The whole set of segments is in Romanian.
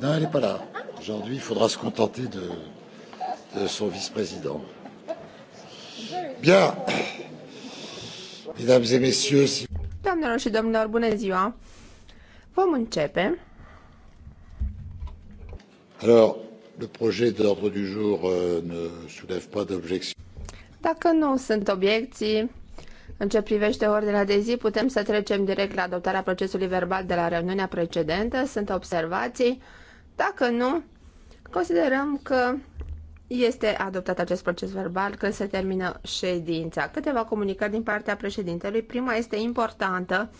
Non, elle n'est pas là. Aujourd'hui, il faudra se contenter de, de son vice-président. Bien. Mesdames et messieurs, si... Doamnelor și domnilor, bună ziua! Vom începe. Alors, le projet d'ordre du jour euh, ne soulève pas d'objection. Dacă nu sunt obiecții, în ce privește ordinea de zi, putem să trecem direct la adoptarea procesului verbal de la reuniunea precedentă. Sunt observații. Dacă nu, considerăm că este adoptat acest proces verbal când se termină ședința. Câteva comunicări din partea președintelui. Prima este importantă.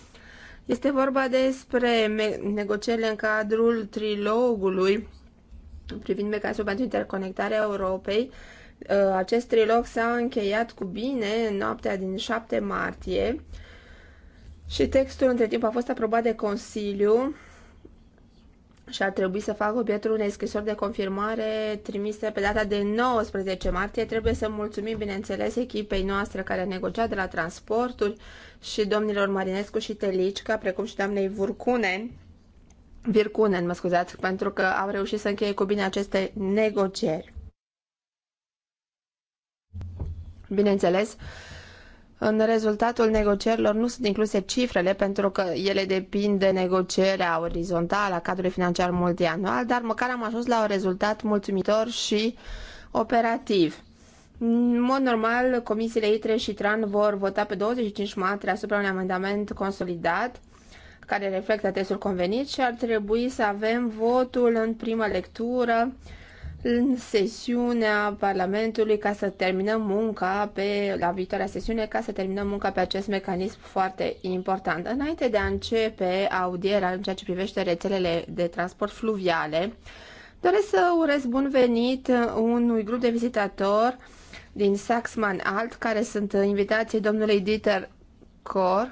Este vorba despre negocierile în cadrul trilogului privind mecanismul pentru interconectarea Europei Uh, acest trilog s-a încheiat cu bine în noaptea din 7 martie și textul între timp a fost aprobat de Consiliu și ar trebui să fac obiectul unei scrisori de confirmare trimise pe data de 19 martie. Trebuie să mulțumim, bineînțeles, echipei noastre care a negociat de la transporturi și domnilor Marinescu și Telicica, precum și doamnei Vurcunen, Vircunen, mă scuzați, pentru că au reușit să încheie cu bine aceste negocieri. Bineînțeles, în rezultatul negocierilor nu sunt incluse cifrele pentru că ele depind de negocierea orizontală a cadrului financiar multianual, dar măcar am ajuns la un rezultat mulțumitor și operativ. În mod normal, comisiile ITRE și TRAN vor vota pe 25 martie asupra unui amendament consolidat care reflectă testul convenit și ar trebui să avem votul în primă lectură în sesiunea Parlamentului ca să terminăm munca pe, la viitoarea sesiune, ca să terminăm munca pe acest mecanism foarte important. Înainte de a începe audierea în ceea ce privește rețelele de transport fluviale, doresc să urez bun venit unui grup de vizitatori din Saxman Alt, care sunt invitații domnului Dieter Cor.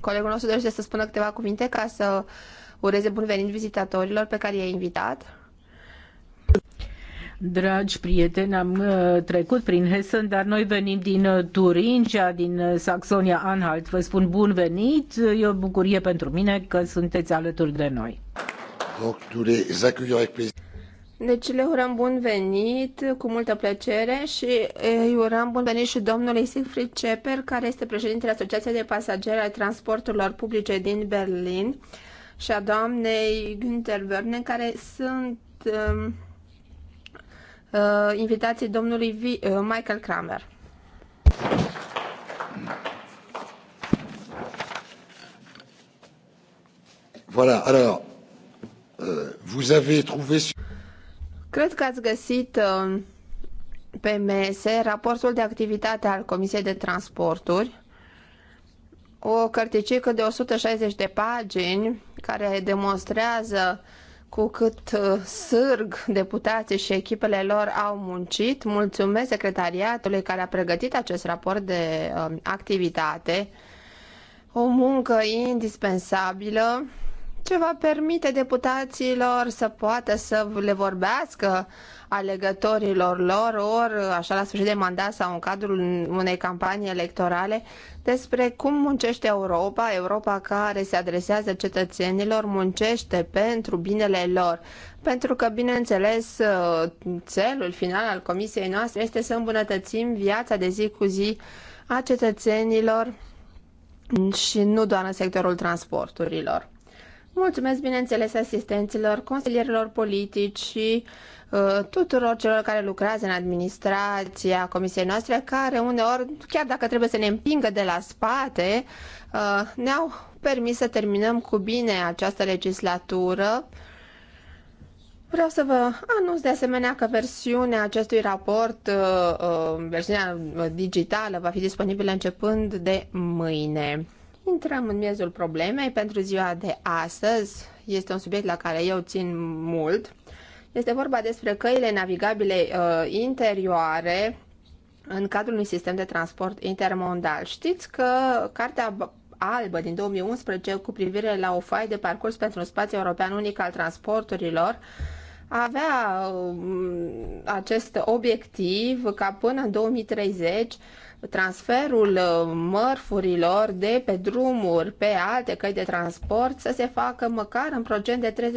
Colegul nostru dorește să spună câteva cuvinte ca să ureze bun venit vizitatorilor pe care i-a invitat. Dragi prieteni, am uh, trecut prin Hessen, dar noi venim din uh, Turingia, din uh, Saxonia-Anhalt. Vă spun bun venit, e o bucurie pentru mine că sunteți alături de noi. Deci le urăm bun venit, cu multă plăcere și eh, îi urăm bun venit și domnului Siegfried Ceper, care este președintele Asociației de Pasageri ai Transporturilor Publice din Berlin și a doamnei Günther Wörner, care sunt ehm, uh, invitației domnului v uh, Michael Kramer. Voilà, alors, euh, vous avez trouvé... Cred că ați găsit uh, pe mese raportul de activitate al Comisiei de Transporturi, o cărticică de 160 de pagini care demonstrează cu cât uh, sârg deputații și echipele lor au muncit. Mulțumesc secretariatului care a pregătit acest raport de um, activitate. O muncă indispensabilă ce va permite deputaților să poată să le vorbească alegătorilor lor, ori așa la sfârșit de mandat sau în cadrul unei campanii electorale, despre cum muncește Europa, Europa care se adresează cetățenilor, muncește pentru binele lor. Pentru că, bineînțeles, țelul final al comisiei noastre este să îmbunătățim viața de zi cu zi a cetățenilor și nu doar în sectorul transporturilor. Mulțumesc, bineînțeles, asistenților, consilierilor politici și Uh, tuturor celor care lucrează în administrația comisiei noastre, care uneori, chiar dacă trebuie să ne împingă de la spate, uh, ne-au permis să terminăm cu bine această legislatură. Vreau să vă anunț de asemenea că versiunea acestui raport, uh, versiunea digitală, va fi disponibilă începând de mâine. Intrăm în miezul problemei pentru ziua de astăzi. Este un subiect la care eu țin mult este vorba despre căile navigabile uh, interioare în cadrul unui sistem de transport intermondal. Știți că Cartea Albă din 2011 cu privire la o foaie de parcurs pentru un spațiu european unic al transporturilor avea um, acest obiectiv ca până în 2030 transferul uh, mărfurilor de pe drumuri pe alte căi de transport să se facă măcar în procent de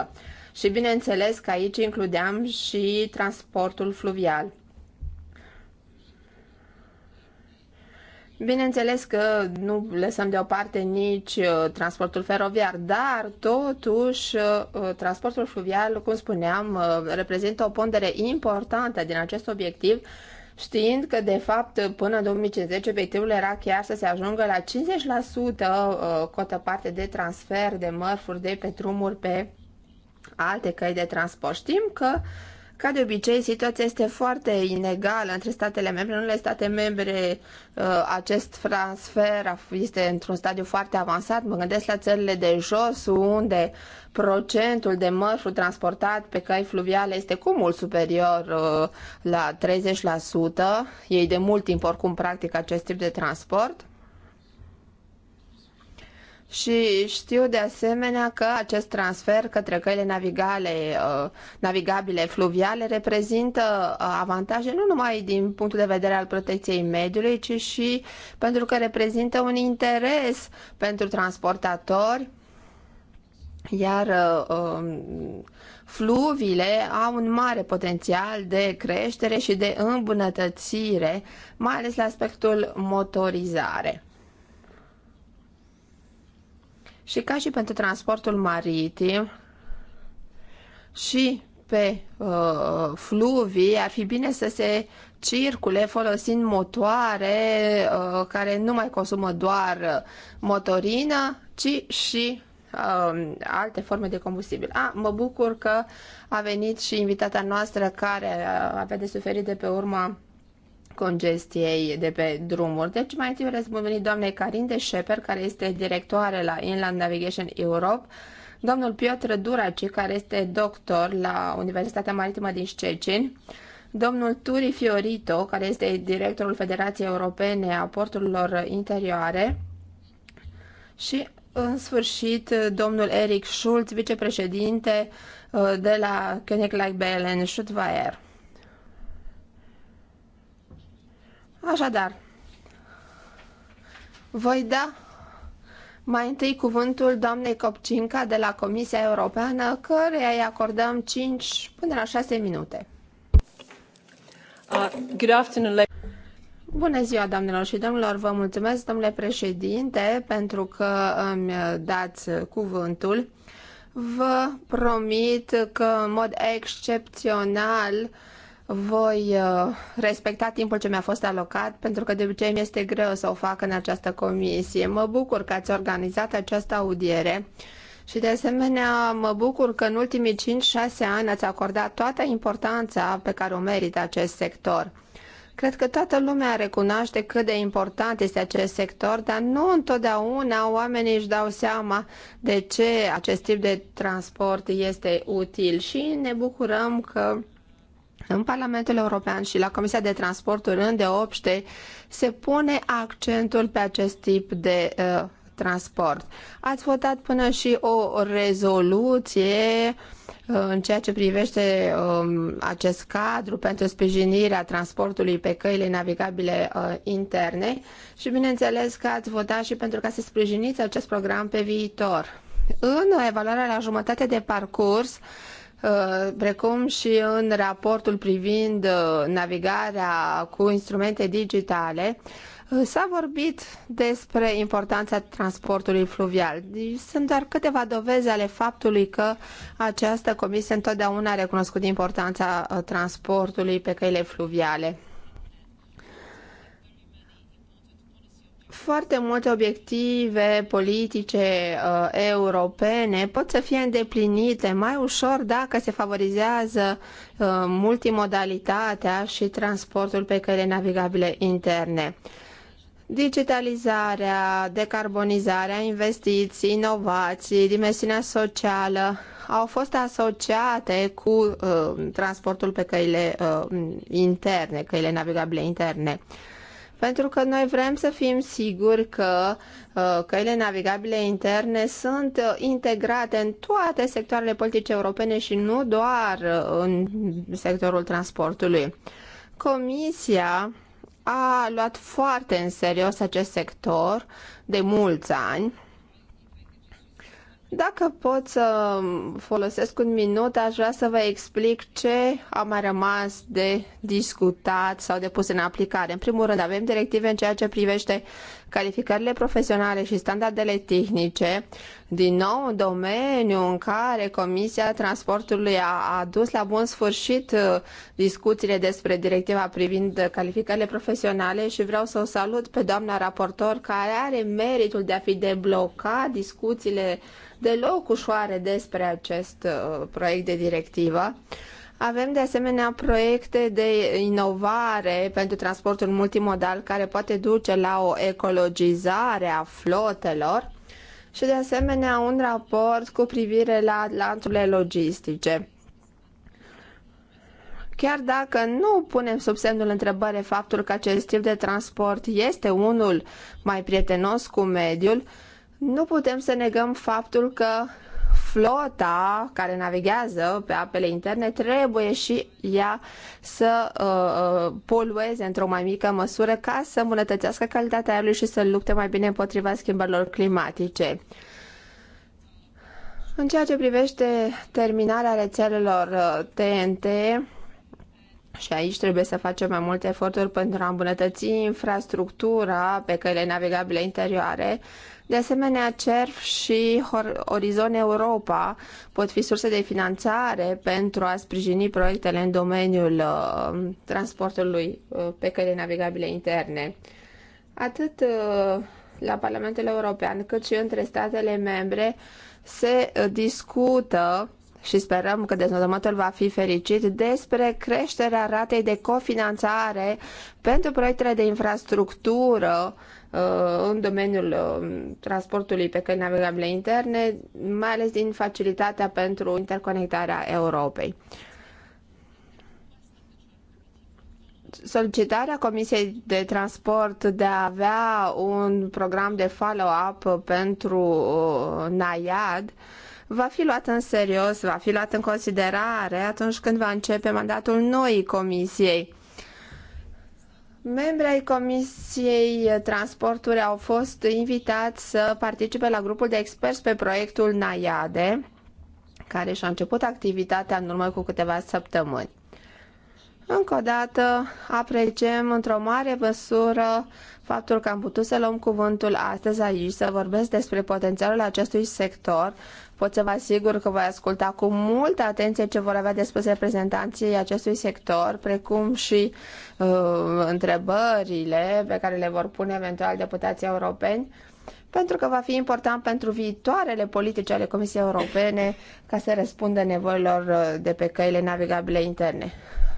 30% și bineînțeles că aici includeam și transportul fluvial. Bineînțeles că nu lăsăm deoparte nici uh, transportul feroviar, dar totuși uh, transportul fluvial, cum spuneam, uh, reprezintă o pondere importantă din acest obiectiv, știind că, de fapt, până în 2050 obiectivul era chiar să se ajungă la 50% cotă parte de transfer de mărfuri de pe drumuri pe alte căi de transport. Știm că ca de obicei, situația este foarte inegală între statele membre. În unele state membre uh, acest transfer este într-un stadiu foarte avansat. Mă gândesc la țările de jos, unde procentul de mărfuri transportat pe căi fluviale este cu mult superior uh, la 30%. Ei de mult timp oricum practic acest tip de transport. Și știu de asemenea că acest transfer către căile navigale, uh, navigabile fluviale reprezintă uh, avantaje nu numai din punctul de vedere al protecției mediului, ci și pentru că reprezintă un interes pentru transportatori, iar uh, um, fluviile au un mare potențial de creștere și de îmbunătățire, mai ales la aspectul motorizare și ca și pentru transportul maritim și pe uh, fluvii, ar fi bine să se circule folosind motoare uh, care nu mai consumă doar motorină, ci și uh, alte forme de combustibil. Ah, mă bucur că a venit și invitata noastră care uh, avea de suferit de pe urma congestiei de pe drumuri. Deci mai întâi răspund venit doamnei Carin de Șeper, care este directoare la Inland Navigation Europe, domnul Piotr Duraci, care este doctor la Universitatea Maritimă din Szczecin, domnul Turi Fiorito, care este directorul Federației Europene a Porturilor Interioare și, în sfârșit, domnul Eric Schulz, vicepreședinte uh, de la Königlich Bellen Schutweier. Așadar, voi da mai întâi cuvântul doamnei Copcinca de la Comisia Europeană, căreia îi acordăm 5 până la 6 minute. Uh, good afternoon, Bună ziua, doamnelor și domnilor! Vă mulțumesc, domnule președinte, pentru că îmi dați cuvântul. Vă promit că, în mod excepțional, voi uh, respecta timpul ce mi-a fost alocat, pentru că de obicei mi este greu să o fac în această comisie. Mă bucur că ați organizat această audiere și de asemenea mă bucur că în ultimii 5-6 ani ați acordat toată importanța pe care o merită acest sector. Cred că toată lumea recunoaște cât de important este acest sector, dar nu întotdeauna oamenii își dau seama de ce acest tip de transport este util și ne bucurăm că în Parlamentul European și la Comisia de Transporturi deopște se pune accentul pe acest tip de uh, transport. Ați votat până și o rezoluție uh, în ceea ce privește um, acest cadru pentru sprijinirea transportului pe căile navigabile uh, interne și bineînțeles că ați votat și pentru ca să sprijiniți acest program pe viitor. În evaluarea la jumătate de parcurs, Uh, precum și în raportul privind uh, navigarea cu instrumente digitale, uh, S-a vorbit despre importanța transportului fluvial. Deci, sunt doar câteva dovezi ale faptului că această comisie întotdeauna a recunoscut importanța transportului pe căile fluviale. foarte multe obiective politice uh, europene pot să fie îndeplinite mai ușor dacă se favorizează uh, multimodalitatea și transportul pe căile navigabile interne. Digitalizarea, decarbonizarea, investiții, inovații, dimensiunea socială au fost asociate cu uh, transportul pe căile uh, interne, căile navigabile interne. Uh, pentru că noi vrem să fim siguri că uh, căile navigabile interne sunt uh, integrate în toate sectoarele politice europene și nu doar uh, în sectorul transportului. Comisia a luat foarte în serios acest sector de mulți ani dacă pot să folosesc un minut, aș vrea să vă explic ce a mai rămas de discutat sau de pus în aplicare. În primul rând, avem directive în ceea ce privește calificările profesionale și standardele tehnice, din nou un domeniu în care Comisia Transportului a adus la bun sfârșit uh, discuțiile despre directiva privind calificările profesionale și vreau să o salut pe doamna raportor care are meritul de a fi deblocat discuțiile deloc ușoare despre acest uh, proiect de directivă. Avem de asemenea proiecte de inovare pentru transportul multimodal care poate duce la o ecologizare a flotelor și de asemenea un raport cu privire la lanțurile logistice. Chiar dacă nu punem sub semnul întrebării faptul că acest tip de transport este unul mai prietenos cu mediul, nu putem să negăm faptul că flota care navighează pe apele interne trebuie și ea să uh, uh, polueze într-o mai mică măsură ca să îmbunătățească calitatea aerului și să lupte mai bine împotriva schimbărilor climatice. În ceea ce privește terminarea rețelelor TNT, uh, și aici trebuie să facem mai multe eforturi pentru a îmbunătăți infrastructura pe căile navigabile interioare, de asemenea, CERF și Horizon Europa pot fi surse de finanțare pentru a sprijini proiectele în domeniul uh, transportului uh, pe căi navigabile interne. Atât uh, la Parlamentul European cât și între statele membre se discută și sperăm că deznodământul va fi fericit despre creșterea ratei de cofinanțare pentru proiectele de infrastructură Uh, în domeniul uh, transportului pe căi navigabile interne, mai ales din facilitatea pentru interconectarea Europei. solicitarea Comisiei de Transport de a avea un program de follow-up pentru uh, NAIAD va fi luat în serios, va fi luat în considerare atunci când va începe mandatul noii comisiei Membrii ai Comisiei Transporturi au fost invitați să participe la grupul de experți pe proiectul Naiade, care și-a început activitatea în urmă cu câteva săptămâni. Încă o dată apreciem într-o mare măsură faptul că am putut să luăm cuvântul astăzi aici, să vorbesc despre potențialul acestui sector Pot să vă asigur că voi asculta cu multă atenție ce vor avea de spus reprezentanții acestui sector, precum și uh, întrebările pe care le vor pune eventual deputații europeni, pentru că va fi important pentru viitoarele politici ale Comisiei Europene ca să răspundă nevoilor uh, de pe căile navigabile interne.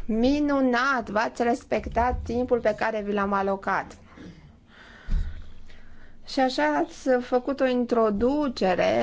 Minunat! V-ați respectat timpul pe care vi l-am alocat. Și așa ați făcut o introducere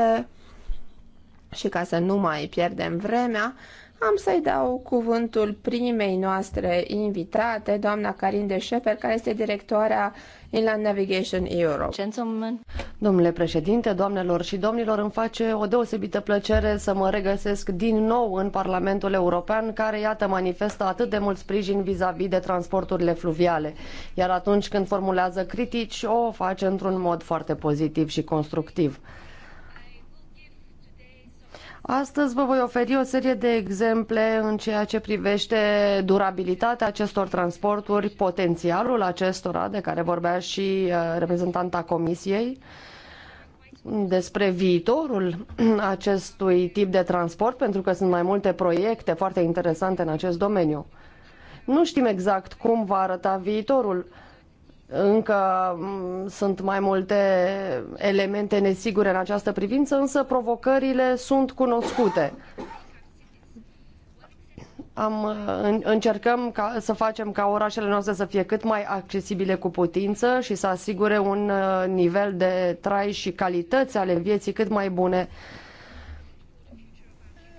și ca să nu mai pierdem vremea, am să-i dau cuvântul primei noastre invitate, doamna Karin de Șefer, care este directoarea Inland Navigation Europe. Gentlemen. Domnule președinte, doamnelor și domnilor, îmi face o deosebită plăcere să mă regăsesc din nou în Parlamentul European, care, iată, manifestă atât de mult sprijin vis-a-vis -vis de transporturile fluviale. Iar atunci când formulează critici, o face într-un mod foarte pozitiv și constructiv. Astăzi vă voi oferi o serie de exemple în ceea ce privește durabilitatea acestor transporturi, potențialul acestora, de care vorbea și uh, reprezentanta Comisiei, despre viitorul acestui tip de transport, pentru că sunt mai multe proiecte foarte interesante în acest domeniu. Nu știm exact cum va arăta viitorul, încă mm, sunt mai multe elemente nesigure în această privință, însă provocările sunt cunoscute. Am, încercăm ca, să facem ca orașele noastre să fie cât mai accesibile cu putință și să asigure un uh, nivel de trai și calități ale vieții cât mai bune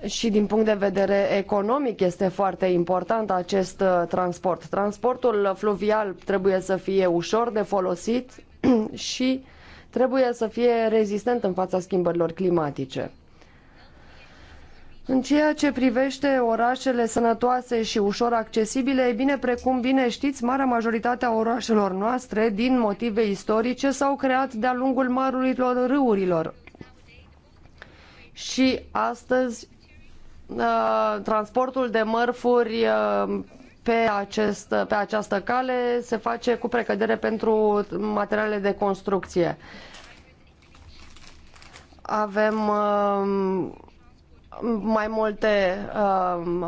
și din punct de vedere economic este foarte important acest uh, transport. Transportul fluvial trebuie să fie ușor de folosit și trebuie să fie rezistent în fața schimbărilor climatice. În ceea ce privește orașele sănătoase și ușor accesibile, e bine, precum bine știți, marea majoritate a orașelor noastre, din motive istorice, s-au creat de-a lungul marurilor râurilor. Și astăzi Uh, transportul de mărfuri uh, pe, acest, pe această cale se face cu precădere pentru materialele de construcție. Avem uh, mai multe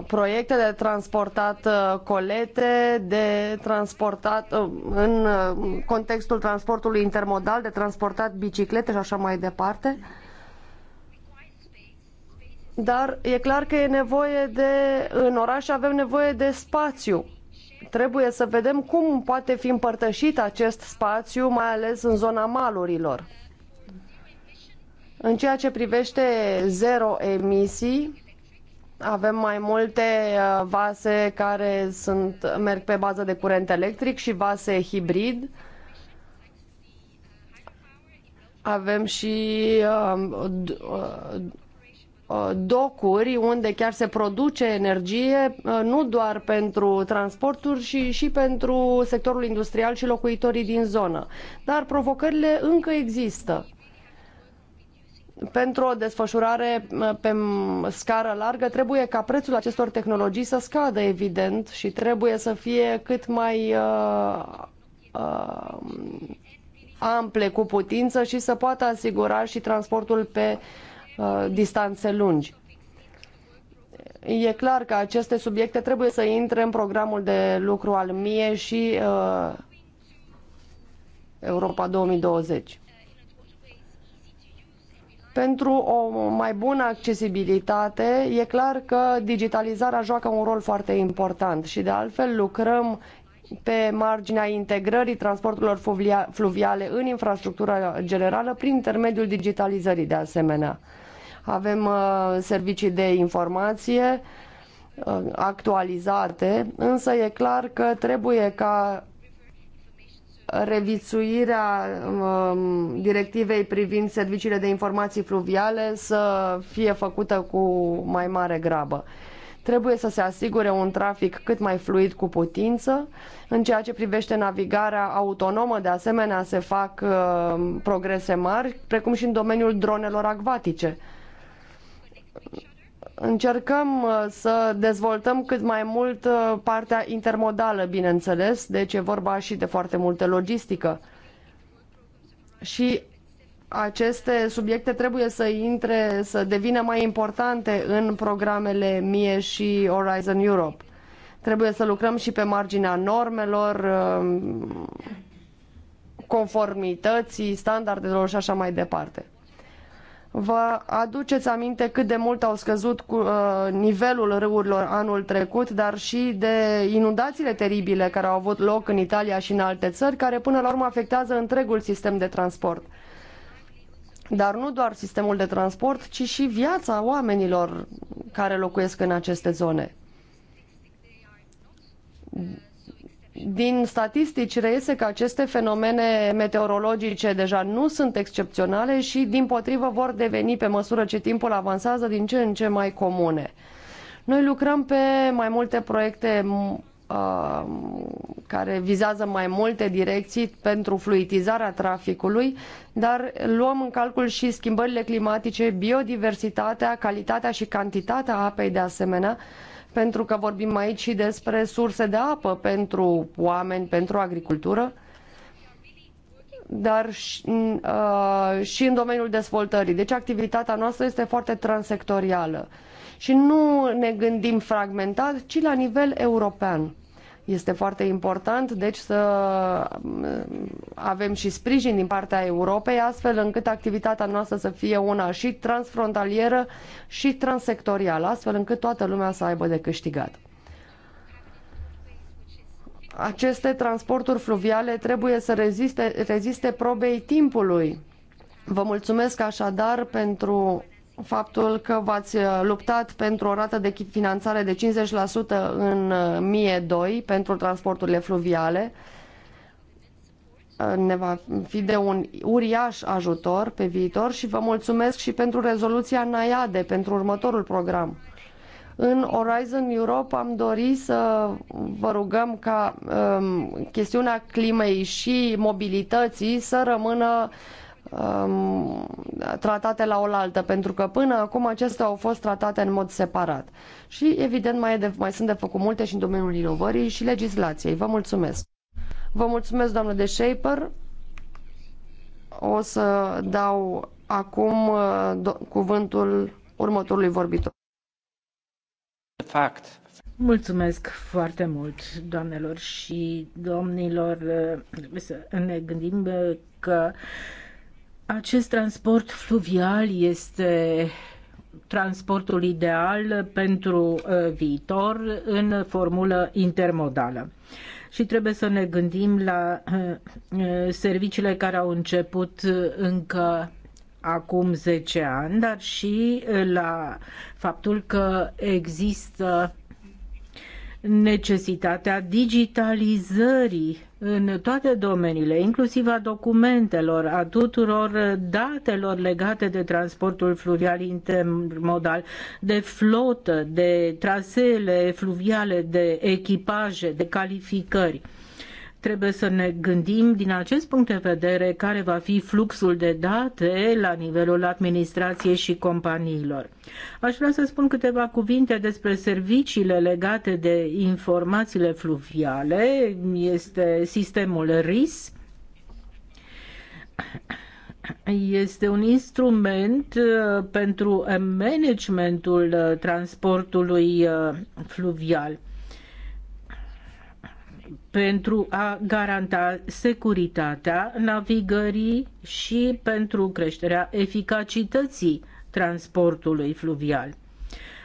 proiecte de transportat colete, de transportat în contextul transportului intermodal, de transportat biciclete și așa mai departe dar e clar că e nevoie de, în oraș avem nevoie de spațiu. Trebuie să vedem cum poate fi împărtășit acest spațiu, mai ales în zona malurilor. În ceea ce privește zero emisii, avem mai multe uh, vase care sunt, merg pe bază de curent electric și vase hibrid. Avem și uh, uh Uh, docuri unde chiar se produce energie, uh, nu doar pentru transporturi, ci și pentru sectorul industrial și locuitorii din zonă. Dar provocările încă există. Pentru o desfășurare uh, pe scară largă trebuie ca prețul acestor tehnologii să scadă, evident, și trebuie să fie cât mai uh, uh, ample cu putință și să poată asigura și transportul pe uh, Uh, distanțe lungi. E clar că aceste subiecte trebuie să intre în programul de lucru al MIE și uh, Europa 2020. Pentru o mai bună accesibilitate, e clar că digitalizarea joacă un rol foarte important și de altfel lucrăm pe marginea integrării transporturilor fluviale în infrastructura generală prin intermediul digitalizării de asemenea. Avem uh, servicii de informație uh, actualizate, însă e clar că trebuie ca revițuirea um, directivei privind serviciile de informații fluviale să fie făcută cu mai mare grabă trebuie să se asigure un trafic cât mai fluid cu putință. În ceea ce privește navigarea autonomă, de asemenea, se fac uh, progrese mari, precum și în domeniul dronelor acvatice. Încercăm uh, să dezvoltăm cât mai mult uh, partea intermodală, bineînțeles, deci e vorba și de foarte multă logistică. Și aceste subiecte trebuie să intre, să devină mai importante în programele MIE și Horizon Europe. Trebuie să lucrăm și pe marginea normelor, um, conformității, standardelor și așa mai departe. Vă aduceți aminte cât de mult au scăzut cu, uh, nivelul râurilor anul trecut, dar și de inundațiile teribile care au avut loc în Italia și în alte țări, care până la urmă afectează întregul sistem de transport. Dar nu doar sistemul de transport, ci și viața oamenilor care locuiesc în aceste zone din statistici reiese că aceste fenomene meteorologice deja nu sunt excepționale și, din potrivă, vor deveni, pe măsură ce timpul avansează, din ce în ce mai comune. Noi lucrăm pe mai multe proiecte uh, care vizează mai multe direcții pentru fluidizarea traficului, dar luăm în calcul și schimbările climatice, biodiversitatea, calitatea și cantitatea apei de asemenea, pentru că vorbim aici și despre surse de apă pentru oameni, pentru agricultură, dar și, uh, și în domeniul dezvoltării. Deci activitatea noastră este foarte transectorială și nu ne gândim fragmentat, ci la nivel european. Este foarte important, deci, să mm, avem și sprijin din partea Europei, astfel încât activitatea noastră să fie una și transfrontalieră și transsectorială, astfel încât toată lumea să aibă de câștigat. Aceste transporturi fluviale trebuie să reziste, reziste probei timpului. Vă mulțumesc așadar pentru faptul că v-ați uh, luptat pentru o rată de finanțare de 50% în uh, MIE 2 pentru transporturile fluviale. Uh, ne va fi de un uriaș ajutor pe viitor și vă mulțumesc și pentru rezoluția NAIADE pentru următorul program. În Horizon Europe am dorit să vă rugăm ca um, chestiunea climei și mobilității să rămână Um, tratate la oaltă, pentru că până acum acestea au fost tratate în mod separat. Și evident mai, de, mai sunt de făcut multe și în domeniul inovării și legislației. Vă mulțumesc! Vă mulțumesc, doamnă de Shaper. O să dau acum uh, do- cuvântul următorului vorbitor. Fact. Mulțumesc foarte mult, doamnelor și domnilor. Uh, să ne gândim uh, că acest transport fluvial este transportul ideal pentru uh, viitor în formulă intermodală. Și trebuie să ne gândim la uh, uh, serviciile care au început încă acum 10 ani, dar și la faptul că există necesitatea digitalizării în toate domeniile, inclusiv a documentelor, a tuturor datelor legate de transportul fluvial intermodal, de flotă, de traseele fluviale, de echipaje, de calificări. Trebuie să ne gândim din acest punct de vedere care va fi fluxul de date la nivelul administrației și companiilor. Aș vrea să spun câteva cuvinte despre serviciile legate de informațiile fluviale. Este sistemul RIS este un instrument uh, pentru managementul uh, transportului uh, fluvial pentru a garanta securitatea navigării și pentru creșterea eficacității transportului fluvial.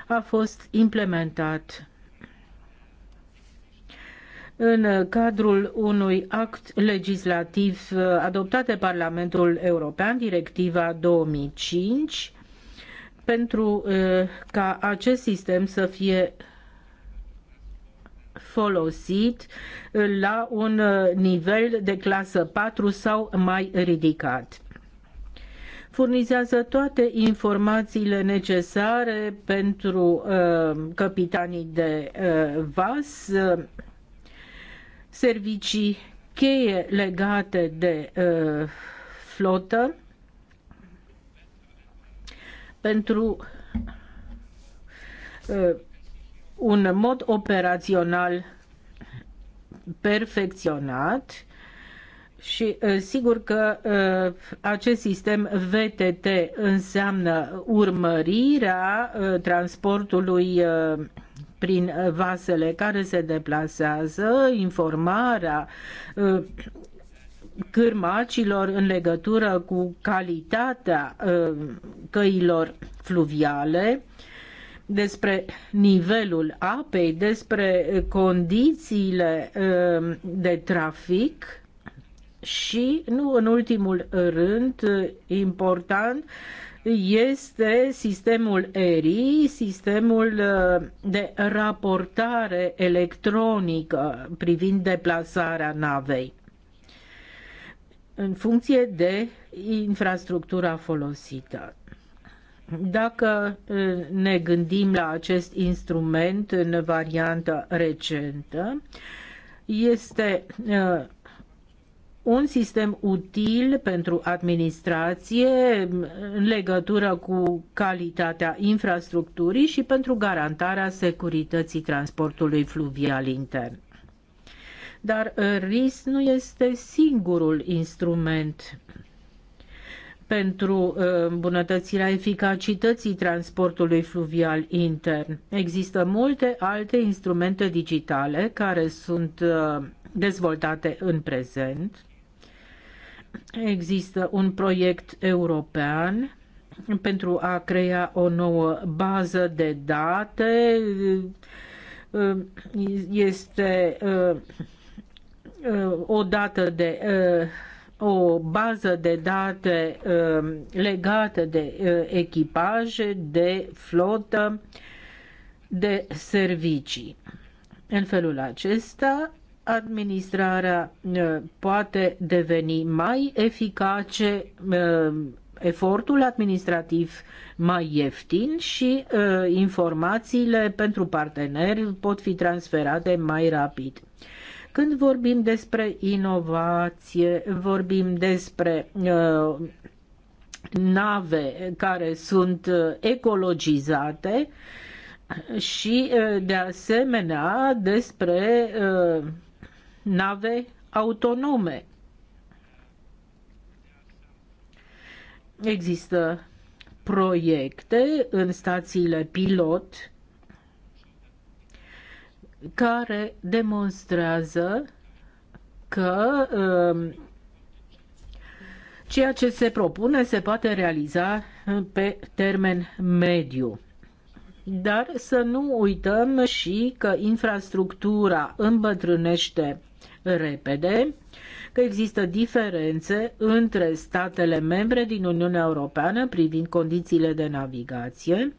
A fost implementat în cadrul unui act legislativ adoptat de Parlamentul European, Directiva 2005, pentru eh, ca acest sistem să fie folosit uh, la un uh, nivel de clasă 4 sau mai ridicat furnizează toate informațiile necesare pentru uh, capitanii de uh, vas, uh, servicii cheie legate de uh, flotă pentru uh, un mod operațional perfecționat și uh, sigur că uh, acest sistem VTT înseamnă urmărirea uh, transportului prin vasele care se deplasează, informarea cârmacilor în legătură cu calitatea căilor fluviale, despre nivelul apei, despre condițiile um, de trafic și, nu în ultimul rând, important, este sistemul ERI, sistemul uh, de raportare electronică privind deplasarea navei în funcție de infrastructura folosită. Dacă ne gândim la acest instrument în varianta recentă, este un sistem util pentru administrație în legătură cu calitatea infrastructurii și pentru garantarea securității transportului fluvial intern. Dar RIS nu este singurul instrument pentru uh, îmbunătățirea eficacității transportului fluvial intern. Există multe alte instrumente digitale care sunt uh, dezvoltate în prezent. Există un proiect european pentru a crea o nouă bază de date. Uh, este o dată de o bază de date um, legată de uh, echipaje, de flotă, de servicii. În felul acesta, administrarea uh, poate deveni mai eficace, um, efortul administrativ mai ieftin și uh, informațiile pentru parteneri pot fi transferate mai rapid. Când vorbim despre inovație, vorbim despre uh, nave care sunt uh, ecologizate și uh, de asemenea despre uh, nave autonome. Există proiecte în stațiile pilot care demonstrează că um, ceea ce se propune se poate realiza uh, pe termen mediu. Dar să nu uităm și că infrastructura îmbătrânește repede, că există diferențe între statele membre din Uniunea Europeană privind condițiile de navigație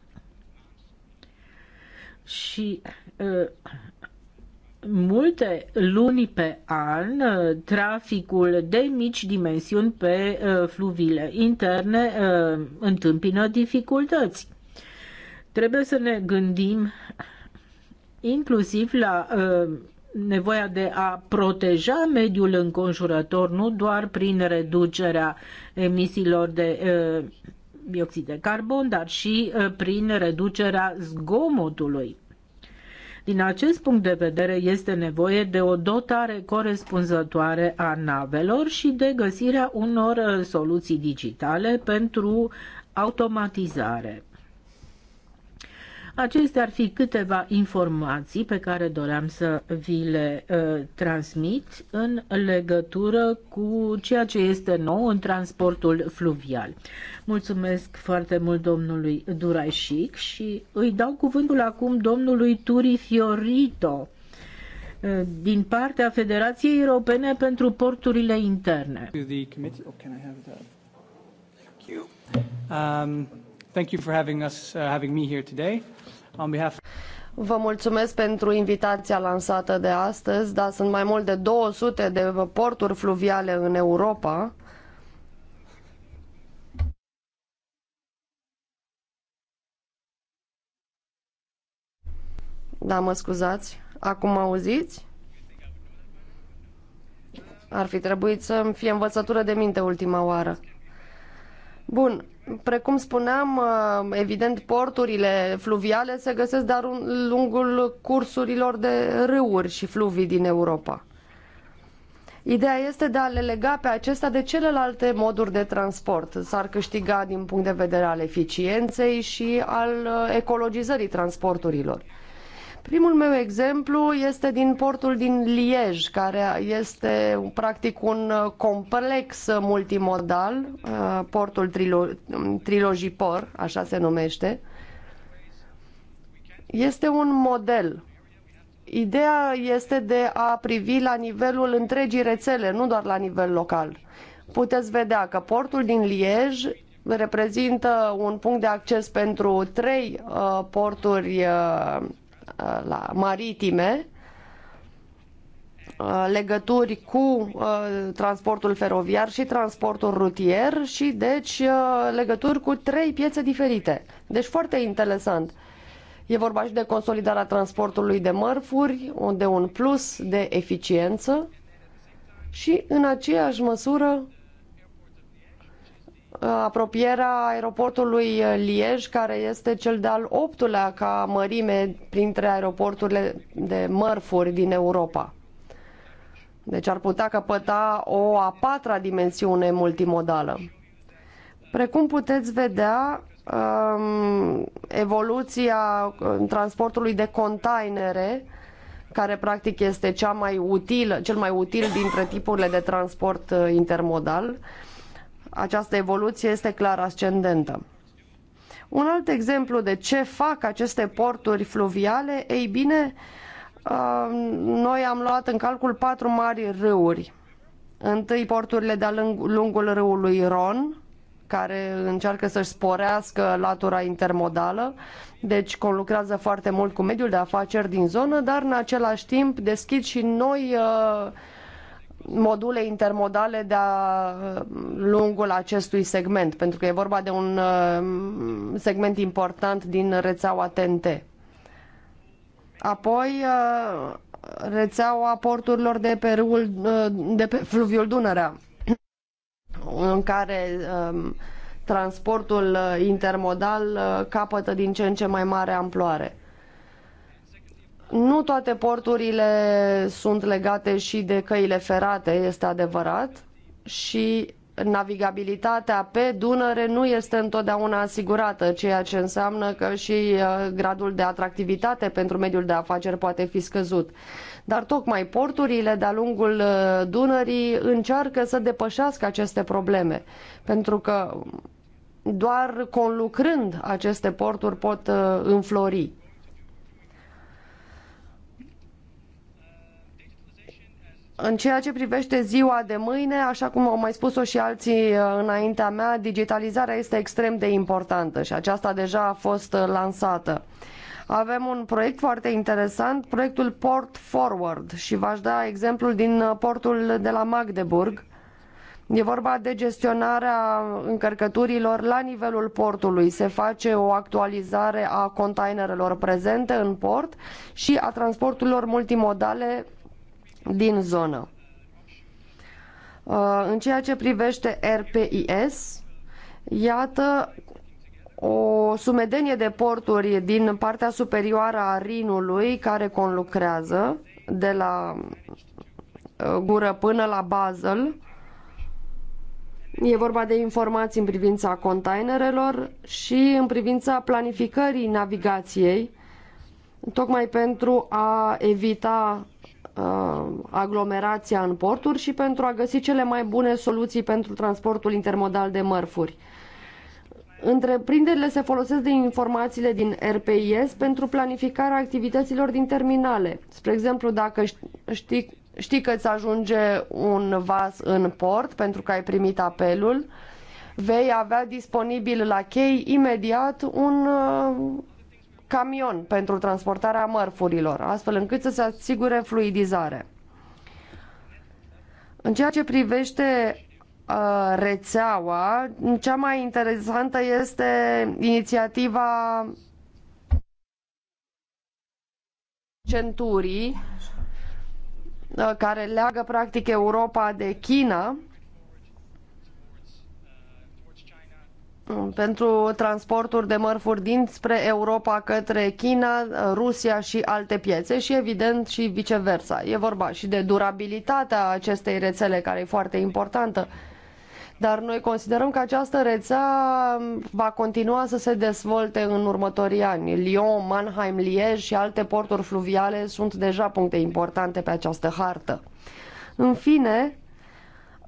și uh, multe luni pe an uh, traficul de mici dimensiuni pe uh, fluviile interne uh, întâmpină dificultăți. Trebuie să ne gândim inclusiv la nevoia de a proteja mediul înconjurător nu doar prin reducerea emisiilor de dioxid de carbon, dar și prin reducerea zgomotului. Din acest punct de vedere este nevoie de o dotare corespunzătoare a navelor și de găsirea unor uh, soluții digitale pentru automatizare. Acestea ar fi câteva informații pe care doream să vi le uh, transmit în legătură cu ceea ce este nou în transportul fluvial. Mulțumesc foarte mult domnului Duraișic și îi dau cuvântul acum domnului Turi Fiorito uh, din partea Federației Europene pentru Porturile Interne. Thank you for having us, uh, having me here today. On behalf Vă mulțumesc pentru invitația lansată de astăzi, dar sunt mai mult de 200 de porturi fluviale în Europa. Da, mă scuzați. Acum auziți? Ar fi trebuit să-mi fie învățătură de minte ultima oară. Bun, Precum spuneam, uh, evident, porturile fluviale se găsesc dar lungul cursurilor de râuri și fluvii din Europa. Ideea este de a le lega pe acestea de celelalte moduri de transport. S-ar câștiga din punct de vedere al eficienței și al uh, ecologizării transporturilor. Primul meu exemplu este din portul din Liej, care este practic un uh, complex multimodal, uh, portul Trilo- Trilogipor, așa se numește. Este un model. Ideea este de a privi la nivelul întregii rețele, nu doar la nivel local. Puteți vedea că portul din Liej reprezintă un punct de acces pentru trei uh, porturi uh, Uh, la maritime, uh, legături cu uh, transportul feroviar și transportul rutier și deci legături cu trei piețe diferite. Deci foarte interesant. E vorba și de consolidarea transportului de mărfuri, de un plus de eficiență și în aceeași măsură Uh, apropierea aeroportului uh, Liej, care este cel de-al optulea ca mărime printre aeroporturile de mărfuri din Europa. Deci ar putea căpăta o a patra dimensiune multimodală. Precum puteți vedea, um, evoluția um, transportului de containere, care practic este cea mai utilă, cel mai util dintre tipurile de transport uh, intermodal, această evoluție este clar ascendentă. Un alt exemplu de ce fac aceste porturi fluviale, ei bine, uh, noi am luat în calcul patru mari râuri. Întâi porturile de-a lungul râului Ron, care încearcă să-și sporească latura intermodală, deci conlucrează foarte mult cu mediul de afaceri din zonă, dar în același timp deschid și noi uh, module intermodale de-a uh, lungul acestui segment, pentru că e vorba de un uh, segment important din rețeaua TNT. Apoi, uh, rețeaua porturilor de pe, râul, de pe fluviul Dunărea, în care um, transportul intermodal capătă din ce în ce mai mare amploare. Nu toate porturile sunt legate și de căile ferate, este adevărat, și navigabilitatea pe Dunăre nu este întotdeauna asigurată, ceea ce înseamnă că și uh, gradul de atractivitate pentru mediul de afaceri poate fi scăzut. Dar tocmai porturile de-a lungul uh, Dunării încearcă să depășească aceste probleme, pentru că doar conlucrând aceste porturi pot uh, înflori. În ceea ce privește ziua de mâine, așa cum au mai spus-o și alții uh, înaintea mea, digitalizarea este extrem de importantă și aceasta deja a fost uh, lansată. Avem un proiect foarte interesant, proiectul Port Forward și v-aș da exemplul din uh, portul de la Magdeburg. E vorba de gestionarea încărcăturilor la nivelul portului. Se face o actualizare a containerelor prezente în port și a transporturilor multimodale din zonă. Uh, în ceea ce privește RPIS, iată o sumedenie de porturi din partea superioară a Rinului care conlucrează de la uh, gură până la Basel. E vorba de informații în privința containerelor și în privința planificării navigației, tocmai pentru a evita Uh, aglomerația în porturi și pentru a găsi cele mai bune soluții pentru transportul intermodal de mărfuri. Întreprinderile se folosesc de informațiile din RPIS pentru planificarea activităților din terminale. Spre exemplu, dacă știi, știi că îți ajunge un vas în port pentru că ai primit apelul, vei avea disponibil la chei imediat un uh, camion pentru transportarea mărfurilor, astfel încât să se asigure fluidizare. În ceea ce privește uh, rețeaua, cea mai interesantă este inițiativa Centurii, uh, care leagă practic Europa de China pentru transporturi de mărfuri dinspre Europa către China, Rusia și alte piețe și evident și viceversa. E vorba și de durabilitatea acestei rețele care e foarte importantă. Dar noi considerăm că această rețea va continua să se dezvolte în următorii ani. Lyon, Mannheim, Liege și alte porturi fluviale sunt deja puncte importante pe această hartă. În fine,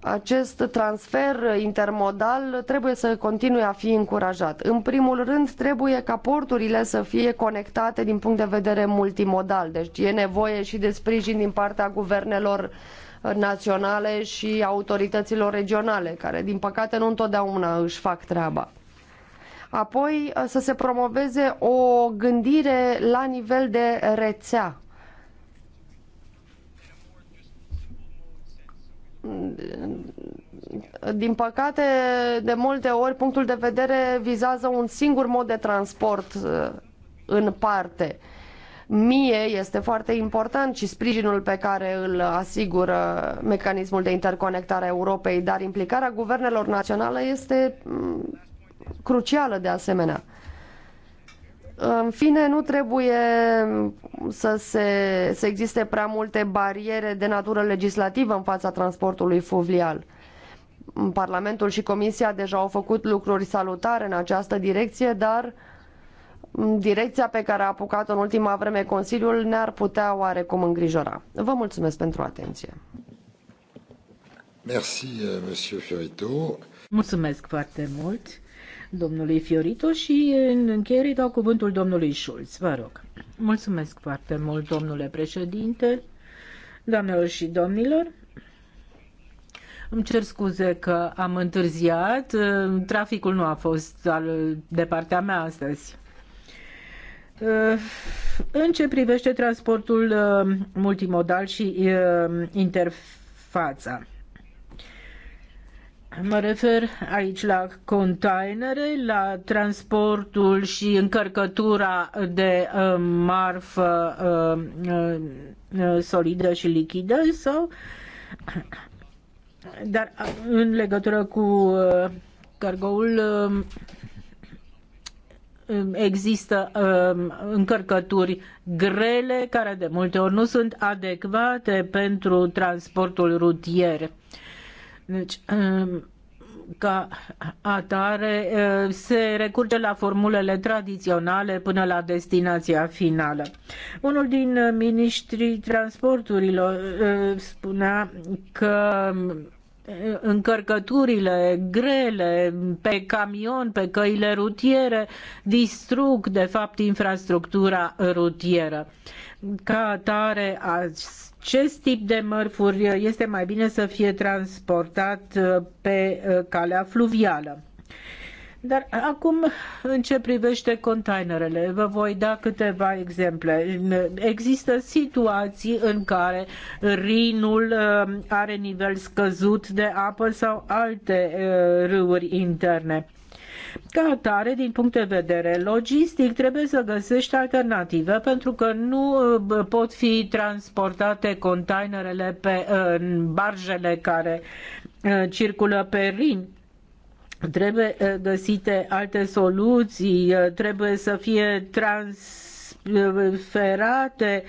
acest transfer intermodal trebuie să continue a fi încurajat. În primul rând, trebuie ca porturile să fie conectate din punct de vedere multimodal, deci e nevoie și de sprijin din partea guvernelor naționale și autorităților regionale, care din păcate nu întotdeauna își fac treaba. Apoi să se promoveze o gândire la nivel de rețea din păcate, de multe ori punctul de vedere vizează un singur mod de transport uh, în parte. Mie este foarte important și sprijinul pe care îl asigură mecanismul de interconectare a Europei, dar implicarea guvernelor naționale este mm, crucială de asemenea. În fine, nu trebuie să, se, să existe prea multe bariere de natură legislativă în fața transportului fluvial. Parlamentul și Comisia deja au făcut lucruri salutare în această direcție, dar direcția pe care a apucat-o în ultima vreme Consiliul ne-ar putea oarecum îngrijora. Vă mulțumesc pentru atenție. Merci, euh, Mulțumesc foarte mult domnului Fiorito și în încheiere dau cuvântul domnului Schulz. Vă rog. Mulțumesc foarte mult, domnule președinte, doamnelor și domnilor. Îmi cer scuze că am întârziat. Traficul nu a fost de partea mea astăzi. În ce privește transportul uh, multimodal și uh, interfața, Mă refer aici la containere, la transportul și încărcătura de uh, marfă uh, uh, solidă și lichidă sau dar în legătură cu cargoul um, există um, încărcături grele care de multe ori nu sunt adecvate pentru transportul rutier. Deci, um, ca atare uh, se recurge la formulele tradiționale până la destinația finală. Unul din ministrii transporturilor uh, spunea că uh, încărcăturile grele pe camion, pe căile rutiere, distrug de fapt infrastructura rutieră. Ca atare, acest tip de mărfuri este mai bine să fie transportat uh, pe uh, calea fluvială. Dar acum, în ce privește containerele, vă voi da câteva exemple. Există situații în care rinul uh, are nivel scăzut de apă sau alte râuri interne. Ca atare, din punct de vedere logistic, trebuie să găsești alternative pentru că nu pot fi transportate containerele pe barjele care ă, circulă pe Rin trebuie ă, găsite alte soluții, ă, trebuie să fie trans ferate,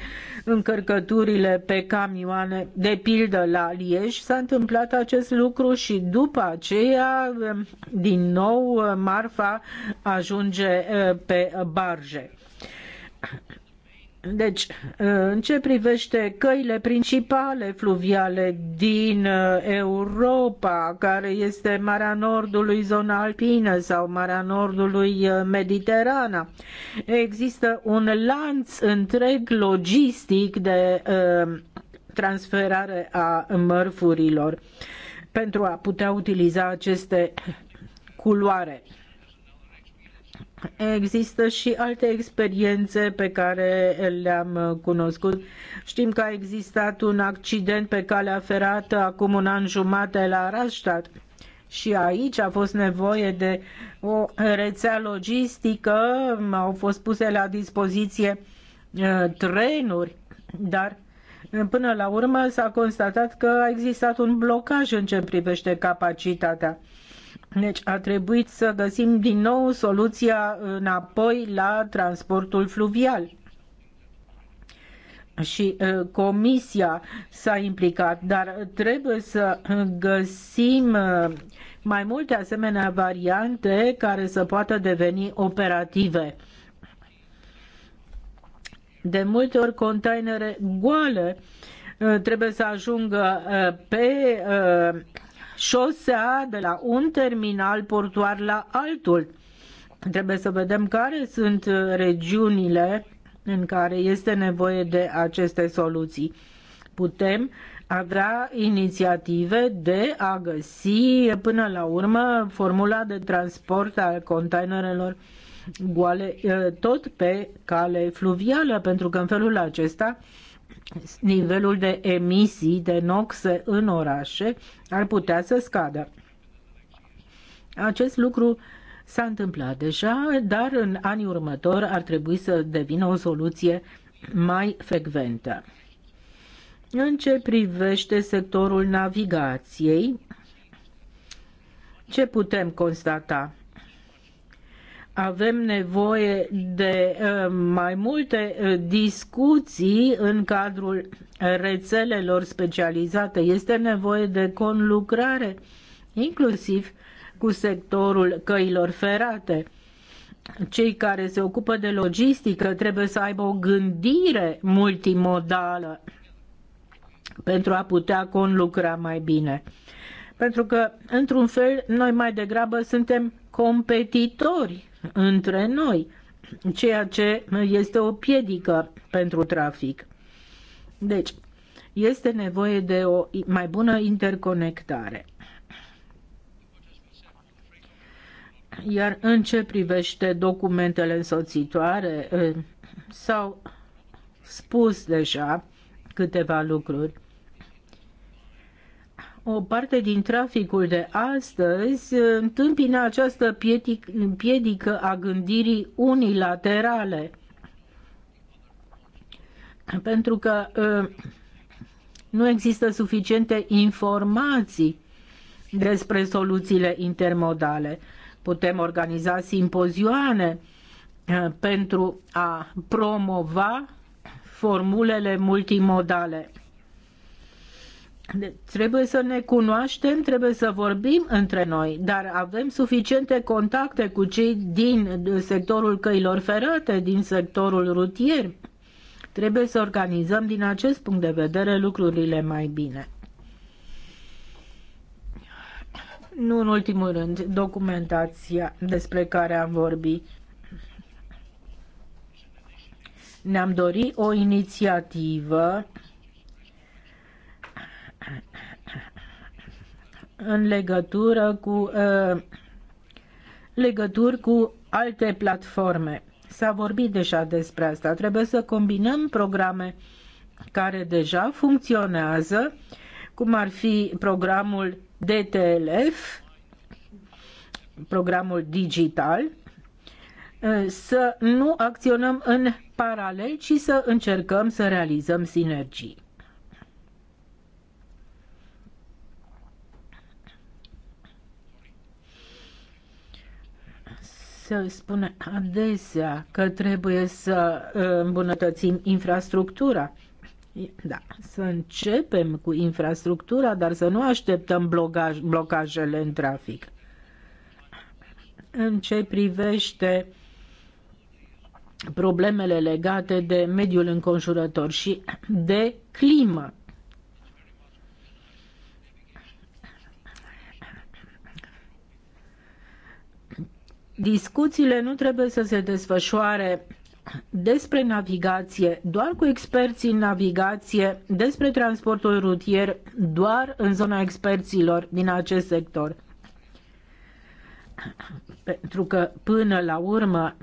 încărcăturile pe camioane, de pildă la Liești, s-a întâmplat acest lucru și după aceea din nou marfa ajunge eh, pe barge. Deci, uh, în ce privește căile principale fluviale din uh, Europa, care este Marea Nordului, zona alpină sau Marea Nordului, uh, Mediterana, există un lanț întreg logistic de transferare a mărfurilor pentru a putea utiliza aceste culoare. Există și alte experiențe pe care le-am cunoscut. Știm că a existat un accident pe calea ferată acum un an jumate la Rastat. Și aici a fost nevoie de o rețea logistică, au fost puse la dispoziție uh, trenuri, dar uh, până la urmă s-a constatat că a existat un blocaj în ce privește capacitatea deci a trebuit să găsim din nou soluția înapoi la transportul fluvial și comisia s-a implicat, dar trebuie să găsim mai multe asemenea variante care să poată deveni operative. De multe ori containere goale trebuie să ajungă pe șosea de la un terminal portuar la altul. Trebuie să vedem care sunt uh, regiunile în care este nevoie de aceste soluții. Putem avea inițiative de a găsi până la urmă formula de transport al containerelor goale uh, tot pe cale fluvială, pentru că în felul acesta nivelul de emisii de noxe în orașe ar putea să scadă. Acest lucru s-a întâmplat deja, dar în anii următori ar trebui să devină o soluție mai frecventă. În ce privește sectorul navigației, ce putem constata? avem nevoie de eh, mai multe eh, discuții în cadrul rețelelor specializate. Este nevoie de conlucrare, inclusiv cu sectorul căilor ferate. Cei care se ocupă de logistică trebuie să aibă o gândire multimodală pentru a putea conlucra mai bine. Pentru că, într-un fel, noi mai degrabă suntem competitori între noi, ceea ce este o piedică pentru trafic. Deci, este nevoie de o mai bună interconectare. Iar în ce privește documentele însoțitoare, eh, s-au spus deja câteva lucruri o parte din traficul de astăzi întâmpină această piedică a gândirii unilaterale. Pentru că ă, nu există suficiente informații despre soluțiile intermodale. Putem organiza simpozioane ă, pentru a promova formulele multimodale Trebuie să ne cunoaștem, trebuie să vorbim între noi, dar avem suficiente contacte cu cei din sectorul căilor ferate, din sectorul rutier. Trebuie să organizăm din acest punct de vedere lucrurile mai bine. Nu în ultimul rând, documentația despre care am vorbit. Ne-am dorit o inițiativă în legătură cu uh, legături cu alte platforme. S-a vorbit deja despre asta. Trebuie să combinăm programe care deja funcționează, cum ar fi programul DTLF, programul digital, uh, să nu acționăm în paralel, ci să încercăm să realizăm sinergii. Se spune adesea că trebuie să uh, îmbunătățim infrastructura. Da, să începem cu infrastructura, dar să nu așteptăm blocaj, blocajele în trafic. În ce privește problemele legate de mediul înconjurător și de climă. discuțiile nu trebuie să se desfășoare despre navigație, doar cu experții în navigație, despre transportul rutier, doar în zona experților din acest sector. Pentru că, până la urmă,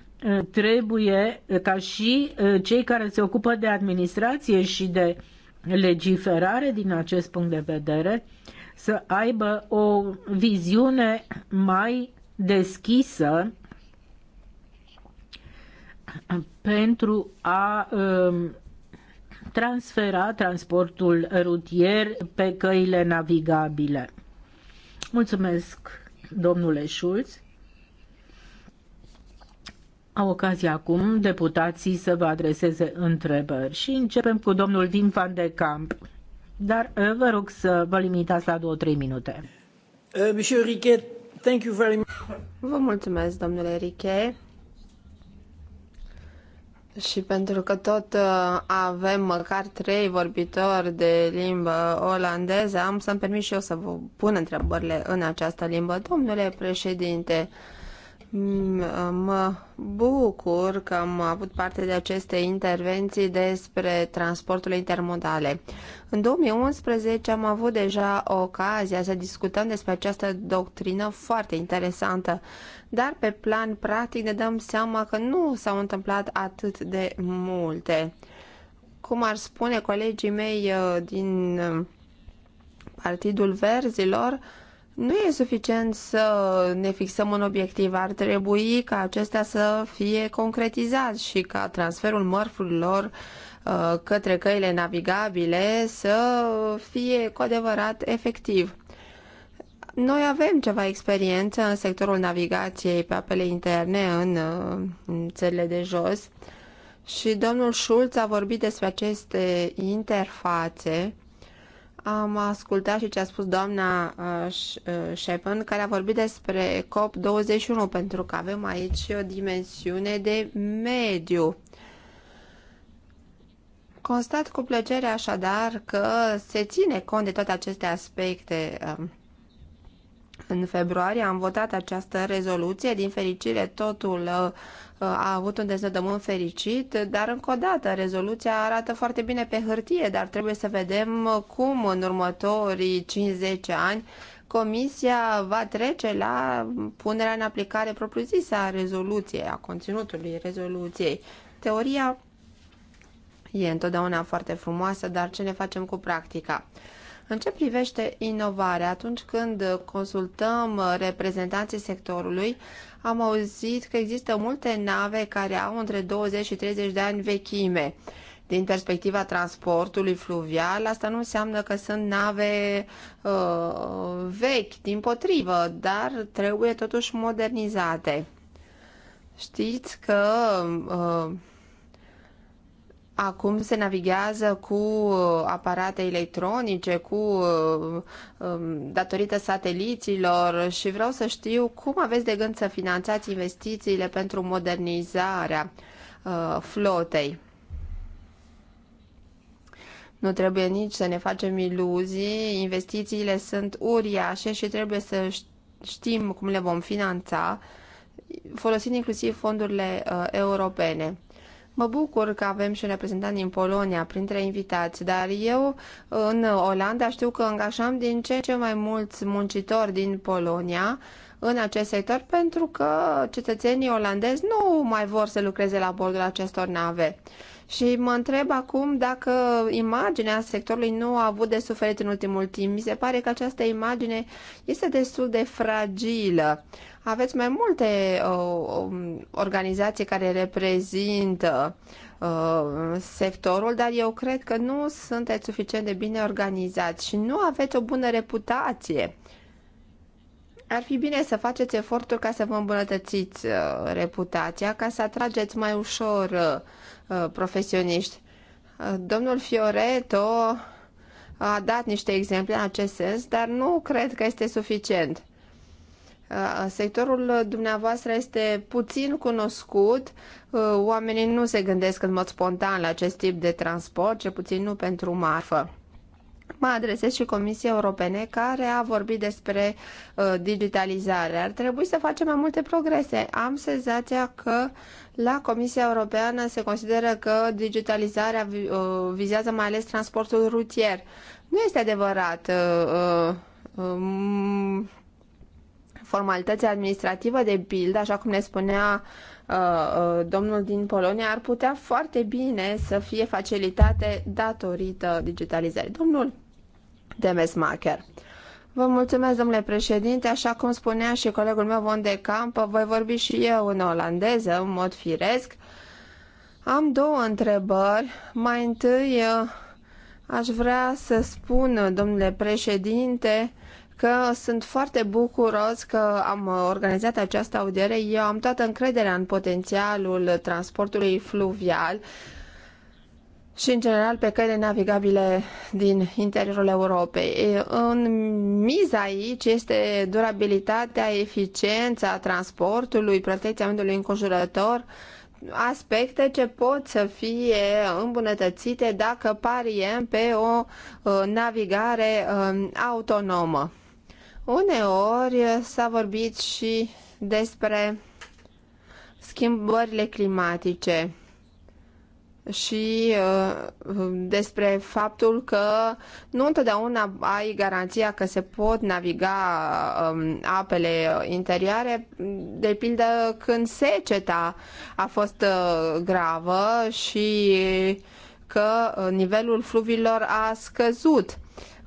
trebuie ca și eh, cei care se ocupă de administrație și de legiferare din acest punct de vedere să aibă o viziune mai deschisă pentru a um, transfera transportul rutier pe căile navigabile. Mulțumesc, domnule Schulz. Au ocazia acum deputații să vă adreseze întrebări și începem cu domnul Vin van de Camp. Dar uh, vă rog să vă limitați la 2-3 minute. Uh, monsieur Riquet, Thank you very much. Vă mulțumesc, domnule Riche. Și pentru că tot uh, avem măcar trei vorbitori de limbă olandeză, am să-mi permit și eu să vă pun întrebările în această limbă. Domnule președinte, uh, Mm, mă bucur că am avut parte de aceste intervenții despre transportul intermodale. În 2011 am avut deja ocazia să discutăm despre această doctrină foarte interesantă, dar pe plan practic ne dăm seama că nu s-au întâmplat atât de multe. Cum ar spune colegii mei uh, din uh, Partidul Verzilor, uh, nu e suficient să ne fixăm un obiectiv, ar trebui ca acestea să fie concretizat și ca transferul mărfurilor uh, către căile navigabile să fie cu adevărat efectiv. Noi avem ceva experiență în sectorul navigației pe apele interne în, uh, în țările de jos și domnul Schulz a vorbit despre aceste interfațe am ascultat și ce a spus doamna uh, uh, Shepard, care a vorbit despre COP21, pentru că avem aici o dimensiune de mediu. Constat cu plăcere așadar că se ține cont de toate aceste aspecte. Um, în februarie am votat această rezoluție, din fericire totul uh, a avut un deznodământ fericit, dar încă o dată rezoluția arată foarte bine pe hârtie, dar trebuie să vedem cum în următorii 5-10 ani Comisia va trece la punerea în aplicare propriu-zisă a rezoluției, a conținutului rezoluției. Teoria e întotdeauna foarte frumoasă, dar ce ne facem cu practica? În ce privește inovarea, atunci când consultăm reprezentanții sectorului, am auzit că există multe nave care au între 20 și 30 de ani vechime. Din perspectiva transportului fluvial, asta nu înseamnă că sunt nave uh, vechi, din potrivă, dar trebuie totuși modernizate. Știți că uh, Acum se navighează cu uh, aparate electronice, cu uh, um, datorită sateliților și vreau să știu cum aveți de gând să finanțați investițiile pentru modernizarea uh, flotei. Nu trebuie nici să ne facem iluzii, investițiile sunt uriașe și trebuie să știm cum le vom finanța, folosind inclusiv fondurile europene. Mă bucur că avem și un reprezentant din Polonia printre invitați, dar eu în Olanda știu că angajam din ce în ce mai mulți muncitori din Polonia în acest sector pentru că cetățenii olandezi nu mai vor să lucreze la bordul acestor nave. Și mă întreb acum dacă imaginea sectorului nu a avut de suferit în ultimul timp. Mi se pare că această imagine este destul de fragilă. Aveți mai multe uh, um, organizații care reprezintă uh, sectorul, dar eu cred că nu sunteți suficient de bine organizați și nu aveți o bună reputație. Ar fi bine să faceți eforturi ca să vă îmbunătățiți uh, reputația, ca să atrageți mai ușor uh, Uh, profesioniști. Uh, domnul Fioreto a dat niște exemple în acest sens, dar nu cred că este suficient. Uh, sectorul dumneavoastră este puțin cunoscut, oamenii nu se gândesc în mod spontan la acest tip de transport, ce puțin nu pentru marfă. Mă adresez și Comisiei Europene care a vorbit despre uh, digitalizare. Ar trebui să facem mai multe progrese. Am senzația că la Comisia Europeană se consideră că digitalizarea uh, vizează mai ales transportul rutier. Nu este adevărat. Uh, uh, um, Formalitatea administrativă, de pildă, așa cum ne spunea domnul din Polonia, ar putea foarte bine să fie facilitate datorită digitalizării. Domnul Demesmacher. Vă mulțumesc, domnule președinte. Așa cum spunea și colegul meu Von de Camp, voi vorbi și eu în olandeză, în mod firesc. Am două întrebări. Mai întâi, aș vrea să spun, domnule președinte, că sunt foarte bucuros că am organizat această audiere. Eu am toată încrederea în potențialul transportului fluvial. Uh, și, în general, pe căile navigabile din interiorul Europei. În miza aici este durabilitatea, eficiența transportului, protecția mediului înconjurător, aspecte ce pot să fie îmbunătățite dacă pariem pe o uh, navigare um, autonomă. Uneori s-a vorbit și despre schimbările climatice și uh, despre faptul că nu întotdeauna ai garanția că se pot naviga um, apele interioare, de pildă când seceta a fost uh, gravă și că uh, nivelul fluvilor a scăzut.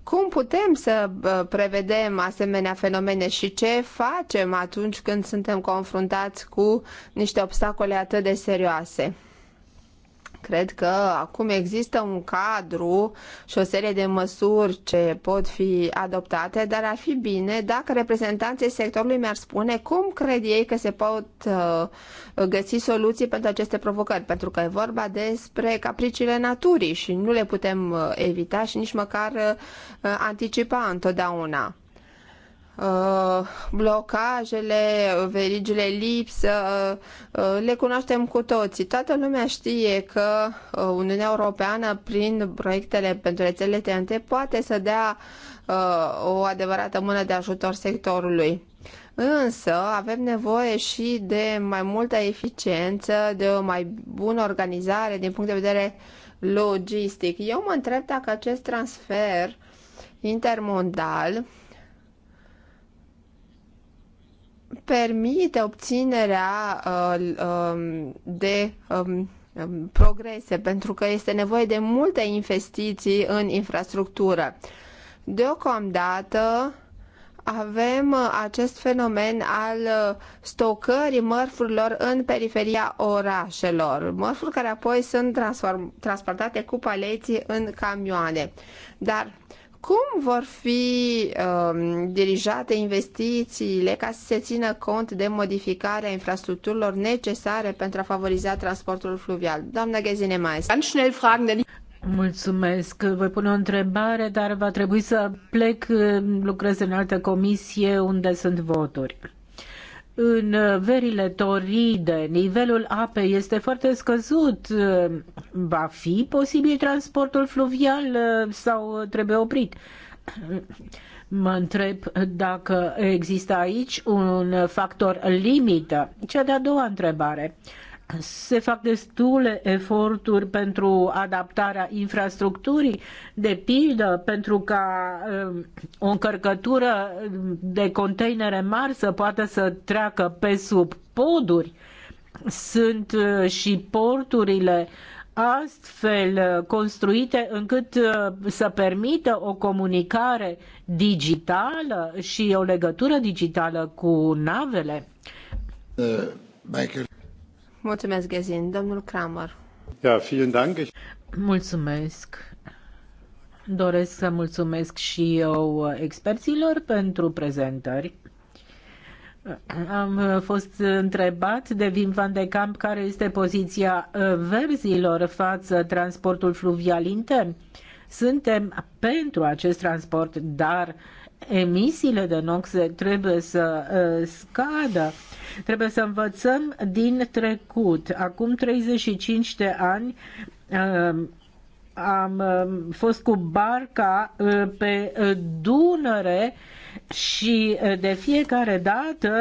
Cum putem să prevedem asemenea fenomene și ce facem atunci când suntem confruntați cu niște obstacole atât de serioase? Cred că acum există un cadru și o serie de măsuri ce pot fi adoptate, dar ar fi bine dacă reprezentanții sectorului mi-ar spune cum cred ei că se pot uh, găsi soluții pentru aceste provocări, pentru că e vorba despre capriciile naturii și nu le putem uh, evita și nici măcar uh, anticipa întotdeauna. Uh, blocajele, verigile lipsă, uh, le cunoaștem cu toții. Toată lumea știe că uh, Uniunea Europeană, prin proiectele pentru rețelele TNT, poate să dea o adevărată mână de ajutor sectorului. Însă avem nevoie și de mai multă eficiență, de o mai bună organizare din punct de vedere logistic. Eu mă întreb dacă acest transfer intermodal permite obținerea uh, um, de um, um, progrese, pentru că este nevoie de multe investiții în infrastructură. Deocamdată avem uh, acest fenomen al uh, stocării mărfurilor în periferia orașelor, mărfuri care apoi sunt transportate cu paleții în camioane. Dar cum vor fi um, dirijate investițiile ca să se țină cont de modificarea infrastructurilor necesare pentru a favoriza transportul fluvial? Doamna Ghezine Maes. Mulțumesc. Voi pune o întrebare, dar va trebui să plec, uh, lucrez în altă comisie unde sunt voturi în uh, verile toride nivelul apei este foarte scăzut, uh, va fi posibil transportul fluvial uh, sau trebuie oprit? Mă întreb dacă există aici un factor limită. Cea de-a doua întrebare se fac destule eforturi pentru adaptarea infrastructurii, de pildă pentru ca um, o încărcătură de containere mari să poată să treacă pe sub poduri. Sunt uh, și porturile astfel construite încât uh, să permită o comunicare digitală și o legătură digitală cu navele. Uh, Michael. Mulțumesc, Gezin. Domnul Kramer. Ja, vielen Dank. Mulțumesc. Doresc să mulțumesc și eu experților pentru prezentări. Am fost întrebat de Vin van de Camp care este poziția uh, verzilor față transportul fluvial intern. Suntem pentru acest transport, dar uh, emisiile de NOx trebuie să uh, scadă. Trebuie să învățăm din trecut. Acum 35 de ani uh, am uh, fost cu barca pe Dunăre și de fiecare dată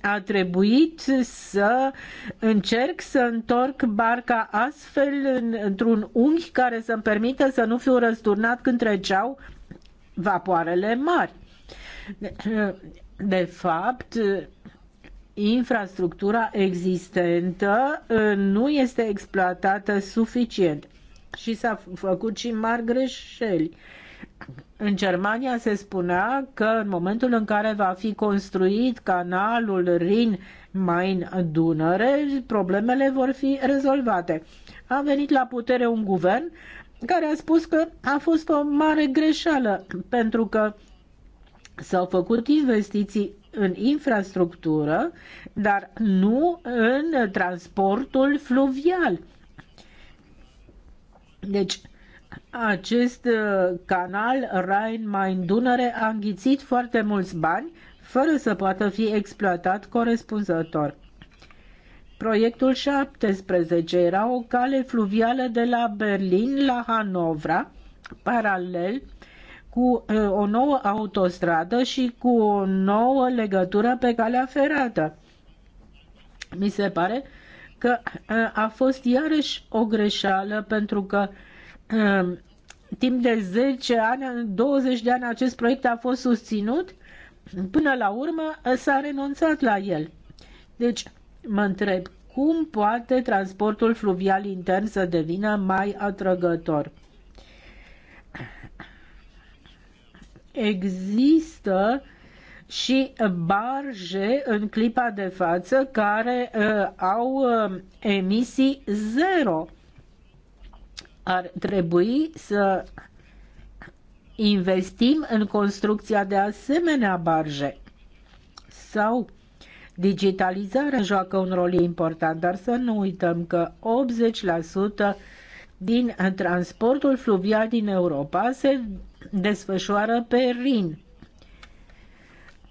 a trebuit să încerc să întorc barca astfel într-un unghi care să-mi permită să nu fiu răsturnat când treceau vapoarele mari. De fapt, infrastructura existentă uh, nu este exploatată suficient și s-a făcut și mari greșeli. În Germania se spunea că în momentul în care va fi construit canalul Rin-Main-Dunăre, problemele vor fi rezolvate. A venit la putere un guvern care a spus că a fost o mare greșeală pentru că s-au făcut investiții în infrastructură, dar nu în transportul fluvial. Deci, acest uh, canal Rhein-Main-Dunăre a înghițit foarte mulți bani fără să poată fi exploatat corespunzător. Proiectul 17 era o cale fluvială de la Berlin la Hanovra, paralel cu o nouă autostradă și cu o nouă legătură pe calea ferată. Mi se pare că a fost iarăși o greșeală pentru că timp de 10 ani, 20 de ani acest proiect a fost susținut, până la urmă s-a renunțat la el. Deci mă întreb cum poate transportul fluvial intern să devină mai atrăgător. Există și barje în clipa de față care uh, au uh, emisii zero. Ar trebui să investim în construcția de asemenea barje sau Digitalizarea joacă un rol important, dar să nu uităm că 80% din transportul fluvial din Europa se desfășoară pe Rin.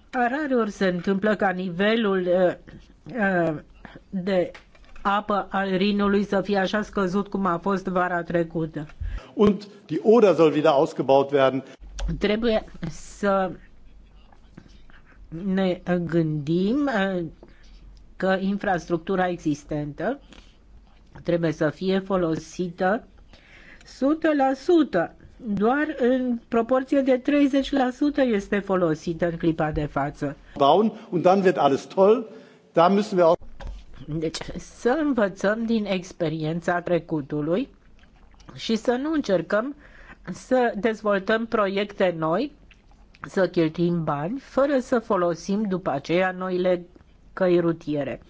Rareori se întâmplă ca nivelul uh, uh, de apă al Rinului să fie așa scăzut cum a fost vara trecută. Und die Oder soll wieder ausgebaut werden. Trebuie să ne gândim uh, că infrastructura existentă trebuie să fie folosită 100%. Doar în proporție de 30% este folosită în clipa de față. Bauen und dann wird alles toll. Da müssen wir auch deci să învățăm din experiența trecutului și să nu încercăm să dezvoltăm proiecte noi să cheltuim bani fără să folosim după aceea noile căi rutiere.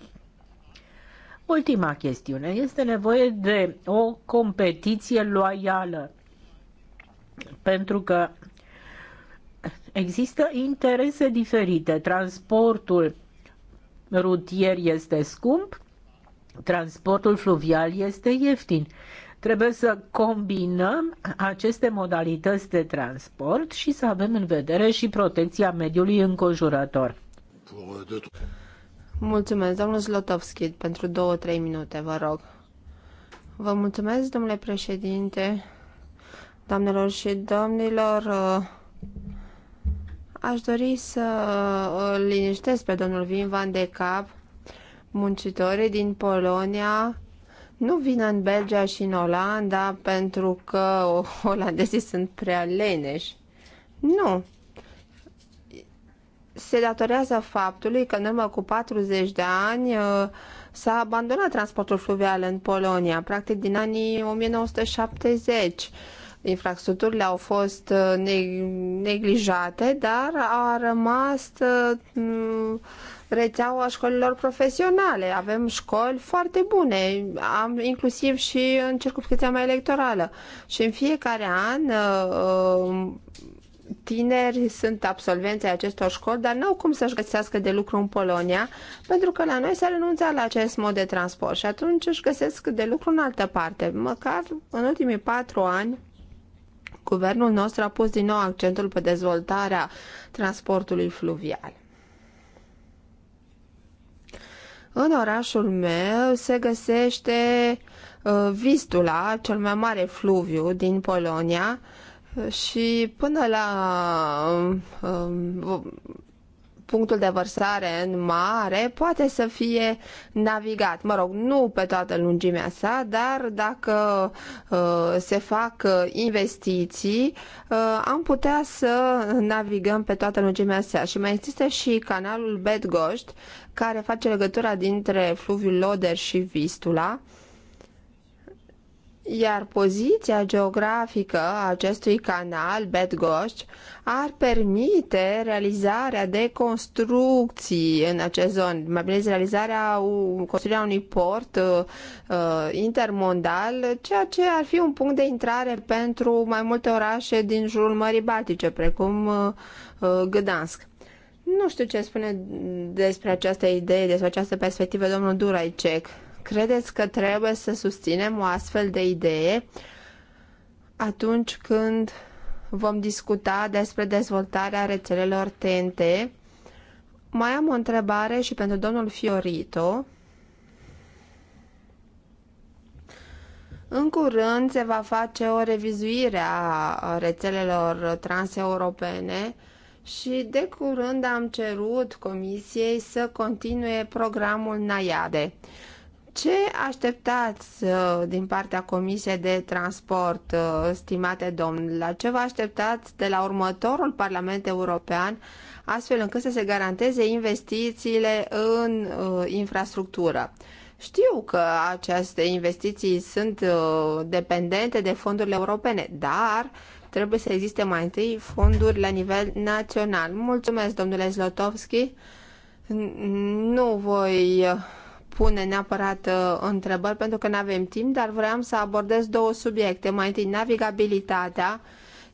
Ultima chestiune. Este nevoie de o competiție loială. Pentru că există interese diferite. Transportul rutier este scump, transportul fluvial este ieftin Trebuie să combinăm aceste modalități de transport și să avem în vedere și protecția mediului înconjurător. Mulțumesc, domnul Zlotovski, pentru două-trei minute, vă rog. Vă mulțumesc, domnule președinte, doamnelor și domnilor. Aș dori să liniștesc pe domnul Vin Van de Cap, muncitorii din Polonia nu vină în Belgia și în Olanda pentru că olandezii sunt prea leneși. Nu. Se datorează faptului că în urmă cu 40 de ani uh, s-a abandonat transportul fluvial în Polonia, practic din anii 1970 infrastructurile au fost uh, neglijate, dar a rămas uh, rețeaua școlilor profesionale. Avem școli foarte bune, am, inclusiv și în circunscripția mea electorală. Și în fiecare an uh, um, tineri sunt absolvenții acestor școli, dar nu au cum să-și găsească de lucru în Polonia, pentru că la noi s-a renunțat la acest mod de transport și atunci își găsesc de lucru în altă parte. Măcar în ultimii patru ani, guvernul nostru a pus din nou accentul pe dezvoltarea transportului fluvial. În orașul meu se găsește uh, Vistula, cel mai mare fluviu din Polonia, uh, și până la uh, um, punctul de vărsare în mare poate să fie navigat. Mă rog, nu pe toată lungimea sa, dar dacă uh, se fac uh, investiții, uh, am putea să navigăm pe toată lungimea sa. Și mai există și canalul Bedgoști, care face legătura dintre fluviul Loder și Vistula, uh, iar poziția geografică a acestui canal, Bedgoș, ar permite realizarea de construcții în acest zon, mai bine zis, realizarea, construirea unui port uh, uh intermondal, ceea ce ar fi un punct de intrare pentru mai multe orașe din jurul Mării Baltice, precum uh, uh Gdansk. Nu știu ce spune despre această idee, despre această perspectivă domnul Duraicek. Credeți că trebuie să susținem o astfel de idee atunci când vom discuta despre dezvoltarea rețelelor TNT? Mai am o întrebare și pentru domnul Fiorito. În curând se va face o revizuire a rețelelor transeuropene și de curând am cerut comisiei să continue programul NAIADE. Ce așteptați uh, din partea Comisiei de Transport, uh, stimate domn? La ce vă așteptați de la următorul Parlament European, astfel încât să se garanteze investițiile în uh, infrastructură? Știu că aceste investiții sunt dependente de fondurile europene, dar trebuie să existe mai întâi fonduri la nivel național. Mulțumesc, domnule Zlotovski. Nu voi pune neapărat uh, întrebări pentru că nu avem timp, dar vreau să abordez două subiecte. Mai întâi, navigabilitatea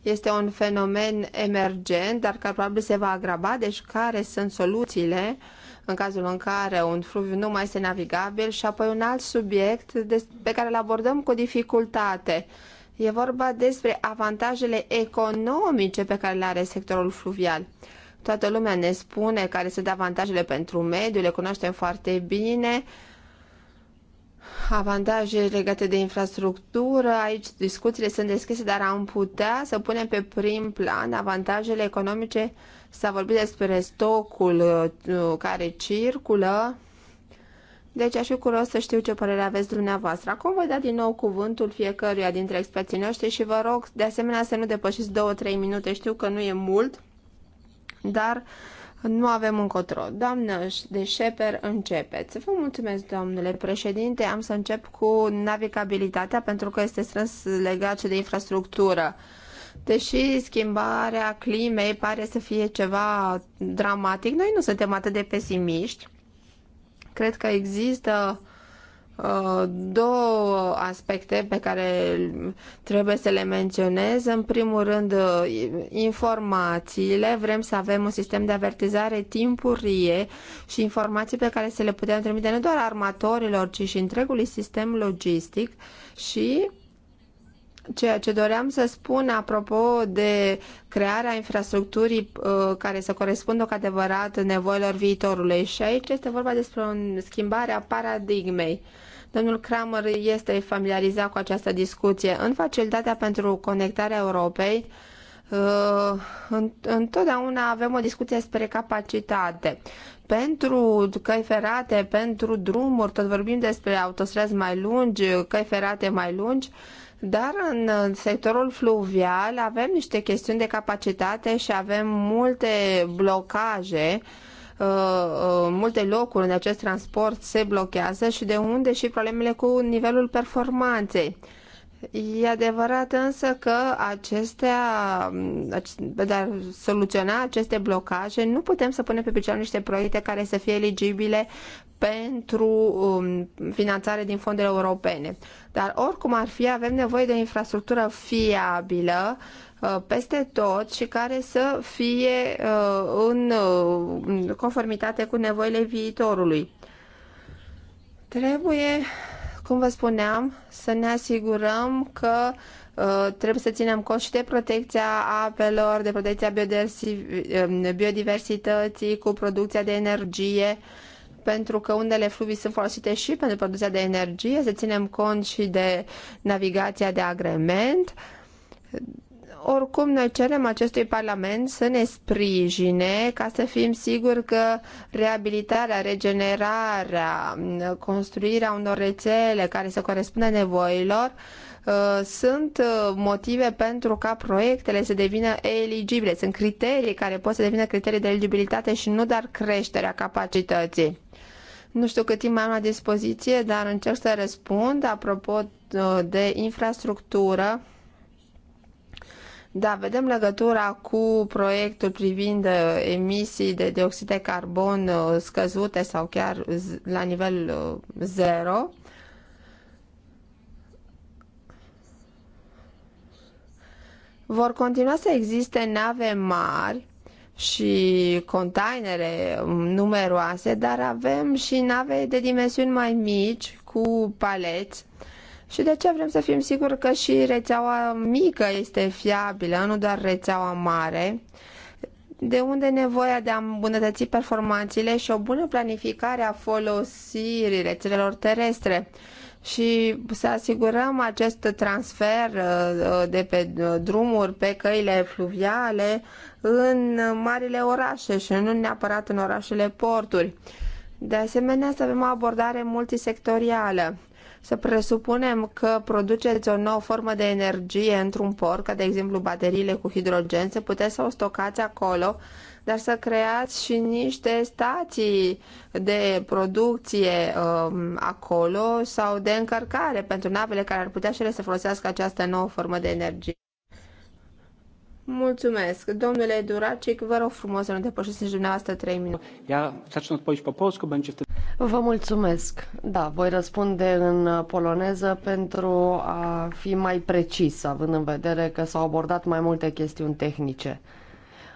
este un fenomen emergent, dar care probabil se va agrava, deci care sunt soluțiile în cazul în care un fluviu nu mai este navigabil și apoi un alt subiect pe care îl abordăm cu dificultate. E vorba despre avantajele economice pe care le are sectorul fluvial. Toată lumea ne spune care sunt avantajele pentru mediu, le cunoaștem foarte bine, avantaje legate de infrastructură, aici discuțiile sunt deschise, dar am putea să punem pe prim plan avantajele economice, s-a vorbit despre stocul uh, care circulă, deci aș fi curios să știu ce părere aveți dumneavoastră. Acum voi da din nou cuvântul fiecăruia dintre experții noștri și vă rog de asemenea să nu depășiți 2-3 minute. Știu că nu e mult, dar nu avem încotro. Doamnă de Șeper, începeți. Vă mulțumesc, domnule președinte. Am să încep cu navigabilitatea, pentru că este strâns legat și de infrastructură. Deși schimbarea climei pare să fie ceva dramatic, noi nu suntem atât de pesimiști. Cred că există Uh, două aspecte pe care trebuie să le menționez. În primul rând, uh, informațiile. Vrem să avem un sistem de avertizare timpurie și informații pe care să le putem trimite nu doar armatorilor, ci și întregului sistem logistic și ceea ce doream să spun apropo de crearea infrastructurii uh, care să corespundă cu adevărat nevoilor viitorului. Și aici este vorba despre o schimbare a paradigmei. Uh, Domnul Kramer este familiarizat cu această discuție. În facilitatea pentru conectarea Europei, uh, întotdeauna avem o discuție despre capacitate. Pentru căi ferate, pentru drumuri, tot vorbim despre autostrăzi mai lungi, căi ferate mai lungi, dar în sectorul fluvial avem niște chestiuni de capacitate și avem multe blocaje uh, Uh, uh, multe locuri unde acest transport se blochează și de unde și problemele cu nivelul performanței. E adevărat însă că acestea, um, dar soluționa aceste blocaje, nu putem să punem pe picioare niște proiecte care să fie eligibile pentru um, finanțare din fondurile europene. Dar oricum ar fi, avem nevoie de o infrastructură fiabilă, uh, Uh, peste tot și care să fie uh, uh, în conformitate cu nevoile viitorului. Trebuie, cum vă spuneam, să ne asigurăm că trebuie să ținem cont și de protecția apelor, de protecția um, biodiversității, cu producția de energie, pentru că undele fluvii sunt folosite și pentru producția de energie, să ținem cont și de navigația de agrement, oricum noi cerem acestui Parlament să ne sprijine ca să fim siguri că reabilitarea, regenerarea, construirea unor rețele care să corespundă nevoilor uh, sunt uh, motive pentru ca proiectele să devină eligibile. Sunt criterii care pot să devină criterii de eligibilitate și nu doar creșterea capacității. Nu știu cât timp am la dispoziție, dar încerc să răspund apropo uh, de infrastructură. Da, vedem legătura cu proiectul privind uh, emisii de dioxid de carbon uh, scăzute sau chiar la nivel uh, zero. Vor continua să existe nave mari și containere um, numeroase, dar avem și nave de dimensiuni mai mici cu paleți și de ce vrem să fim siguri că și rețeaua mică este fiabilă, nu doar rețeaua mare? De unde nevoia de a îmbunătăți performanțele și o bună planificare a folosirii rețelelor terestre? și să asigurăm acest transfer uh, uh, de pe uh, drumuri, pe căile fluviale în marile orașe și nu neapărat în orașele porturi. De asemenea, să avem o abordare multisectorială. Să presupunem că produceți o nouă formă de energie într-un port, ca de exemplu bateriile cu hidrogen, să puteți să o stocați acolo, dar să creați și niște stații de producție um, acolo sau de încărcare pentru navele care ar putea și ele să folosească această nouă formă de energie. Mulțumesc. Domnule Duracic, vă rog frumos să nu depășiți nici dumneavoastră 3 minute. Ia, zacznę odpowiedź pe polsku, będzie Vă mulțumesc. Da, voi răspunde în poloneză pentru a fi mai precis, având în vedere că s-au abordat mai multe chestiuni tehnice.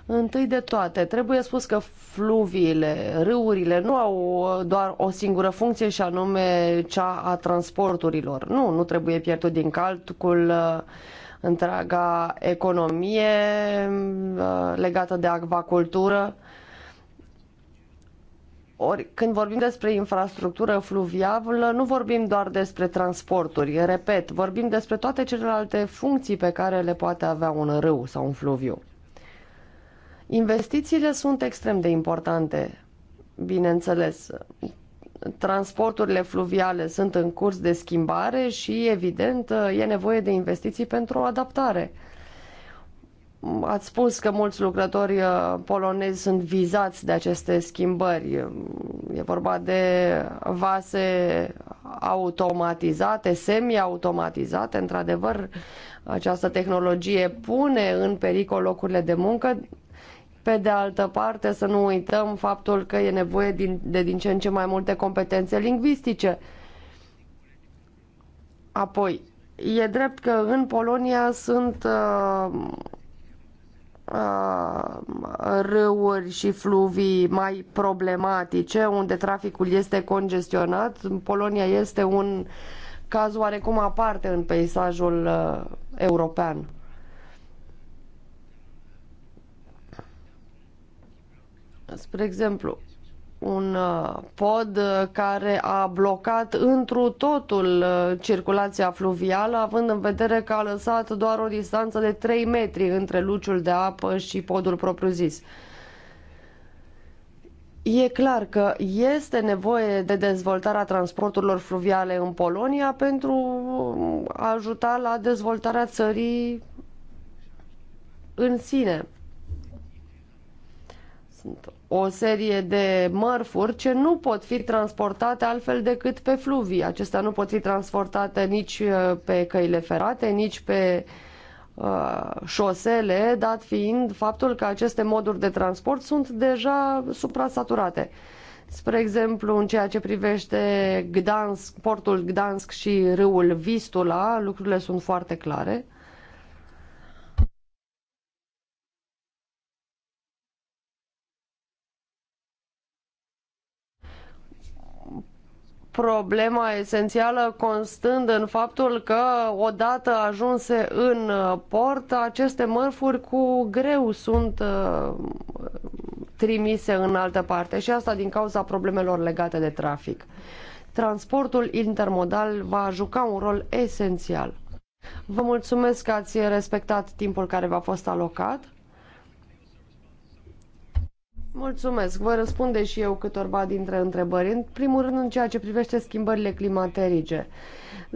Întâi de toate, trebuie spus că fluviile, râurile nu au doar o singură funcție și anume cea a transporturilor. Nu, nu trebuie pierdut din calcul uh, întreaga economie uh, legată de acvacultură. Ori, când vorbim despre infrastructură fluvială, nu vorbim doar despre transporturi, repet, vorbim despre toate celelalte funcții pe care le poate avea un râu sau un fluviu. Investițiile sunt extrem de importante, bineînțeles transporturile fluviale sunt în curs de schimbare și, evident, e nevoie de investiții pentru o adaptare. Ați spus că mulți lucrători uh, polonezi sunt vizați de aceste schimbări. E vorba de vase automatizate, semi-automatizate. Într-adevăr, această tehnologie pune în pericol locurile de muncă, pe de altă parte, să nu uităm faptul că e nevoie din, de din ce în ce mai multe competențe lingvistice. Apoi, e drept că în Polonia sunt uh, uh, râuri și fluvii mai problematice, unde traficul este congestionat. Polonia este un caz oarecum aparte în peisajul uh, european. Spre exemplu, un uh, pod uh, care a blocat întru totul uh, circulația fluvială, având în vedere că a lăsat doar o distanță de 3 metri între luciul de apă și podul propriu-zis. E clar că este nevoie de dezvoltarea transporturilor fluviale în Polonia pentru a ajuta la dezvoltarea țării în sine o serie de mărfuri ce nu pot fi transportate altfel decât pe fluvii. Acestea nu pot fi transportate nici uh, pe căile ferate, nici pe uh, șosele, dat fiind faptul că aceste moduri de transport sunt deja suprasaturate. Spre exemplu, în ceea ce privește Gdansk, portul Gdansk și râul Vistula, lucrurile sunt foarte clare. problema esențială constând în faptul că odată ajunse în uh, port, aceste mărfuri cu greu sunt uh, trimise în altă parte și asta din cauza problemelor legate de trafic. Transportul intermodal va juca un rol esențial. Vă mulțumesc că ați respectat timpul care v-a fost alocat. Mulțumesc. Voi răspunde și eu câtorva dintre întrebări. În primul rând, în ceea ce privește schimbările climaterice.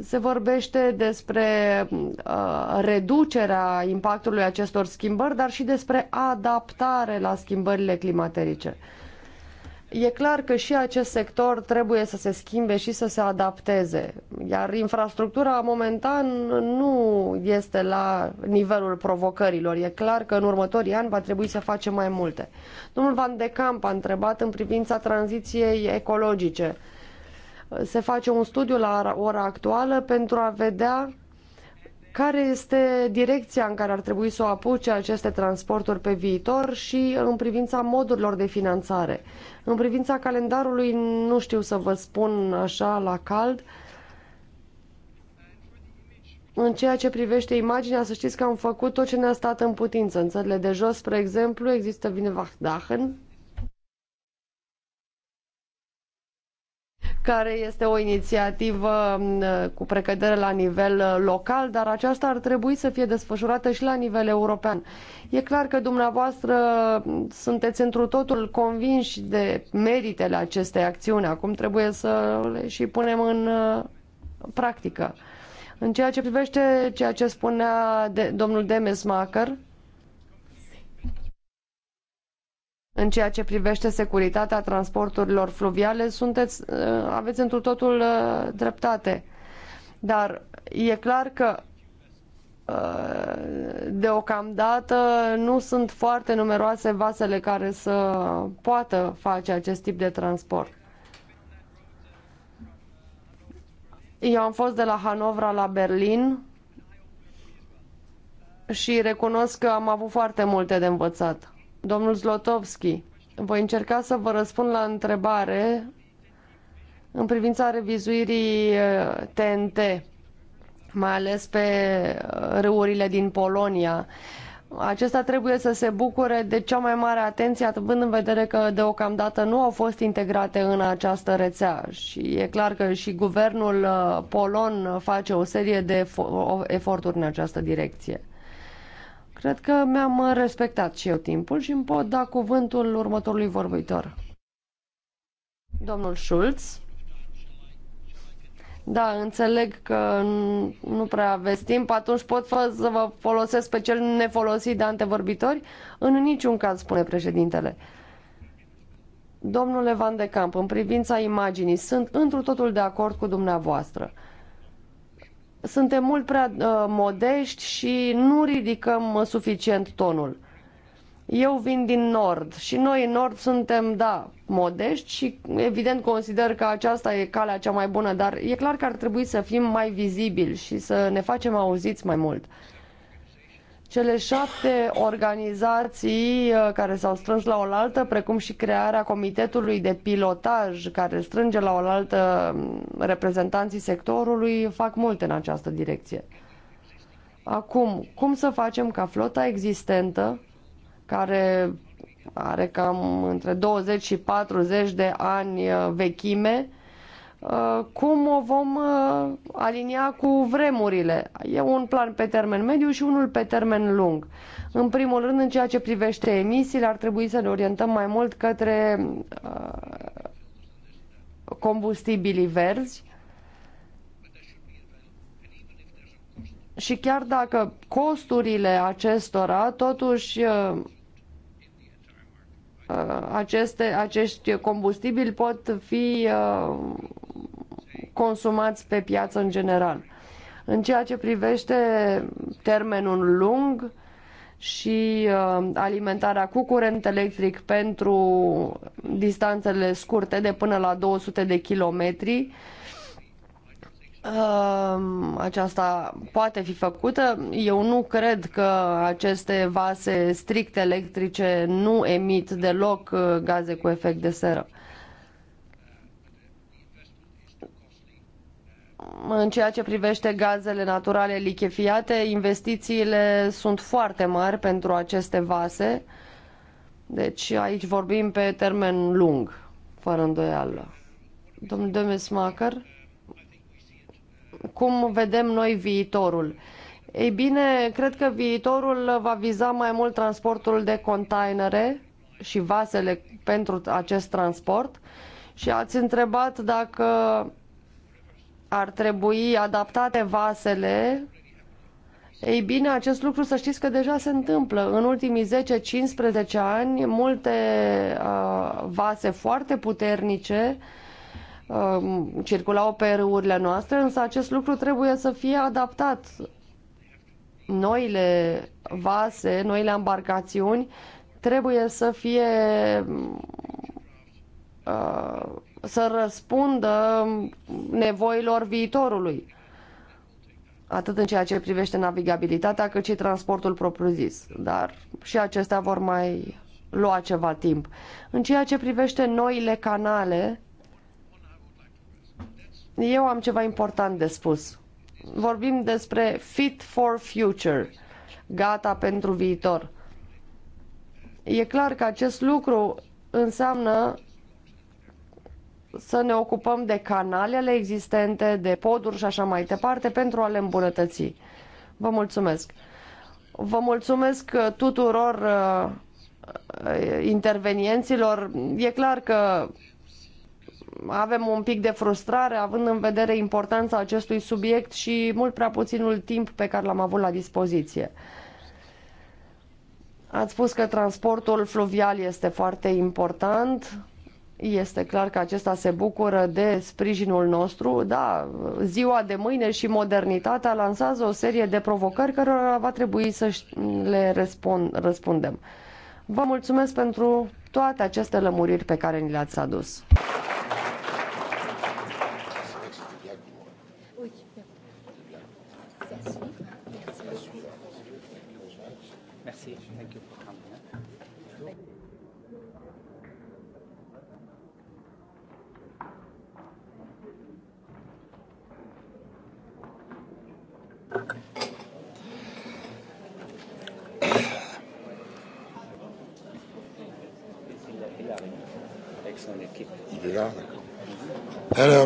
Se vorbește despre uh, reducerea impactului acestor schimbări, dar și despre adaptare la schimbările climaterice. Uh, E clar că și acest sector trebuie să se schimbe și să se adapteze, iar infrastructura momentan nu este la nivelul provocărilor. E clar că în următorii ani va trebui să facem mai multe. Domnul Van de Camp a întrebat în privința tranziției ecologice. Se face un studiu la ora actuală pentru a vedea care este direcția în care ar trebui să o apuce aceste transporturi pe viitor și în privința modurilor de finanțare. În privința calendarului nu știu să vă spun așa la cald. În ceea ce privește imaginea, să știți că am făcut tot ce ne-a stat în putință. În țările de jos, spre exemplu, există Vinevachdachen, care este o inițiativă mm, cu precădere la nivel uh, local, dar aceasta ar trebui să fie desfășurată și la nivel european. E clar că dumneavoastră mm, sunteți întru totul convinși de meritele acestei acțiuni. Acum trebuie să le și punem în uh, practică. În ceea ce privește ceea ce spunea de, domnul Demesmacher, În ceea ce privește securitatea transporturilor fluviale, sunteți, uh, aveți întru totul uh, dreptate. Dar e clar că uh, deocamdată nu sunt foarte numeroase vasele care să poată face acest tip de transport. Eu am fost de la Hanovra la Berlin și recunosc că am avut foarte multe de învățat. Domnul Zlotovski, voi încerca să vă răspund la întrebare în privința revizuirii TNT, mai ales pe râurile din Polonia. Acesta trebuie să se bucure de cea mai mare atenție, atât în vedere că deocamdată nu au fost integrate în această rețea. Și e clar că și guvernul polon face o serie de eforturi în această direcție. Cred că mi-am respectat și eu timpul și îmi pot da cuvântul următorului vorbitor. Domnul Schulz. Da, înțeleg că nu prea aveți timp, atunci pot să vă folosesc pe cel nefolosit de antevorbitori? În niciun caz, spune președintele. Domnule Van de Camp, în privința imaginii, sunt întru totul de acord cu dumneavoastră suntem mult prea uh, modești și nu ridicăm uh, suficient tonul. Eu vin din Nord și noi în Nord suntem, da, modești și evident consider că aceasta e calea cea mai bună, dar e clar că ar trebui să fim mai vizibili și să ne facem auziți mai mult. Cele șapte organizații uh, care s-au strâns la oaltă, precum și crearea comitetului de pilotaj care strânge la oaltă mm, reprezentanții sectorului, fac mult în această direcție. Acum, cum să facem ca flota existentă, care are cam între 20 și 40 de ani uh, vechime, Uh, cum o vom uh, alinia cu vremurile. E un plan pe termen mediu și unul pe termen lung. În primul rând, în ceea ce privește emisiile, ar trebui să ne orientăm mai mult către uh, combustibilii verzi și chiar dacă costurile acestora totuși aceste, acești combustibili pot fi uh, consumați pe piață în general. În ceea ce privește termenul lung și uh, alimentarea cu curent electric pentru distanțele scurte de până la 200 de kilometri, uh, aceasta poate fi făcută. Eu nu cred că aceste vase strict electrice nu emit deloc uh, gaze cu efect de seră. în ceea ce privește gazele naturale lichefiate, investițiile sunt foarte mari pentru aceste vase. Deci aici vorbim pe termen lung, fără îndoială. Domnul Demesmacher, cum vedem noi viitorul? Ei bine, cred că viitorul va viza mai mult transportul de containere și vasele pentru acest transport. Și ați întrebat dacă ar trebui adaptate vasele, ei bine, acest lucru să știți că deja se întâmplă. În ultimii 10-15 ani, multe uh, vase foarte puternice uh, circulau pe râurile noastre, însă acest lucru trebuie să fie adaptat. Noile vase, noile embarcațiuni trebuie să fie uh, să răspundă nevoilor viitorului, atât în ceea ce privește navigabilitatea, cât și transportul propriu-zis. Dar și acestea vor mai lua ceva timp. În ceea ce privește noile canale, eu am ceva important de spus. Vorbim despre fit for future, gata pentru viitor. E clar că acest lucru înseamnă să ne ocupăm de canalele existente, de poduri și așa mai departe pentru a le îmbunătăți. Vă mulțumesc! Vă mulțumesc tuturor uh, intervenienților. E clar că avem un pic de frustrare având în vedere importanța acestui subiect și mult prea puținul timp pe care l-am avut la dispoziție. Ați spus că transportul fluvial este foarte important este clar că acesta se bucură de sprijinul nostru. Da, ziua de mâine și modernitatea lansează o serie de provocări cărora va trebui să le răspund, răspundem. Vă mulțumesc pentru toate aceste lămuriri pe care ni le-ați adus.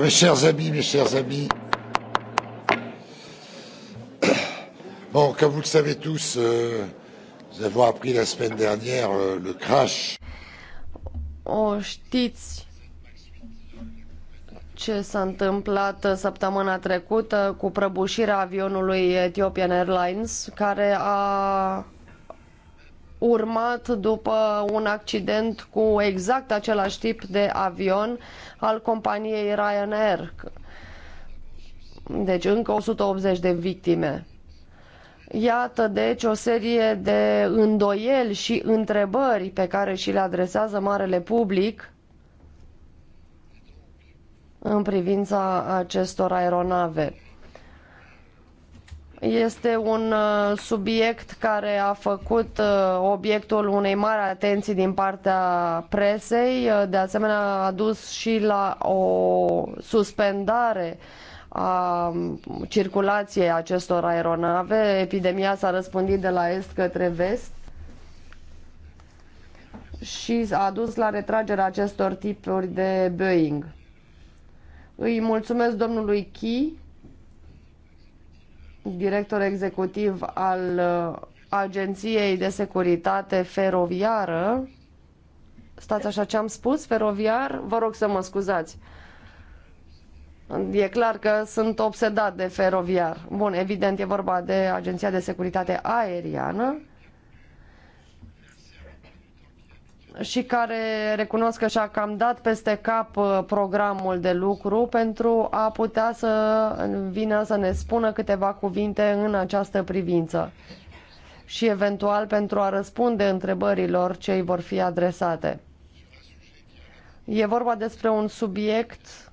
mes chers amis, mes chers amis. Bon, comme vous le savez tous, euh, nous avons appris la semaine dernière euh, le crash. O știți ce s-a întâmplat săptămâna trecută cu prăbușirea avionului Ethiopian Airlines, care a urmat după un accident cu exact același tip de avion al companiei Ryanair. Deci încă 180 de victime. Iată deci o serie de îndoieli și întrebări pe care și le adresează marele public în privința acestor aeronave. Este un uh, subiect care a făcut uh, obiectul unei mari atenții din partea presei, uh, de asemenea a dus și la o suspendare a um, circulației acestor aeronave. Epidemia s-a răspândit de la est către vest și a dus la retragerea acestor tipuri de Boeing. Îi mulțumesc domnului Chi director executiv al uh, Agenției de Securitate Feroviară. Stați așa ce am spus, feroviar? Vă rog să mă scuzați. E clar că sunt obsedat de feroviar. Bun, evident, e vorba de Agenția de Securitate Aeriană și care recunosc că și-a cam dat peste cap uh, programul de lucru pentru a putea să vină să ne spună câteva cuvinte în această privință și eventual pentru a răspunde întrebărilor ce îi vor fi adresate. E vorba despre un subiect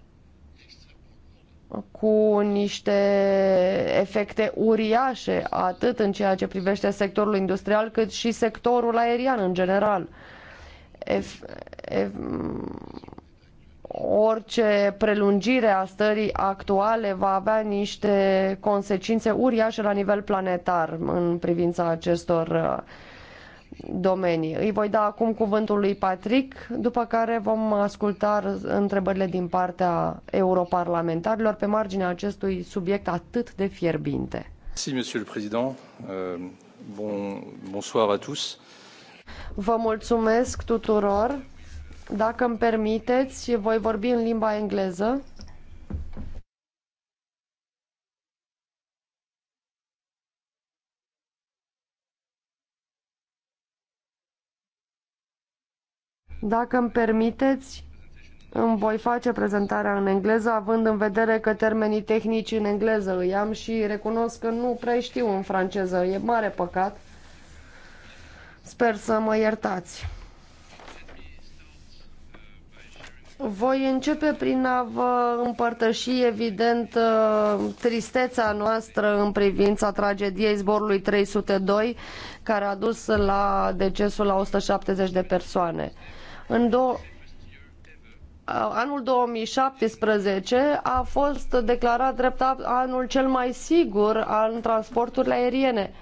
cu niște efecte uriașe, atât în ceea ce privește sectorul industrial, cât și sectorul aerian în general orice prelungire a stării actuale va avea niște consecințe uriașe la nivel planetar în privința acestor uh, domenii. Îi voi da acum cuvântul lui Patrick, după care vom asculta întrebările din partea europarlamentarilor pe marginea acestui subiect atât de fierbinte. Merci, monsieur le président. Euh, bon, bonsoir à tous. Vă mulțumesc tuturor. Dacă îmi permiteți, voi vorbi în limba engleză. Dacă îmi permiteți, îmi voi face prezentarea în engleză, având în vedere că termenii tehnici în engleză îi am și recunosc că nu prea știu în franceză. E mare păcat. Sper să mă iertați. Voi începe prin a vă împărtăși, evident, uh, tristețea noastră în privința tragediei zborului 302, care a dus la decesul la 170 de persoane. În uh, anul 2017 a fost declarat drept anul cel mai sigur al transporturilor aeriene.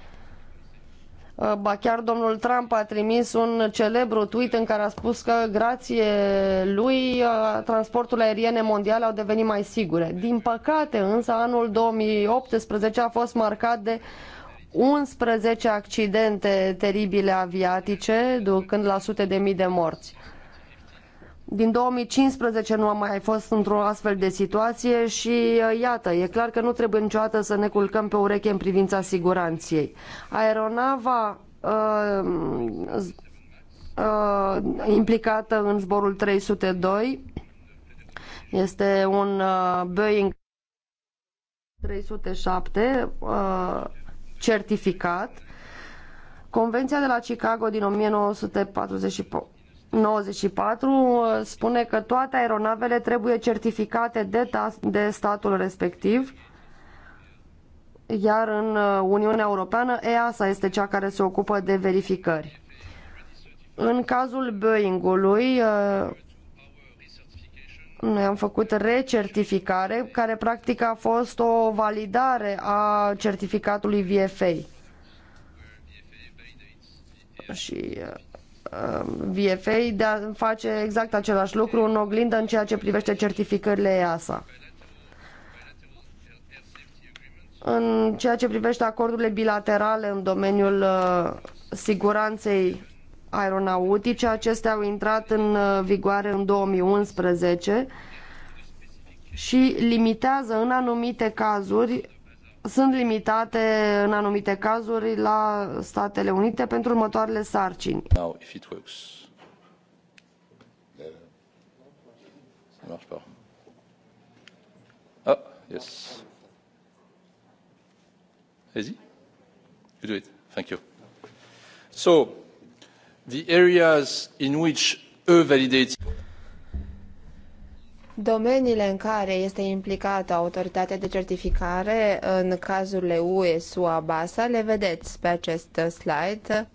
Uh, ba chiar domnul Trump a trimis un celebru tweet în care a spus că grație lui uh, transportul aeriene mondial au devenit mai sigure. Din păcate însă anul 2018 a fost marcat de 11 accidente teribile aviatice, ducând la sute de mii de morți. Din 2015 nu am mai fost într-o astfel de situație și uh, iată, e clar că nu trebuie niciodată să ne culcăm pe ureche în privința siguranței. Aeronava uh, uh, implicată în zborul 302 este un uh, Boeing 307 uh, certificat. Convenția de la Chicago din 1944 94 spune că toate aeronavele trebuie certificate de, de statul respectiv, iar în uh, Uniunea Europeană EASA este cea care se ocupă de verificări. În cazul Boeing-ului, uh, noi am făcut recertificare, care practic a fost o validare a certificatului VFA. Și uh, Uh, VFA de a face exact același lucru în oglindă în ceea ce privește certificările EASA. În ceea ce privește acordurile bilaterale în domeniul uh, siguranței aeronautice, acestea au intrat în uh, vigoare în 2011 și limitează în anumite cazuri sunt limitate în anumite cazuri la Statele Unite pentru următoarele sarcini. Now, if it works. Ah, yes. Easy. You do it. Thank you. So, the areas in which E validated. Domeniile în care este implicată autoritatea de certificare în cazurile UE, SUA, BASA, le vedeți pe acest slide.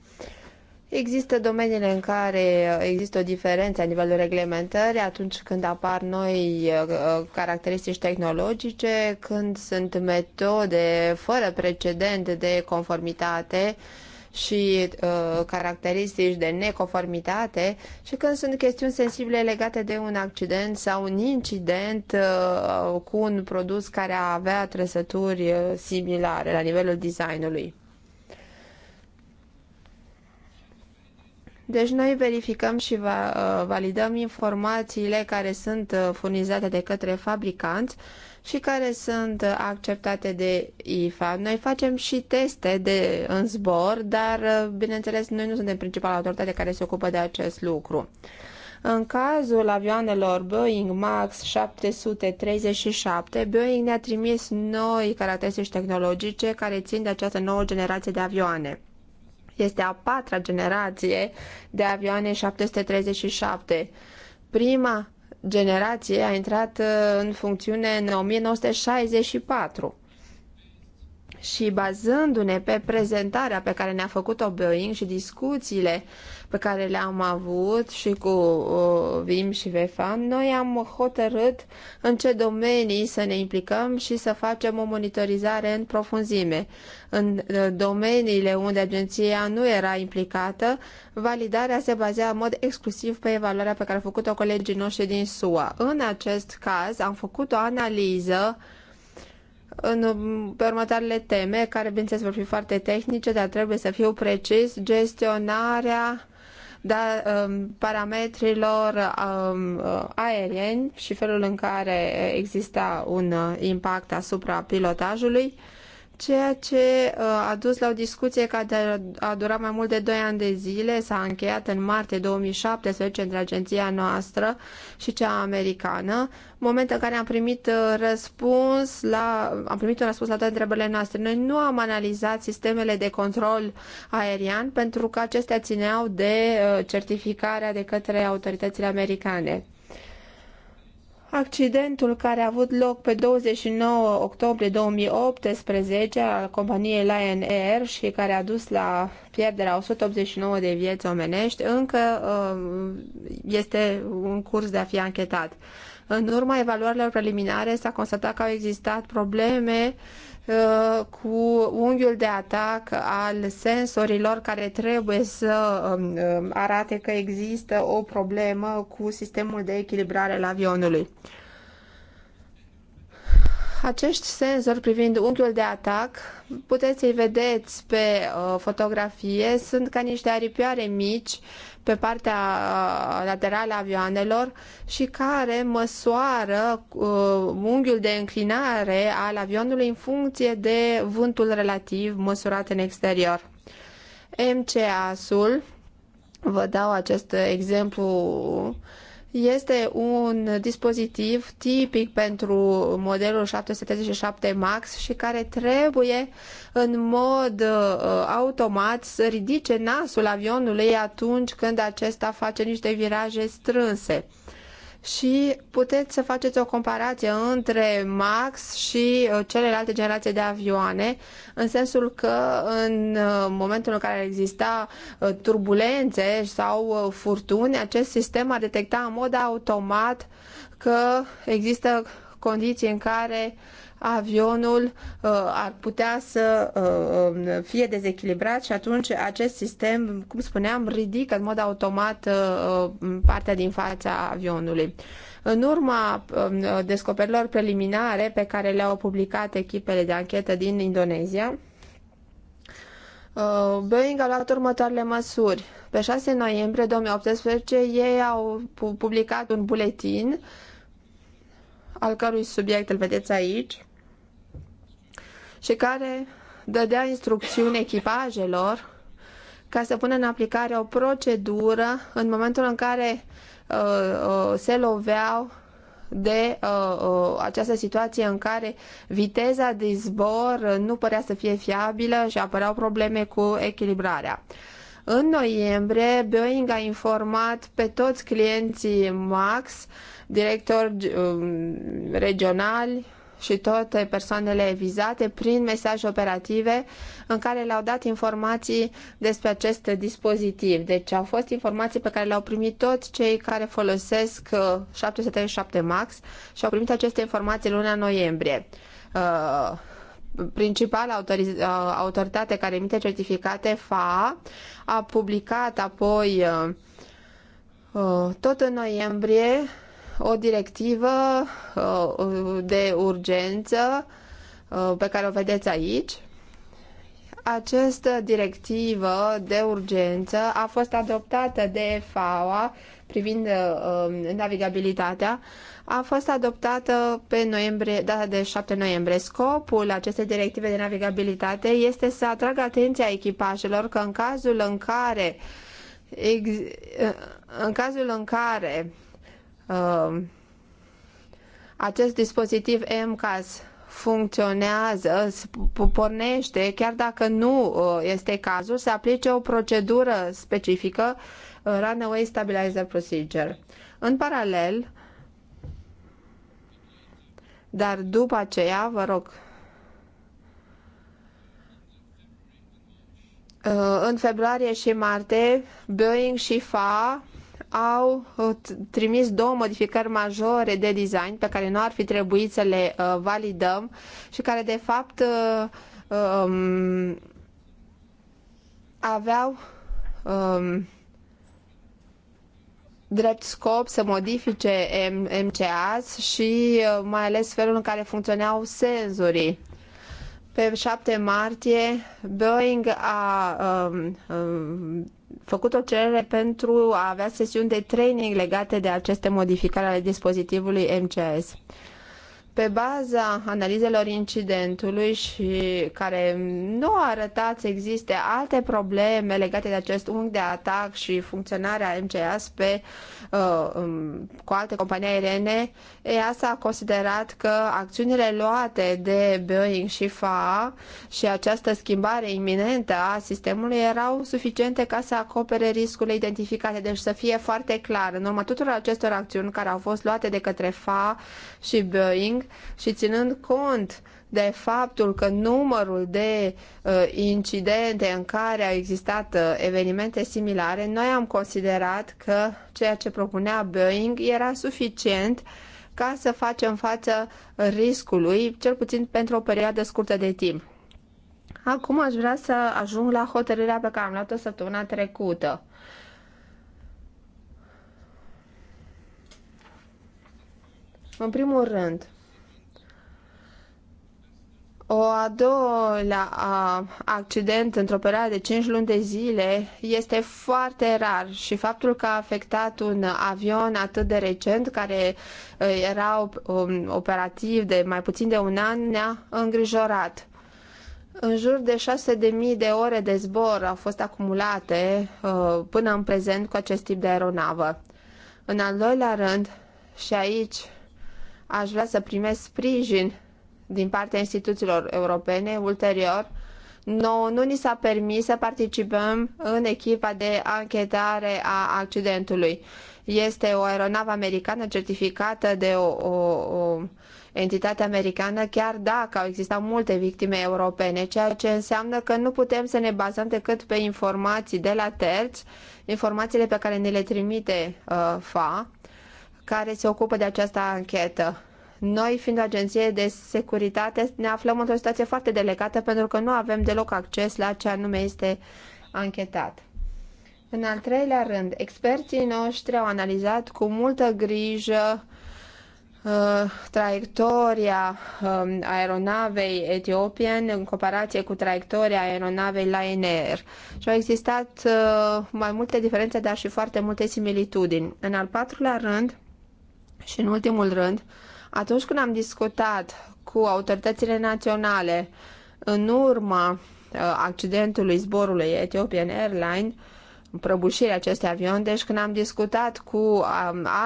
Există domeniile în care există o diferență a nivelul reglementării atunci când apar noi uh, caracteristici tehnologice, când sunt metode fără precedent de conformitate, uh, și uh, caracteristici de neconformitate și când sunt chestiuni sensibile legate de un accident sau un incident uh, cu un produs care avea trăsături uh, similare la nivelul designului. Deci noi verificăm și va, uh, validăm informațiile care sunt uh, furnizate de către fabricanți și care sunt uh, acceptate de IFA. Noi facem și teste de în zbor, dar bineînțeles noi nu suntem principala autoritate care se ocupă de acest lucru. În cazul avioanelor Boeing MAX 737, Boeing ne-a trimis noi caracteristici tehnologice care țin de această nouă generație de avioane. Este a patra generație de avioane 737. Prima generație a intrat uh, în funcțiune în 1964. Și bazându-ne pe prezentarea pe care ne-a făcut-o Boeing și discuțiile pe care le-am avut și cu uh, Vim și Vefan, noi am hotărât în ce domenii să ne implicăm și să facem o monitorizare în profunzime. În uh, domeniile unde agenția nu era implicată, validarea se bazea în mod exclusiv pe evaluarea pe care a făcut-o colegii noștri din SUA. În acest caz am făcut o analiză în, pe următoarele teme, care bineînțeles vor fi foarte tehnice, dar trebuie să fiu precis, gestionarea da um, parametrilor um, uh, aerieni și felul în care exista un uh, impact asupra pilotajului ceea ce uh, a dus la o discuție care a durat mai mult de 2 ani de zile, s-a încheiat în martie 2017 între agenția noastră și cea americană, moment în care am primit uh, răspuns la, am primit un răspuns la toate întrebările noastre. Noi nu am analizat sistemele de control aerian pentru că acestea țineau de uh, certificarea de către autoritățile americane. Accidentul care a avut loc pe 29 octombrie 2018 al companiei Lion Air și care a dus la pierderea 189 de vieți omenești încă uh, este în curs de a fi anchetat. În urma evaluărilor preliminare s-a constatat că au existat probleme Uh, cu unghiul de atac al sensorilor care trebuie să um, um, arate că există o problemă cu sistemul de echilibrare al avionului. Acești senzori privind unghiul de atac, puteți să-i vedeți pe uh, fotografie, sunt ca niște aripioare mici pe partea uh, laterală a avioanelor și care măsoară uh, unghiul de înclinare al avionului în funcție de vântul relativ măsurat în exterior. MCAS-ul, vă dau acest exemplu este un dispozitiv tipic pentru modelul 737 MAX și care trebuie în mod uh, automat să ridice nasul avionului atunci când acesta face niște viraje strânse și puteți să faceți o comparație între Max și uh, celelalte generații de avioane, în sensul că în uh, momentul în care exista uh, turbulențe sau furtuni, acest sistem a detectat în mod automat că există condiții în care avionul uh, ar putea să uh, um, fie dezechilibrat și atunci acest sistem, cum spuneam, ridică în mod automat uh, um, partea din fața avionului. În urma um, descoperilor preliminare pe care le-au publicat echipele de anchetă din Indonezia, uh, Boeing a luat următoarele măsuri. Pe 6 noiembrie 2018, ei au publicat un buletin al cărui subiect îl vedeți aici, și care dădea instrucțiuni echipajelor ca să pună în aplicare o procedură în momentul în care uh, uh, se loveau de uh, uh, această situație în care viteza de zbor nu părea să fie fiabilă și apăreau probleme cu echilibrarea. În noiembrie, Boeing a informat pe toți clienții MAX, directori uh, regionali, și toate persoanele vizate prin mesaje operative în care le-au dat informații despre acest dispozitiv. Deci au fost informații pe care le-au primit toți cei care folosesc 737 uh, MAX și au primit aceste informații luna noiembrie. Uh, principala uh, autoritate care emite certificate, FAA, a publicat apoi uh, tot în noiembrie o directivă uh, de urgență uh, pe care o vedeți aici. Această directivă de urgență a fost adoptată de FAO privind uh, navigabilitatea, a fost adoptată pe noiembrie, data de 7 noiembrie. Scopul acestei directive de navigabilitate este să atragă atenția echipajelor că în cazul în care în cazul în care Um, acest dispozitiv MCAS funcționează, pornește, chiar dacă nu uh, este cazul, se aplice o procedură specifică, uh, Runaway Stabilizer Procedure. În paralel, dar după aceea, vă rog, uh, în februarie și martie, Boeing și FA au uh, trimis două modificări majore de design pe care nu ar fi trebuit să le uh, validăm și care de fapt uh, um, aveau um, drept scop să modifice MCAs și mai ales felul în care funcționeau senzorii. Pe 7 martie, Boeing a um, um, făcut o cerere pentru a avea sesiuni de training legate de aceste modificări ale dispozitivului MCS. Pe baza analizelor incidentului și care nu a arătat să existe alte probleme legate de acest unghi de atac și funcționarea MCAS pe, uh, um, cu alte companii aeriene, EASA a considerat că acțiunile luate de Boeing și FAA și această schimbare iminentă a sistemului erau suficiente ca să acopere riscurile identificate. Deci să fie foarte clar, în urma tuturor acestor acțiuni care au fost luate de către FAA și Boeing, și ținând cont de faptul că numărul de uh, incidente în care au existat uh, evenimente similare, noi am considerat că ceea ce propunea Boeing era suficient ca să facem față riscului, cel puțin pentru o perioadă scurtă de timp. Acum aș vrea să ajung la hotărârea pe care am luat-o săptămâna trecută. În primul rând, o a a, accident într-o perioadă de 5 luni de zile este foarte rar și faptul că a afectat un avion atât de recent, care era um, operativ de mai puțin de un an, ne-a îngrijorat. În jur de 6.000 de ore de zbor au fost acumulate uh, până în prezent cu acest tip de aeronavă. În al doilea rând, și aici aș vrea să primesc sprijin din partea instituțiilor europene ulterior, nu nu ni s-a permis să participăm în echipa de anchetare a accidentului. Este o aeronavă americană certificată de o, o, o entitate americană, chiar dacă au existat multe victime europene, ceea ce înseamnă că nu putem să ne bazăm decât pe informații de la terți, informațiile pe care ne le trimite uh, FA, care se ocupă de această anchetă. Noi, fiind o agenție de securitate, ne aflăm într-o situație foarte delicată pentru că nu avem deloc acces la ce anume este anchetat. În al treilea rând, experții noștri au analizat cu multă grijă uh, traiectoria um, aeronavei etiopiene în comparație cu traiectoria aeronavei Lion Air. Și au existat uh, mai multe diferențe, dar și foarte multe similitudini. În al patrulea rând și în ultimul rând, atunci când am discutat cu autoritățile naționale în urma uh, accidentului zborului Ethiopian Airline, prăbușirea acestui avion, deci când am discutat cu um,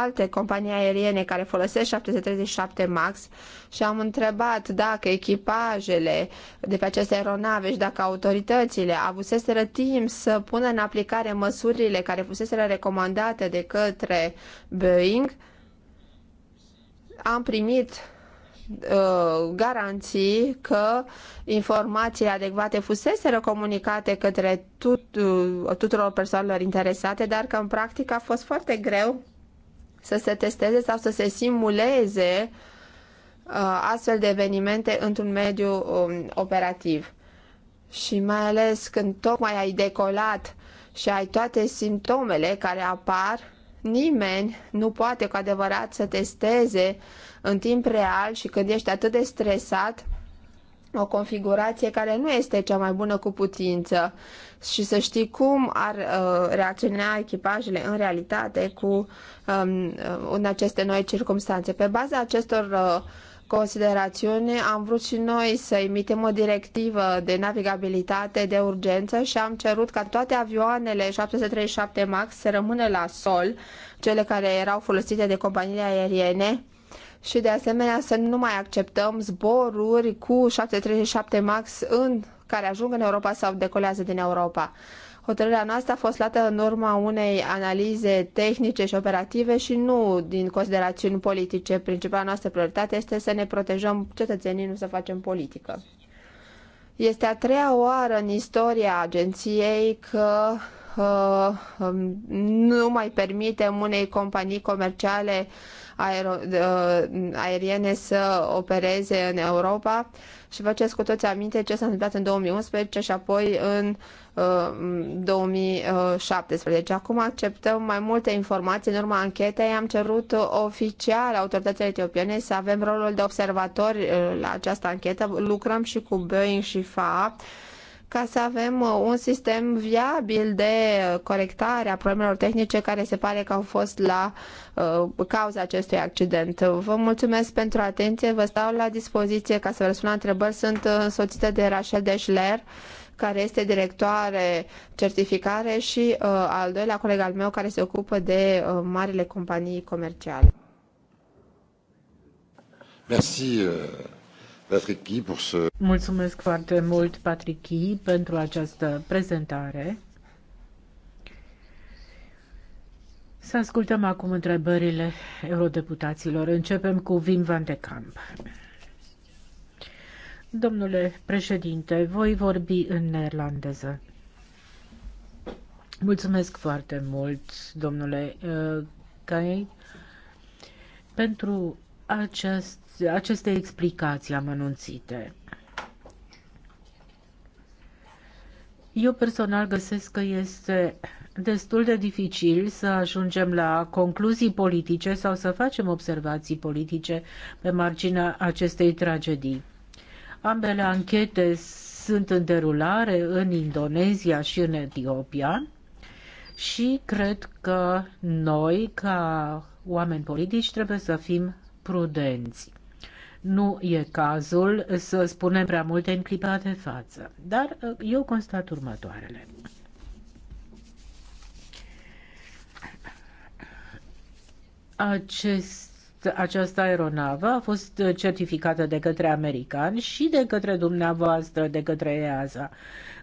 alte companii aeriene care folosesc 737 MAX și am întrebat dacă echipajele de pe aceste aeronave și dacă autoritățile avuseseră timp să pună în aplicare măsurile care fuseseră recomandate de către Boeing, uh, am primit uh, garanții că informațiile adecvate fusese comunicate către tut, uh, tuturor persoanelor interesate, dar că în practică a fost foarte greu să se testeze sau să se simuleze uh, astfel de evenimente într-un mediu um, operativ. Și mai ales când tocmai ai decolat și ai toate simptomele care apar Nimeni nu poate cu adevărat să testeze în timp real și când ești atât de stresat o configurație care nu este cea mai bună cu putință și să știi cum ar uh, reacționa echipajele în realitate cu um, uh, în aceste noi circunstanțe. Pe baza acestor uh, considerațiuni, am vrut și noi să emitem o directivă de navigabilitate de urgență și am cerut ca toate avioanele 737 MAX să rămână la sol, cele care erau folosite de companiile aeriene, și de asemenea să nu mai acceptăm zboruri cu 737 MAX în, care ajung în Europa sau decolează din Europa. Hotărârea noastră a fost luată în urma unei analize tehnice și operative și nu din considerațiuni politice. Principala noastră prioritate este să ne protejăm cetățenii, nu să facem politică. Este a treia oară în istoria agenției că uh, um, nu mai permitem unei companii comerciale aer, uh, aeriene să opereze în Europa și vă cu toți aminte ce s-a întâmplat în 2011 și apoi în uh, 2017. Acum acceptăm mai multe informații în urma anchetei. Am cerut oficial autoritățile etiopiene să avem rolul de observatori uh, la această anchetă. Lucrăm și cu Boeing și FAA ca să avem uh, un sistem viabil de corectare a problemelor tehnice care se pare că au fost la uh, cauza acestui accident. Vă mulțumesc pentru atenție, vă stau la dispoziție ca să vă răspund la întrebări. Sunt uh, însoțită de Rachel Deschler, care este directoare certificare și uh, al doilea coleg al meu care se ocupă de uh, marile companii comerciale. Merci. Uh, Patrick Guy, pour ce... Mulțumesc foarte mult, Patrick Guy, pentru această prezentare. Să ascultăm acum întrebările eurodeputaților. Începem cu Wim van de Camp. Domnule președinte, voi vorbi în neerlandeză. Mulțumesc foarte mult, domnule Cai, uh, pentru acest aceste explicații amănunțite. Eu personal găsesc că este destul de dificil să ajungem la concluzii politice sau să facem observații politice pe marginea acestei tragedii. Ambele anchete sunt în derulare în Indonezia și în Etiopia și cred că noi, ca oameni politici, trebuie să fim prudenți nu e cazul să spunem prea multe în clipa de față. Dar uh, eu constat următoarele. Acest această aeronavă a fost certificată de către americani și de către dumneavoastră, de către EASA.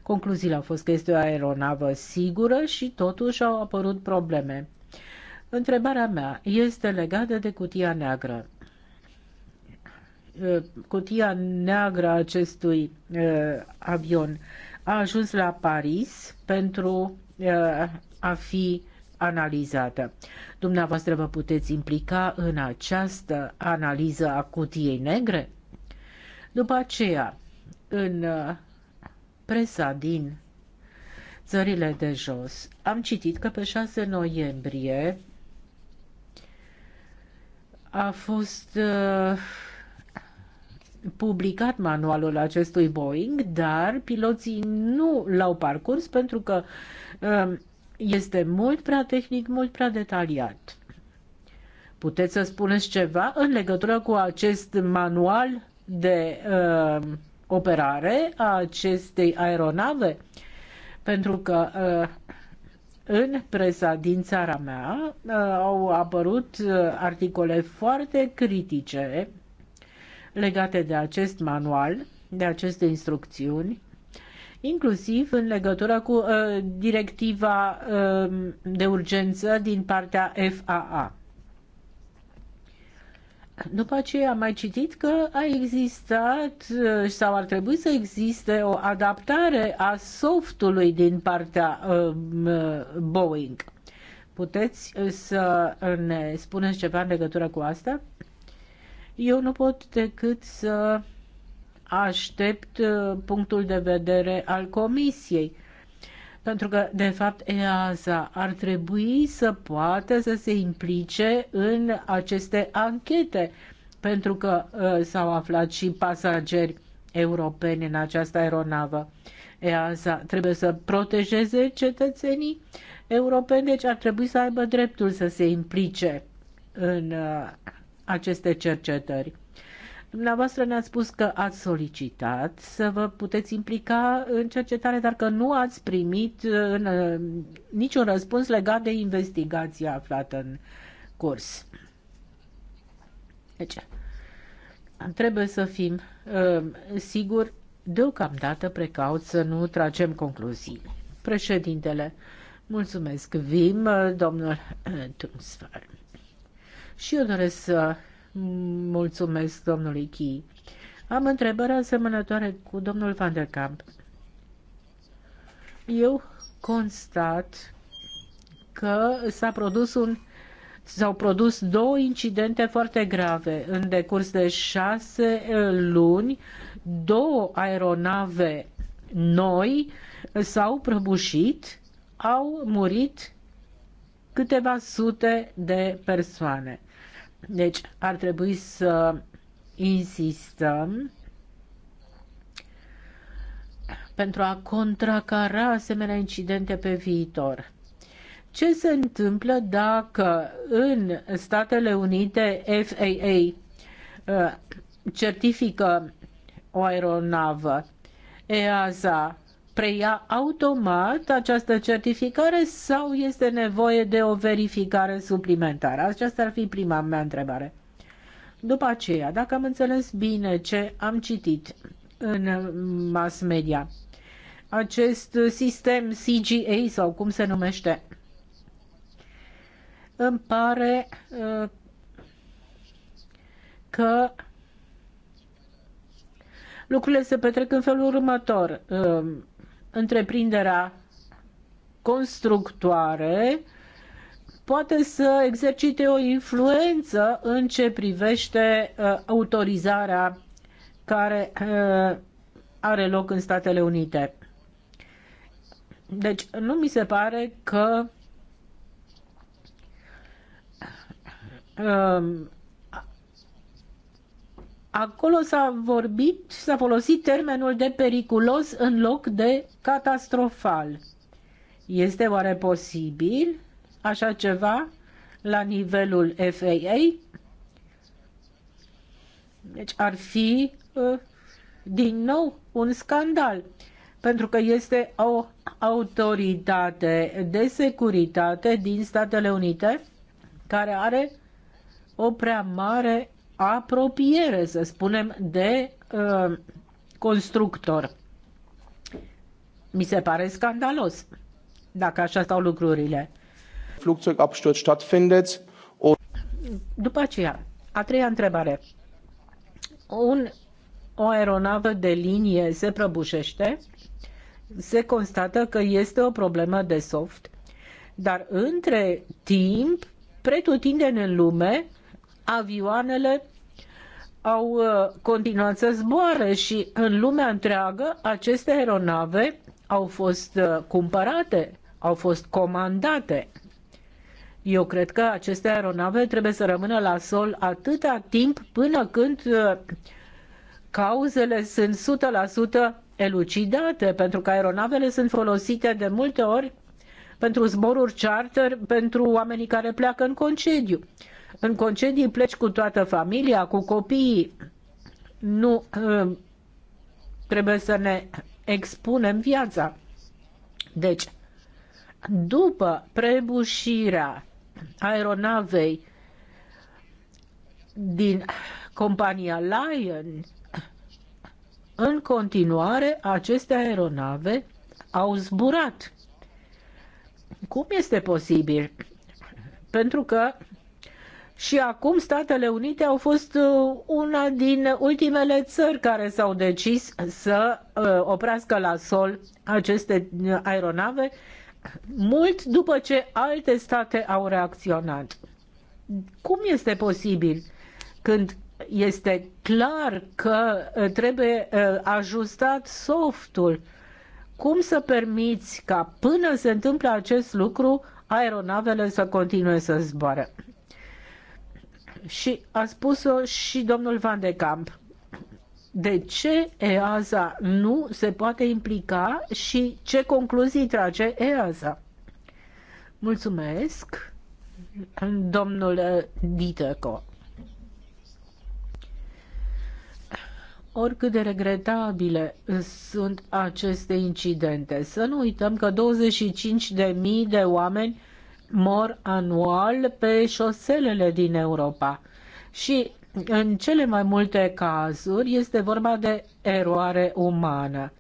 Concluziile au fost că este o aeronavă sigură și totuși au apărut probleme. Întrebarea mea este legată de cutia neagră. Uh, cutia neagră a acestui uh, avion a ajuns la Paris pentru uh, a fi analizată. Dumneavoastră vă puteți implica în această analiză a cutiei negre? După aceea, în presa din țările de jos, am citit că pe 6 noiembrie a fost uh, publicat manualul acestui Boeing, dar piloții nu l-au parcurs pentru că um, este mult prea tehnic, mult prea detaliat. Puteți să spuneți ceva în legătură cu acest manual de uh, operare a acestei aeronave? Pentru că uh, în presa din țara mea uh, au apărut uh, articole foarte critice legate de acest manual, de aceste instrucțiuni, inclusiv în legătură cu uh, directiva uh, de urgență din partea FAA. După aceea am mai citit că a existat uh, sau ar trebui să existe o adaptare a softului din partea um, uh, Boeing. Puteți uh, să ne spuneți ceva în legătură cu asta? Eu nu pot decât să aștept uh, punctul de vedere al Comisiei. Pentru că, de fapt, EASA ar trebui să poată să se implice în aceste anchete, pentru că uh, s-au aflat și pasageri europeni în această aeronavă. EASA trebuie să protejeze cetățenii europeni, deci ar trebui să aibă dreptul să se implice în uh, aceste cercetări. Dumneavoastră ne-ați spus că ați solicitat să vă puteți implica în cercetare, dar că nu ați primit în, uh, niciun răspuns legat de investigația aflată în curs. Deci, trebuie să fim uh, siguri deocamdată precaut să nu tragem concluzii. Președintele, mulțumesc, Vim, uh, domnul Tungsfeld. Și eu doresc să mulțumesc domnului Chi. Am întrebări asemănătoare cu domnul Van der Kamp. Eu constat că s-a produs un s-au produs două incidente foarte grave. În decurs de șase eh, luni, două aeronave noi s-au prăbușit, au murit câteva sute de persoane. Deci ar trebui să insistăm pentru a contracara asemenea incidente pe viitor. Ce se întâmplă dacă în Statele Unite FAA uh, certifică o aeronavă? EASA preia automat această certificare sau este nevoie de o verificare suplimentară? Aceasta ar fi prima mea întrebare. După aceea, dacă am înțeles bine ce am citit în mass media, acest sistem CGA sau cum se numește, îmi pare uh, că lucrurile se petrec în felul următor. Uh, întreprinderea constructoare poate să exercite o influență în ce privește uh, autorizarea care uh, are loc în Statele Unite. Deci nu mi se pare că uh, Acolo s-a vorbit, s-a folosit termenul de periculos în loc de catastrofal. Este oare posibil așa ceva la nivelul FAA? Deci ar fi uh, din nou un scandal, pentru că este o autoritate de securitate din Statele Unite care are o prea mare apropiere, să spunem, de uh, constructor. Mi se pare scandalos dacă așa stau lucrurile. Flugzeugabsturz stattfindet. După aceea, a treia întrebare. Un, o aeronavă de linie se prăbușește, se constată că este o problemă de soft, dar între timp, pretutindeni în lume, avioanele au uh, continuat să zboare și în lumea întreagă aceste aeronave au fost uh, cumpărate, au fost comandate. Eu cred că aceste aeronave trebuie să rămână la sol atâta timp până când uh, cauzele sunt 100% elucidate, pentru că aeronavele sunt folosite de multe ori pentru zboruri charter pentru oamenii care pleacă în concediu în concedii pleci cu toată familia, cu copiii. Nu uh, trebuie să ne expunem viața. Deci, după prebușirea aeronavei din compania Lion, în continuare, aceste aeronave au zburat. Cum este posibil? Pentru că și acum Statele Unite au fost uh, una din ultimele țări care s-au decis să uh, oprească la sol aceste uh, aeronave mult după ce alte state au reacționat. Cum este posibil când este clar că trebuie ajustat softul? Cum să permiți ca până se întâmplă acest lucru aeronavele să continue să zboare? și a spus-o și domnul Van de Camp. De ce EASA nu se poate implica și ce concluzii trage EASA? Mulțumesc, domnul Diteco. oricât de regretabile sunt aceste incidente. Să nu uităm că 25.000 de mii de oameni mor anual pe șoselele din Europa. Și în cele mai multe cazuri este vorba de eroare umană.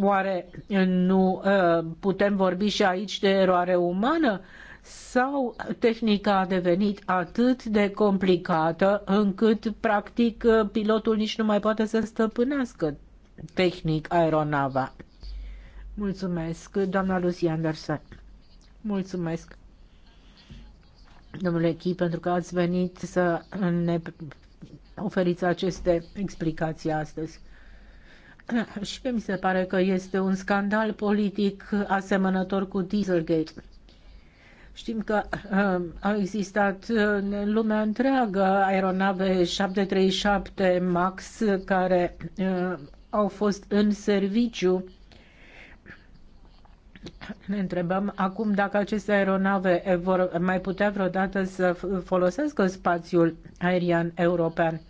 Oare uh, nu uh, putem vorbi și aici de eroare umană? Sau tehnica a devenit atât de complicată încât, practic, uh, pilotul nici nu mai poate să stăpânească tehnic aeronava? Mulțumesc, doamna Lucy Anderson. Mulțumesc domnule Chi, pentru că ați venit să ne oferiți aceste explicații astăzi. Și mi se pare că este un scandal politic asemănător cu Dieselgate. Știm că uh, au existat uh, în lumea întreagă aeronave 737 MAX care uh, au fost în serviciu ne întrebăm acum dacă aceste aeronave vor mai putea vreodată să folosească spațiul aerian european.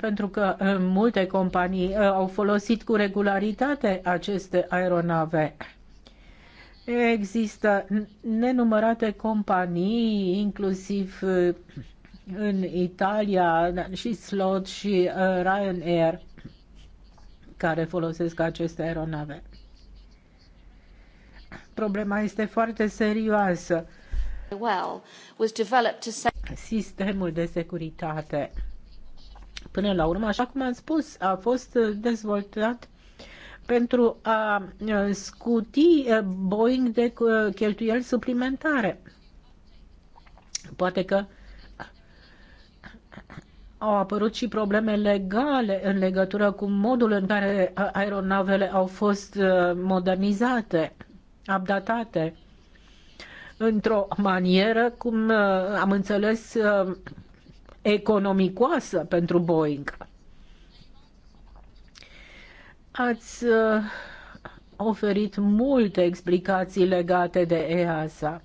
Pentru că uh, multe companii uh, au folosit cu regularitate aceste aeronave. Există nenumărate companii, inclusiv uh, în Italia, da, și Slot și Ryanair, care folosesc aceste aeronave problema este foarte serioasă. Sistemul de securitate, până la urmă, așa cum am spus, a fost dezvoltat pentru a scuti Boeing de cheltuieli suplimentare. Poate că au apărut și probleme legale în legătură cu modul în care aeronavele au fost modernizate abdatate, într-o manieră, cum uh, am înțeles, uh, economicoasă pentru Boeing. Ați uh, oferit multe explicații legate de EASA.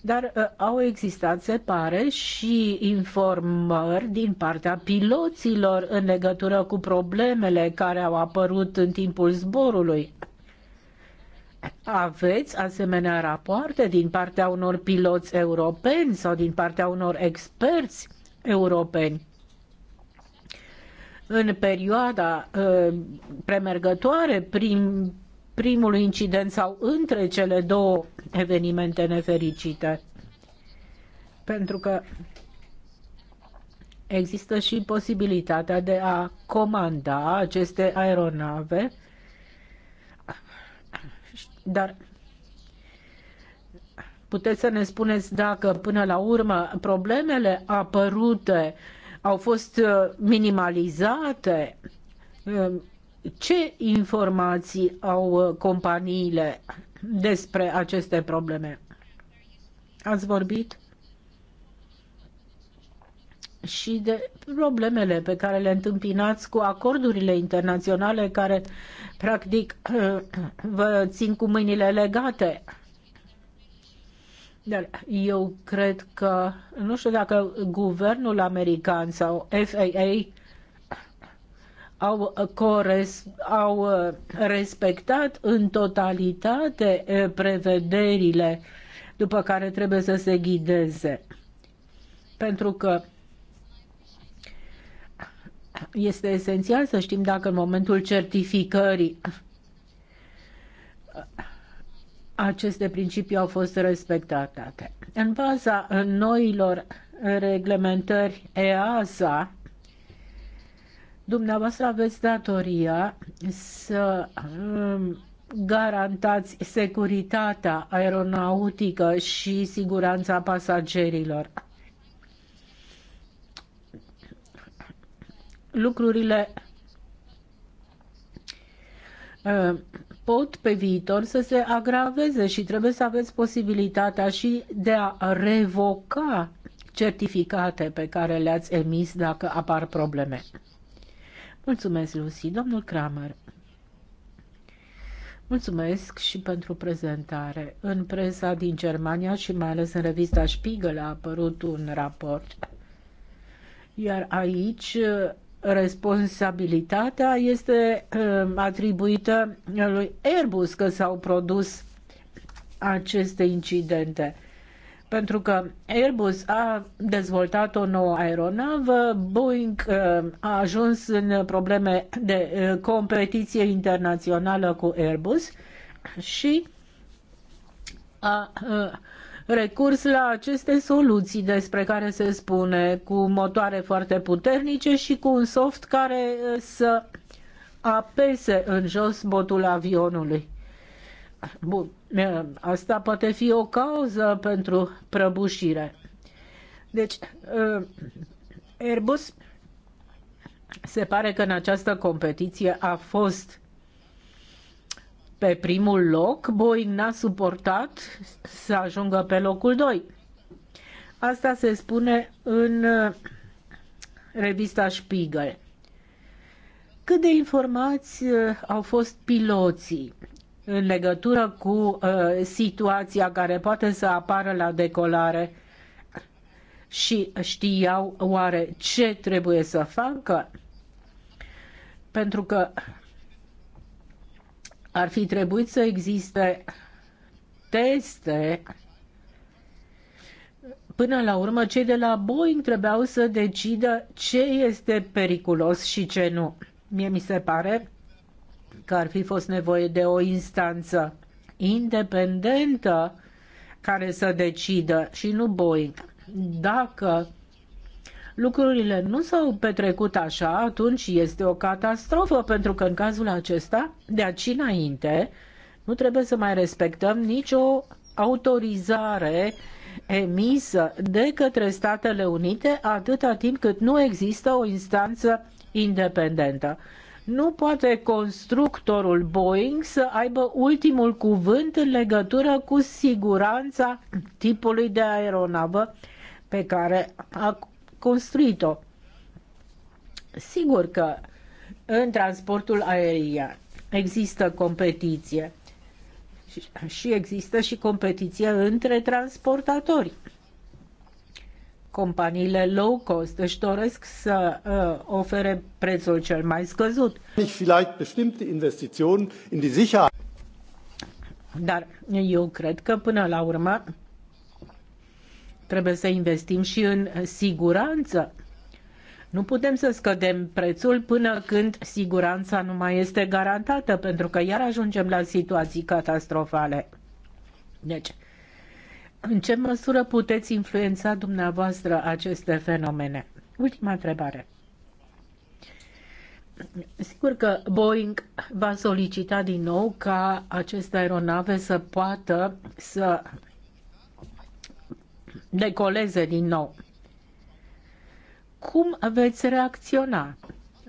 Dar au existat, se pare, și informări din partea piloților în legătură cu problemele care au apărut în timpul zborului aveți asemenea rapoarte din partea unor piloți europeni sau din partea unor experți europeni? În perioada uh, premergătoare prim, primului incident sau între cele două evenimente nefericite? Pentru că există și posibilitatea de a comanda aceste aeronave dar puteți să ne spuneți dacă până la urmă problemele apărute au fost uh, minimalizate? Uh, ce informații au uh, companiile despre aceste probleme? Ați vorbit și de problemele pe care le întâmpinați cu acordurile internaționale care practic vă țin cu mâinile legate. Dar eu cred că, nu știu dacă guvernul american sau FAA au, cores, au respectat în totalitate prevederile după care trebuie să se ghideze. Pentru că este esențial să știm dacă în momentul certificării aceste principii au fost respectate. În baza noilor reglementări EASA, dumneavoastră aveți datoria să um, garantați securitatea aeronautică și siguranța pasagerilor. lucrurile uh, pot pe viitor să se agraveze și trebuie să aveți posibilitatea și de a revoca certificate pe care le-ați emis dacă apar probleme. Mulțumesc, Lucy. Domnul Kramer. Mulțumesc și pentru prezentare. În presa din Germania și mai ales în revista Spiegel a apărut un raport iar aici responsabilitatea este um, atribuită lui Airbus că s-au produs aceste incidente. Pentru că Airbus a dezvoltat o nouă aeronavă, Boeing um, a ajuns în probleme de uh, competiție internațională cu Airbus și a, a uh, recurs la aceste soluții despre care se spune, cu motoare foarte puternice și cu un soft care uh, să apese în jos botul avionului. Bun, uh, asta poate fi o cauză pentru prăbușire. Deci, uh, Airbus se pare că în această competiție a fost pe primul loc, boi n-a suportat să ajungă pe locul 2. Asta se spune în uh, revista Spiegel. Cât de informați uh, au fost piloții în legătură cu uh, situația care poate să apară la decolare și știau oare ce trebuie să facă? Pentru că ar fi trebuit să existe teste Până la urmă, cei de la Boeing trebuiau să decidă ce este periculos și ce nu. Mie mi se pare că ar fi fost nevoie de o instanță independentă care să decidă și nu Boeing. Dacă lucrurile nu s-au petrecut așa, atunci este o catastrofă, pentru că în cazul acesta, de aici înainte, nu trebuie să mai respectăm nicio autorizare emisă de către Statele Unite atâta timp cât nu există o instanță independentă. Nu poate constructorul Boeing să aibă ultimul cuvânt în legătură cu siguranța tipului de aeronavă pe care a construit-o. Sigur că în transportul aerian există competiție și există și competiție între transportatori. Companiile low cost își doresc să uh, ofere prețul cel mai scăzut. Dar eu cred că până la urmă Trebuie să investim și în siguranță. Nu putem să scădem prețul până când siguranța nu mai este garantată, pentru că iar ajungem la situații catastrofale. Deci, în ce măsură puteți influența dumneavoastră aceste fenomene? Ultima întrebare. Sigur că Boeing va solicita din nou ca aceste aeronave să poată să decoleze din nou. Cum veți reacționa?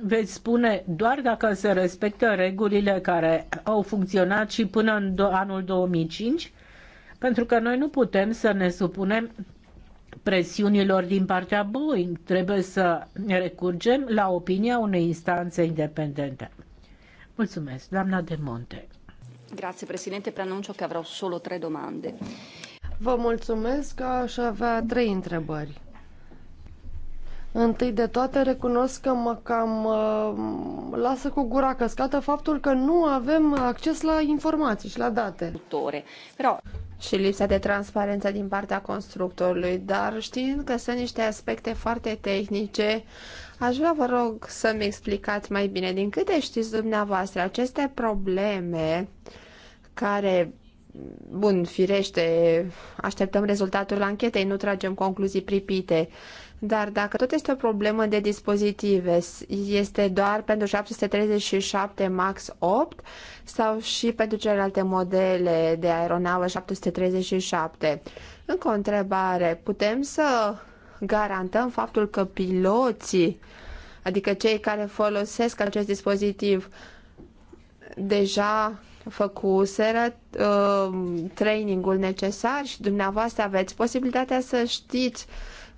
Veți spune doar dacă se respectă regulile care au funcționat și până în anul 2005? Pentru că noi nu putem să ne supunem presiunilor din partea Boeing. Trebuie să ne recurgem la opinia unei instanțe independente. Mulțumesc, doamna De Monte. Grazie Presidente, preannuncio che avrò solo tre domande. Vă mulțumesc că aș avea trei întrebări. Întâi de toate recunosc că mă cam uh, lasă cu gura căscată faptul că nu avem acces la informații și la date. Però... Și lipsa de transparență din partea constructorului, dar știind că sunt niște aspecte foarte tehnice, aș vrea vă rog să-mi explicați mai bine din câte știți dumneavoastră aceste probleme care Bun, firește, așteptăm rezultatul anchetei, nu tragem concluzii pripite. Dar dacă tot este o problemă de dispozitive, este doar pentru 737 MAX 8 sau și pentru celelalte modele de aeronavă 737? Încă o întrebare, putem să garantăm faptul că piloții, adică cei care folosesc acest dispozitiv, deja făcuseră uh, trainingul necesar și dumneavoastră aveți posibilitatea să știți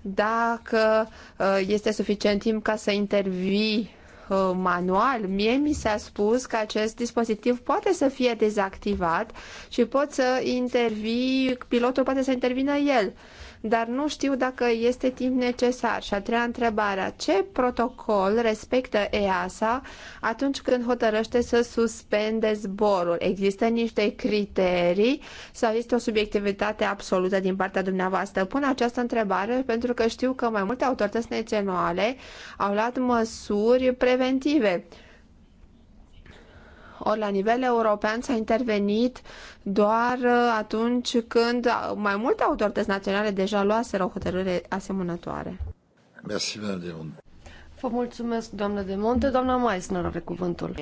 dacă uh, este suficient timp ca să intervii uh, manual. Mie mi s-a spus că acest dispozitiv poate să fie dezactivat și pot să intervii, pilotul poate să intervină el dar nu știu dacă este timp necesar. Și a treia întrebare, ce protocol respectă EASA atunci când hotărăște să suspende zborul? Există niște criterii sau este o subiectivitate absolută din partea dumneavoastră? Pun această întrebare pentru că știu că mai multe autorități naționale au luat măsuri preventive ori la nivel european s-a intervenit doar uh, atunci când mai multe autorități naționale deja luaseră o hotărâre asemănătoare. Vă mulțumesc, doamnă de Monte. Doamna Meissner are cuvântul.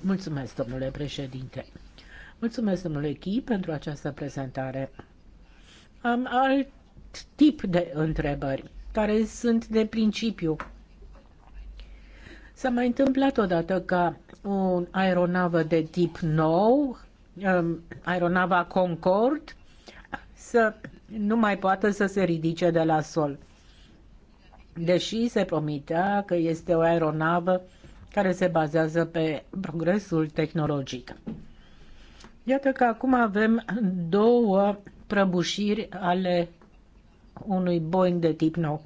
Mulțumesc, domnule președinte. Mulțumesc, domnule Chi, pentru această prezentare. Am alt tip de întrebări, care sunt de principiu. S-a mai întâmplat odată ca o aeronavă de tip nou, um, aeronava Concorde, să nu mai poată să se ridice de la sol. Deși se promitea că este o aeronavă care se bazează pe progresul tehnologic. Iată că acum avem două prăbușiri ale unui Boeing de tip nou.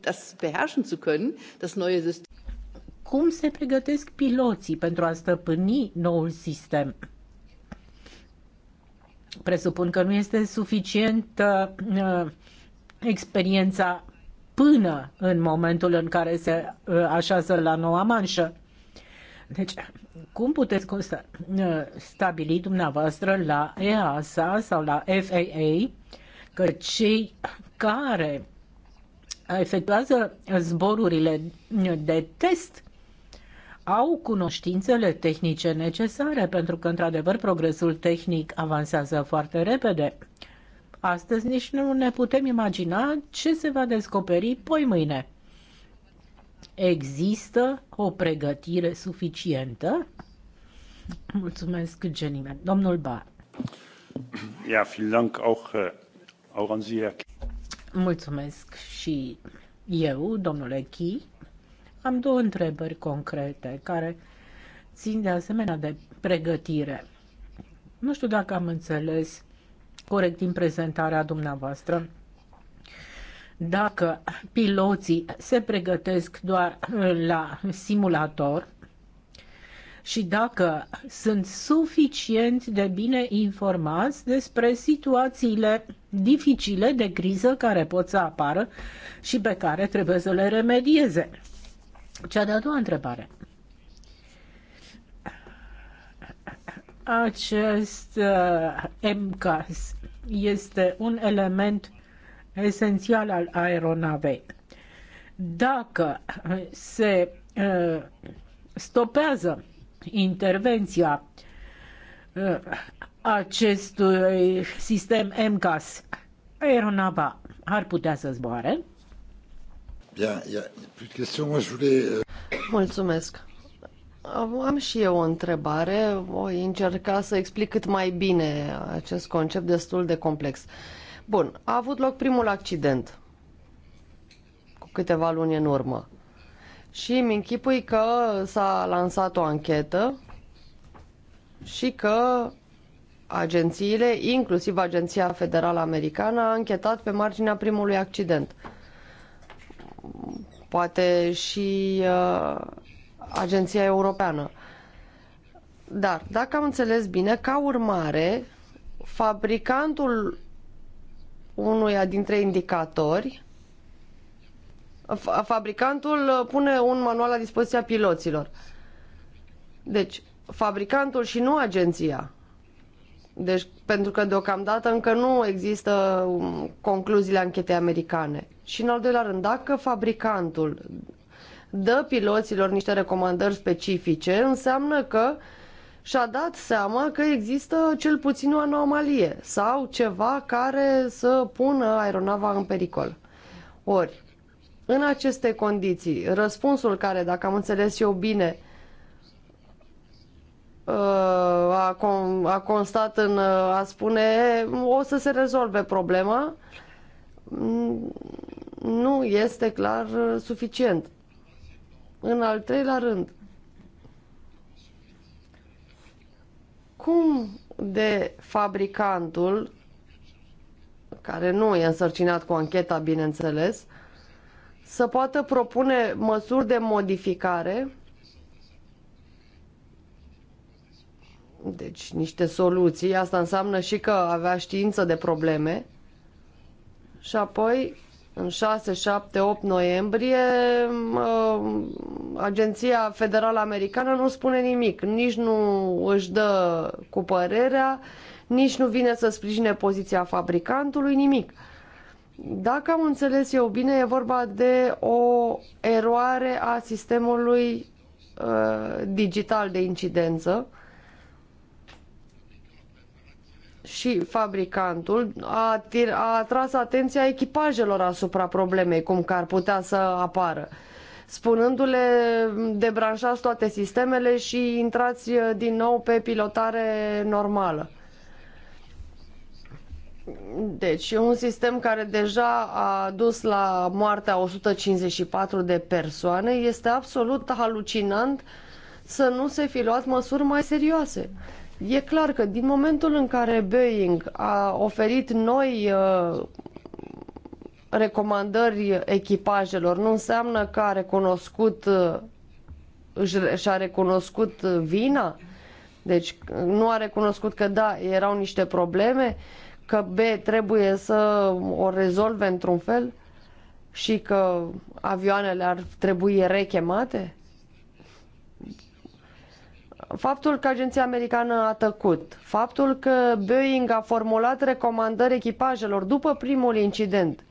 Das beherrschen zu können, das neue System cum se pregătesc piloții pentru a stăpâni noul sistem. Presupun că nu este suficient uh, uh, experiența până în momentul în care se uh, așează la noua manșă. Deci, cum puteți consta, uh, stabili dumneavoastră la EASA sau la FAA că cei care efectuează zborurile de test au cunoștințele tehnice necesare, pentru că, într-adevăr, progresul tehnic avansează foarte repede. Astăzi nici nu ne putem imagina ce se va descoperi poi mâine. Există o pregătire suficientă? Mulțumesc, Jenny. Domnul Bar. Ja, vielen Dank auch, äh, auch an Sie, Mulțumesc și eu, domnule Chi am două întrebări concrete care țin de asemenea de pregătire. Nu știu dacă am înțeles corect din prezentarea dumneavoastră dacă piloții se pregătesc doar la simulator și dacă sunt suficient de bine informați despre situațiile dificile de criză care pot să apară și pe care trebuie să le remedieze. Cea de-a doua întrebare. Acest uh, MCAS este un element esențial al aeronavei. Dacă se uh, stopează intervenția uh, acestui sistem MCAS, aeronava ar putea să zboare, Euh, Mulțumesc. Am și eu o întrebare. Voi încerca să explic cât mai bine acest concept destul de complex. Bun, a avut loc primul accident cu câteva luni în urmă. Și îmi închipui că s-a lansat o anchetă și că agențiile, inclusiv Agenția Federală Americană, a închetat pe marginea primului accident poate și uh, Agenția Europeană. Dar, dacă am înțeles bine, ca urmare, fabricantul unuia dintre indicatori, fabricantul pune un manual la dispoziția piloților. Deci, fabricantul și nu agenția deci, pentru că deocamdată încă nu există um, concluziile anchetei americane. Și în al doilea rând, dacă fabricantul dă piloților niște recomandări specifice, înseamnă că și-a dat seama că există cel puțin o anomalie sau ceva care să pună aeronava în pericol. Ori, în aceste condiții, răspunsul care, dacă am înțeles eu bine, Uh, a, con, a constat în uh, a spune o să se rezolve problema mm, nu este clar uh, suficient. În al treilea rând, cum de fabricantul, care nu e însărcinat cu ancheta, bineînțeles, să poată propune măsuri de modificare Deci niște soluții, asta înseamnă și că avea știință de probleme și apoi în 6, 7, 8 noiembrie Agenția Federală Americană nu spune nimic, nici nu își dă cu părerea, nici nu vine să sprijine poziția fabricantului, nimic. Dacă am înțeles eu bine, e vorba de o eroare a sistemului uh, digital de incidență și fabricantul a, a atras atenția echipajelor asupra problemei, cum că ar putea să apară, spunându-le debranșați toate sistemele și intrați eh, din nou pe pilotare normală. Deci, un sistem care deja a dus la moartea 154 de persoane, este absolut halucinant să nu se fi luat măsuri mai serioase. E clar că din momentul în care Boeing a oferit noi uh, recomandări echipajelor, nu înseamnă că a recunoscut uh, și-a recunoscut uh, vina, deci nu a recunoscut că da, erau niște probleme, că B trebuie să o rezolve într-un fel și că avioanele ar trebui rechemate? faptul că agenția americană a tăcut, faptul că Boeing a formulat recomandări echipajelor după primul incident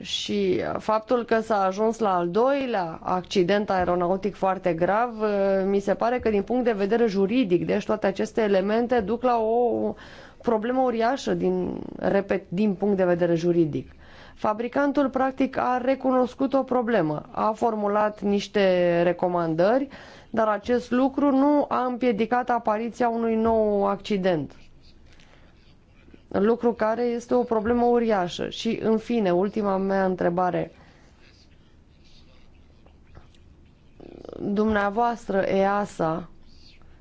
și faptul că s-a ajuns la al doilea accident aeronautic foarte grav, mi se pare că din punct de vedere juridic, deci toate aceste elemente duc la o problemă uriașă din, repet, din punct de vedere juridic. Fabricantul practic a recunoscut o problemă, a formulat niște recomandări, uh, dar acest lucru nu a împiedicat apariția unui nou accident. Lucru care este o problemă uriașă. Și, în fine, ultima mea întrebare. Dumneavoastră, EASA,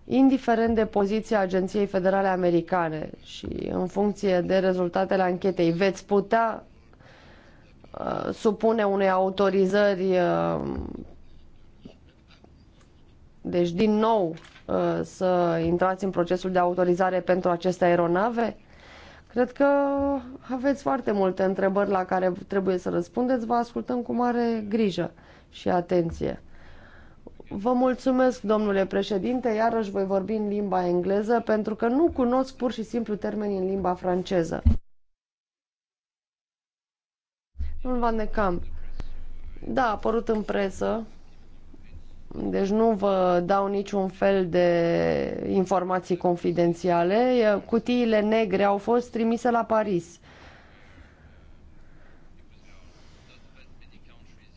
indiferent de poziția Agenției Federale Americane și în funcție de rezultatele anchetei, veți putea uh, supune unei autorizări uh, deci, din nou, uh, să intrați în procesul de autorizare pentru aceste aeronave? Cred că aveți foarte multe întrebări la care trebuie să răspundeți. Vă ascultăm cu mare grijă și atenție. Vă mulțumesc, domnule președinte, iarăși voi vorbi în limba engleză, pentru că nu cunosc pur și simplu termenii în limba franceză. Domnul Van de Camp, da, a apărut în presă deci nu vă dau niciun fel de informații confidențiale. Cutiile negre au fost trimise la Paris.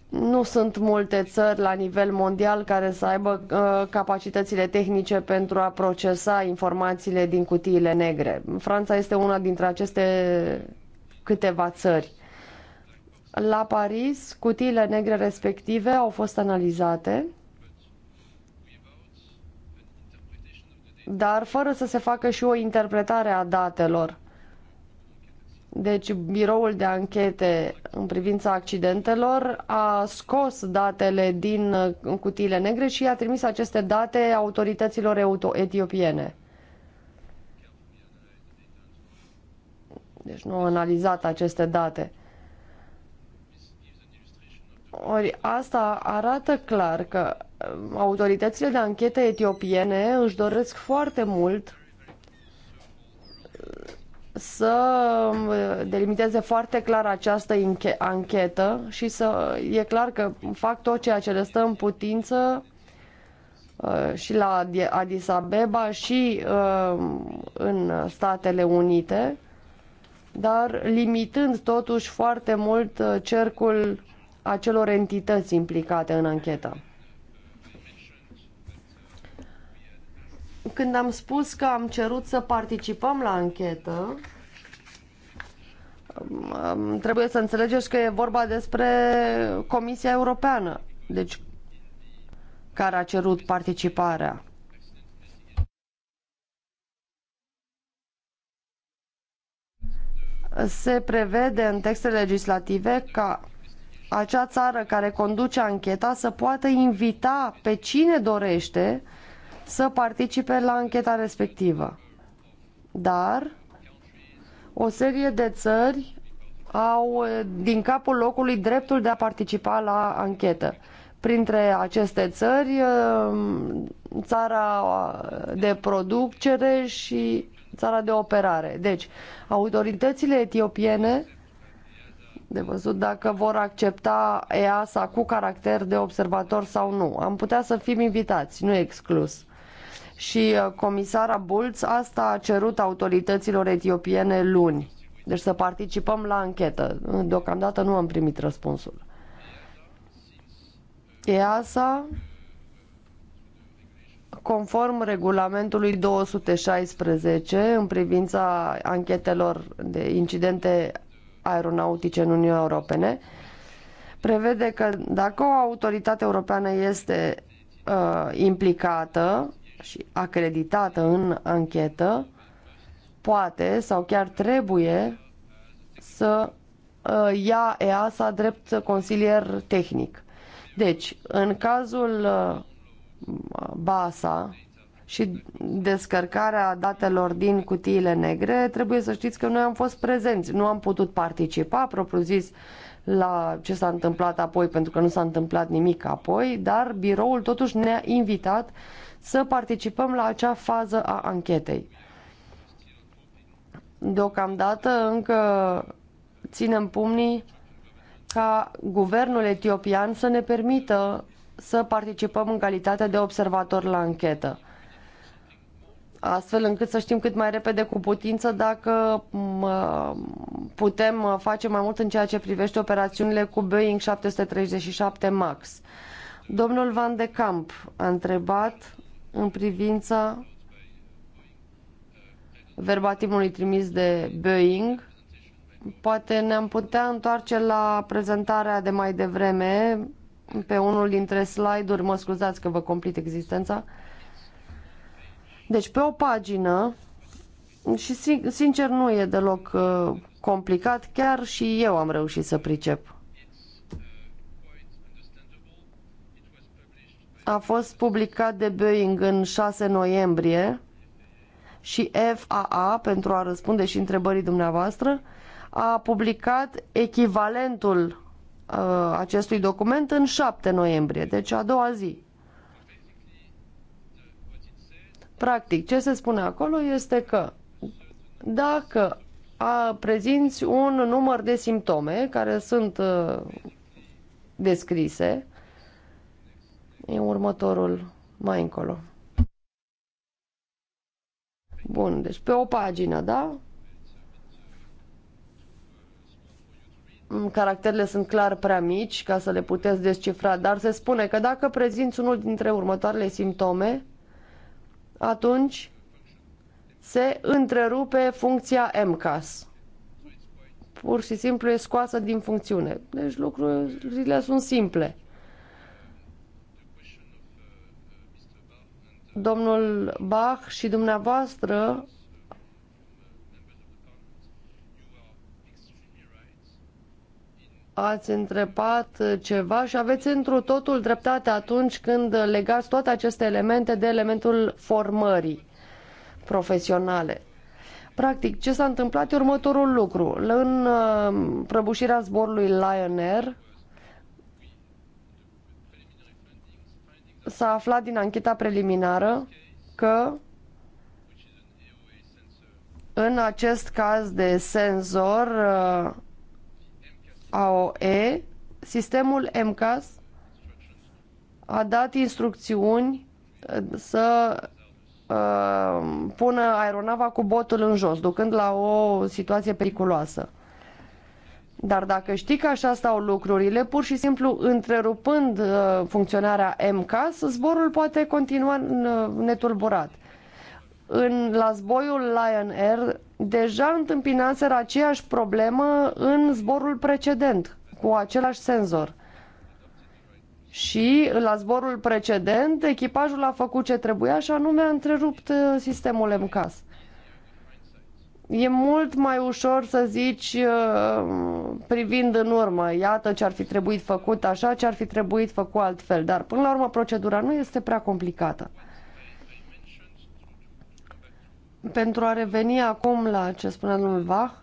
Nu sunt multe țări la nivel mondial care să aibă uh, capacitățile tehnice pentru a procesa informațiile din cutiile negre. Franța este una dintre aceste câteva țări. La Paris, cutiile negre respective au fost analizate dar fără să se facă și o interpretare a datelor. Deci, biroul de anchete în privința accidentelor a scos datele din cutiile negre și a trimis aceste date autorităților etiopiene. Deci nu au analizat aceste date. Ori asta arată clar că um, autoritățile de anchetă etiopiene își doresc foarte mult uh, să um, delimiteze foarte clar această anchetă și să e clar că fac tot ceea ce le stă în putință uh, și la Addis Abeba și um, în Statele Unite, dar limitând totuși foarte mult uh, cercul a celor entități implicate în anchetă. Când am spus că am cerut să participăm la anchetă, trebuie să înțelegeți că e vorba despre Comisia Europeană, deci care a cerut participarea. Se prevede în texte legislative ca acea țară care conduce ancheta să poată invita pe cine dorește să participe la ancheta respectivă. Dar o serie de țări au eh, din capul locului dreptul de a participa la anchetă. Printre aceste țări, eh, țara eh, de producere și țara de operare. Deci, autoritățile etiopiene de văzut dacă vor accepta EASA cu caracter de observator sau nu. Am putea să fim invitați, nu exclus. Și uh, comisara Bulț asta a cerut autorităților etiopiene luni. Deci să participăm la anchetă. Deocamdată nu am primit răspunsul. EASA, conform regulamentului 216 în privința anchetelor de incidente aeronautice în Uniunea Europene, prevede că dacă o autoritate europeană este uh, implicată și acreditată în anchetă, poate sau chiar trebuie să uh, ia EASA drept consilier tehnic. Deci, în cazul uh, BASA, și descărcarea datelor din cutiile negre, trebuie să știți că noi am fost prezenți. Nu am putut participa, propriu-zis, la ce s-a întâmplat apoi, pentru că nu s-a întâmplat nimic apoi, dar biroul totuși ne-a invitat să participăm la acea fază a anchetei. Deocamdată încă ținem pumnii ca guvernul etiopian să ne permită să participăm în calitate de observator la anchetă astfel încât să știm cât mai repede cu putință dacă putem uh, face mai mult în ceea ce privește operațiunile cu Boeing 737 MAX. Domnul Van de Camp a întrebat în privința verbatimului trimis de Boeing. Poate ne-am putea întoarce la prezentarea de mai devreme pe unul dintre slide-uri, mă scuzați că vă complit existența, uh, deci pe o pagină, și sincer nu e deloc uh, complicat, chiar și eu am reușit să pricep. A fost publicat de Boeing în 6 noiembrie și FAA, pentru a răspunde și întrebării dumneavoastră, a publicat echivalentul uh, acestui document în 7 noiembrie, deci a doua zi. Practic, ce se spune acolo este că dacă a, prezinți un număr de simptome care sunt uh, descrise, e următorul mai încolo. Bun, deci pe o pagină, da? Mm, caracterele sunt clar prea mici ca să le puteți descifra, dar se spune că dacă prezinți unul dintre următoarele simptome, atunci se întrerupe funcția MCAS. Pur și simplu e scoasă din funcțiune. Deci lucrurile sunt simple. Domnul Bach și dumneavoastră ați întrebat uh, ceva și aveți întru totul dreptate atunci când legați toate aceste elemente de elementul formării profesionale. Practic, ce s-a întâmplat e următorul lucru. În uh, prăbușirea zborului Lion Air s-a aflat din ancheta preliminară că în acest caz de senzor uh, AOE, sistemul MCAS a dat instrucțiuni uh, să uh, pună aeronava cu botul în jos, ducând la o situație periculoasă. Dar dacă știi că așa stau lucrurile, pur și simplu întrerupând uh, funcționarea MCAS, zborul poate continua uh, netulburat. În, la zboiul Lion Air deja întâmpinaseră aceeași problemă în zborul precedent, cu același senzor. Și la zborul precedent, echipajul a făcut ce trebuia și anume a întrerupt uh, sistemul MCAS. E mult mai ușor să zici uh, privind în urmă, iată ce ar fi trebuit făcut așa, ce ar fi trebuit făcut altfel, dar până la urmă procedura nu este prea complicată. Pentru a reveni acum la ce spunea domnul Bach,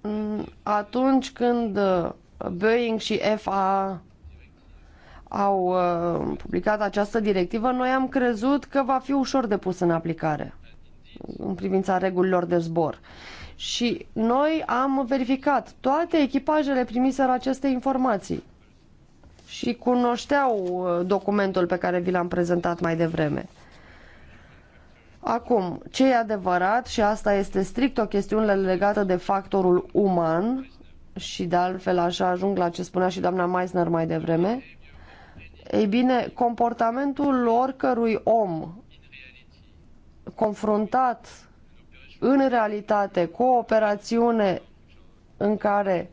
mm, atunci când uh, Boeing și FA au uh, publicat această directivă, noi am crezut că va fi ușor de pus în aplicare în privința regulilor de zbor. Și noi am verificat, toate echipajele primiseră aceste informații și cunoșteau uh, documentul pe care vi l-am prezentat mai devreme. Acum, ce e adevărat, și asta este strict o chestiune legată de factorul uman, și de altfel așa ajung la ce spunea și doamna Meisner mai devreme, ei bine, comportamentul oricărui om confruntat în realitate cu o operațiune în care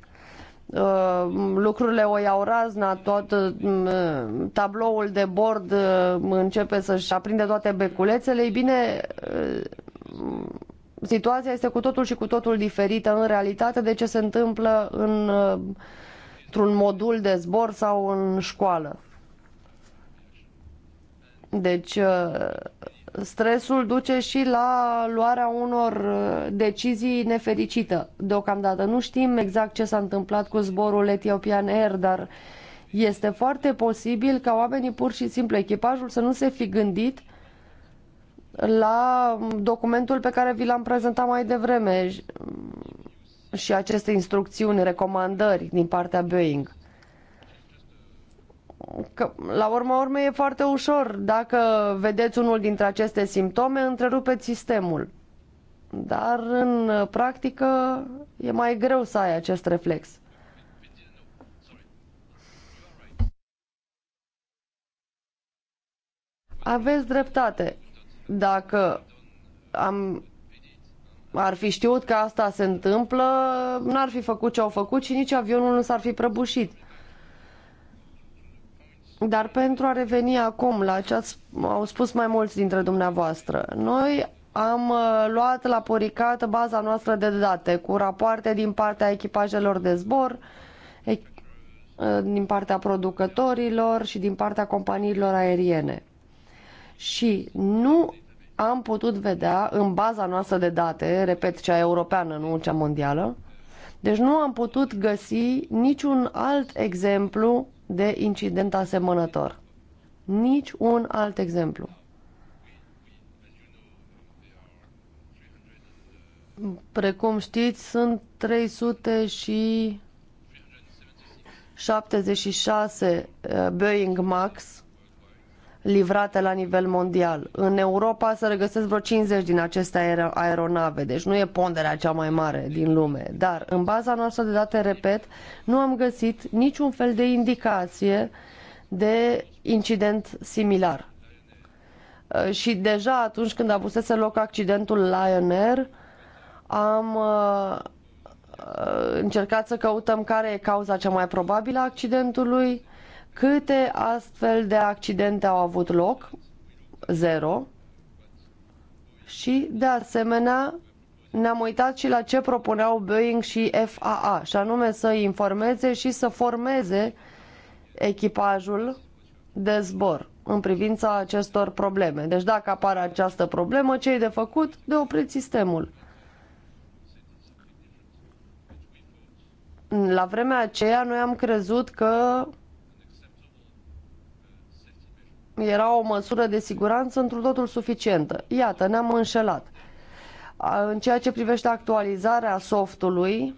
Uh, lucrurile o iau razna, tot mm, uh, tabloul de bord uh, începe să-și aprinde toate beculețele, ei bine, situația este cu totul și cu totul diferită în realitate de ce se întâmplă în, într-un modul de zbor sau în școală. Deci stresul duce și la luarea unor uh, decizii nefericită. Deocamdată nu știm exact ce s-a întâmplat cu zborul Ethiopian Air, dar este foarte posibil ca oamenii pur și simplu, echipajul să nu se fi gândit la documentul pe care vi l-am prezentat mai devreme și aceste instrucțiuni, recomandări din partea Boeing că la urma urmei e foarte ușor. Dacă vedeți unul dintre aceste simptome, întrerupeți sistemul. Dar în practică e mai greu să ai acest reflex. Aveți dreptate. Dacă am, ar fi știut că asta se întâmplă, n-ar fi făcut ce au făcut și nici avionul nu s-ar fi prăbușit. Dar pentru a reveni acum la ce ați, au spus mai mulți dintre dumneavoastră, noi am uh, luat la poricată baza noastră de date cu rapoarte din partea echipajelor de zbor, uh, din partea producătorilor și din partea companiilor aeriene. Și nu am putut vedea în baza noastră de date, repet, cea europeană, nu cea mondială, deci nu am putut găsi niciun alt exemplu de incident asemănător. Nici un alt exemplu. Precum știți, sunt 376 eh, Boeing Max livrate la nivel mondial. În Europa se regăsesc vreo 50 din aceste aer- aeronave, deci nu e ponderea cea mai mare din lume. Dar, în baza noastră de date, repet, nu am găsit niciun fel de indicație de incident similar. Uh, și deja atunci când avusese loc accidentul Lion Air, am uh, uh, încercat să căutăm care e cauza cea mai probabilă a accidentului, Câte astfel de accidente au avut loc? Zero. Și, de asemenea, ne-am uitat și la ce propuneau Boeing și FAA, și anume să informeze și să formeze echipajul de zbor în privința acestor probleme. Deci dacă apare această problemă, ce e de făcut? De oprit sistemul. La vremea aceea noi am crezut că era o măsură de siguranță într totul suficientă. Iată, ne-am înșelat. În ceea ce privește actualizarea softului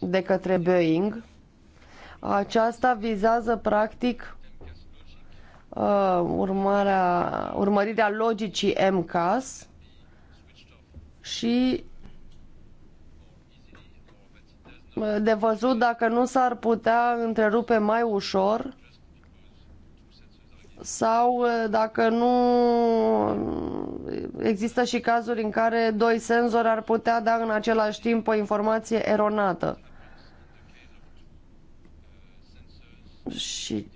de către Boeing, aceasta vizează practic urmarea, urmărirea logicii MCAS și de văzut dacă nu s-ar putea întrerupe mai ușor sau uh, dacă nu există și cazuri în care doi senzori ar putea da în același timp o informație eronată. Și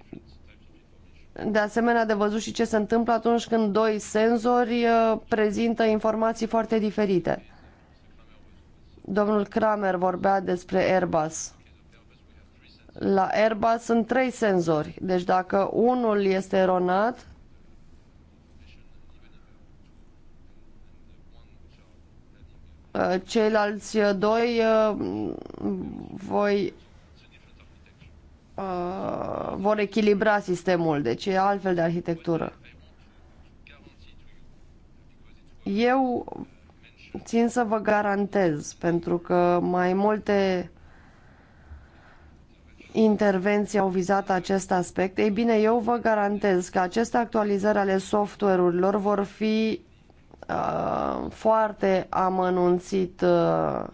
de asemenea de văzut și ce se întâmplă atunci când doi senzori uh, prezintă informații foarte diferite. Domnul Kramer vorbea despre Airbus. La Airbus sunt trei senzori, deci dacă unul este eronat, uh, ceilalți doi uh, voi uh, vor echilibra sistemul, deci e altfel de arhitectură. Eu țin să vă garantez, pentru că mai multe intervenții au vizat acest aspect. Ei bine, eu vă garantez că aceste actualizări ale software-urilor vor fi uh, foarte amănunțit uh,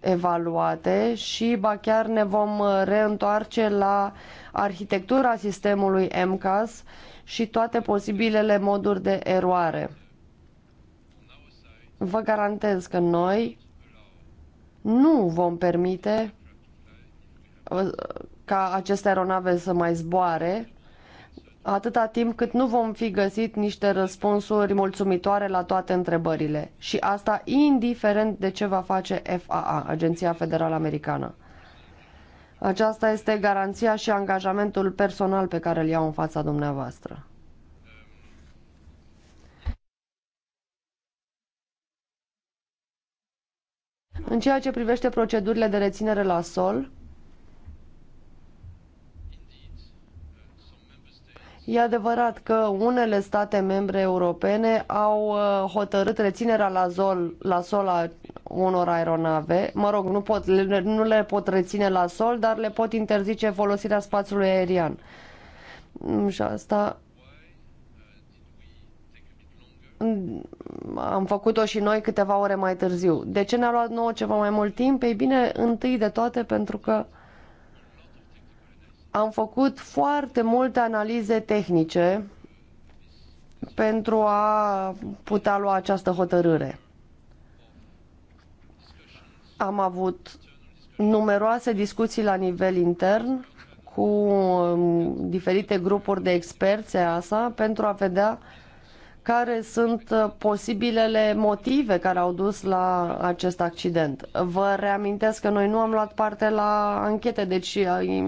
evaluate și ba chiar ne vom uh, reîntoarce la arhitectura sistemului MCAS și toate posibilele moduri de eroare. Vă garantez că noi nu vom permite uh, ca aceste aeronave să mai zboare atâta timp cât nu vom fi găsit niște răspunsuri mulțumitoare la toate întrebările. Și asta indiferent de ce va face FAA, Agenția Federală Americană. Aceasta este garanția și angajamentul personal pe care îl iau în fața dumneavoastră. În ceea ce privește procedurile de reținere la sol, E adevărat că unele state membre europene au uh, hotărât reținerea la, sol, la sol a unor aeronave. Mă rog, nu, pot, nu le pot reține la sol, dar le pot interzice folosirea spațiului aerian. Mm, și asta Mm, am făcut-o și noi câteva ore mai târziu. De ce ne-a luat nouă ceva mai mult timp? Ei bine, întâi de toate pentru că am făcut foarte multe analize tehnice pentru a putea lua această hotărâre. Am avut numeroase discuții la nivel intern cu um, diferite grupuri de experți EASA pentru a vedea uh, care sunt uh, posibilele motive care au dus la acest accident. Vă reamintesc că noi nu am luat parte la anchete, deci uh,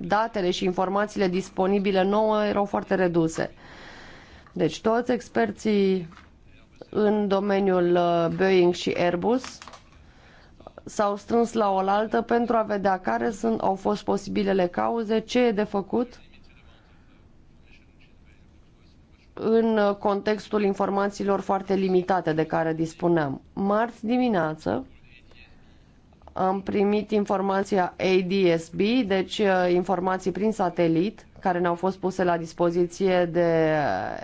datele și informațiile disponibile nouă erau foarte reduse. Deci toți experții în domeniul uh, Boeing și Airbus s-au strâns la oaltă pentru a vedea care sunt, au fost posibilele cauze, ce e de făcut în contextul informațiilor foarte limitate de care dispuneam. Marți dimineață am primit informația ADSB, deci uh, informații prin satelit, care ne-au fost puse la dispoziție de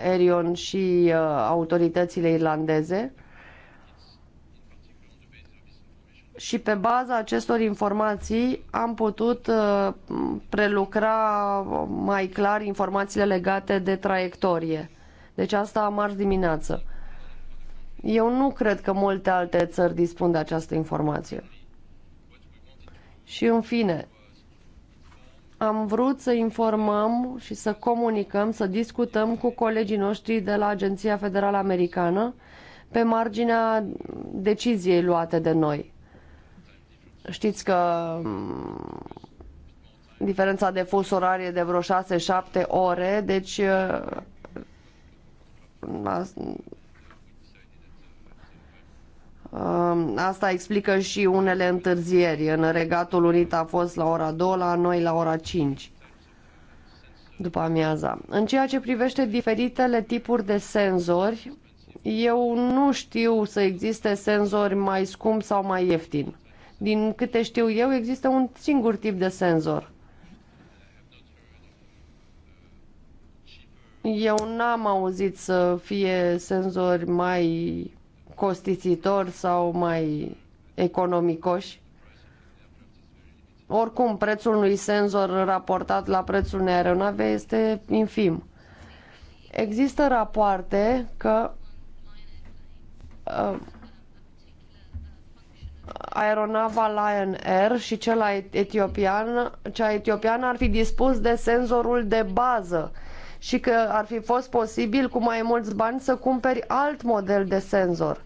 Erion și uh, autoritățile irlandeze. și pe baza acestor informații am putut uh, prelucra mai clar informațiile legate de traiectorie. Deci asta marți dimineață. Eu nu cred că multe alte țări dispun de această informație. Și în fine, am vrut să informăm și să comunicăm, să discutăm cu colegii noștri de la Agenția Federală Americană pe marginea deciziei luate de noi. Știți că mm, diferența de fus orarie de vreo 6-7 ore, deci Um, asta explică și unele întârzieri. În Regatul Unit a fost la ora 2, la noi la ora 5 după amiaza. În ceea ce privește diferitele tipuri de senzori, eu nu știu să existe senzori mai scump sau mai ieftin. Din câte știu eu, există un singur tip de senzor. Eu n-am auzit să fie senzori mai costisitori sau mai economicoși. Oricum, prețul unui senzor raportat la prețul unei aeronave este infim. Există rapoarte că uh, aeronava Lion Air și cea etiopian, cea etiopiană ar fi dispus de senzorul de bază uh, și că ar fi fost posibil cu mai mulți bani să cumperi alt model de senzor.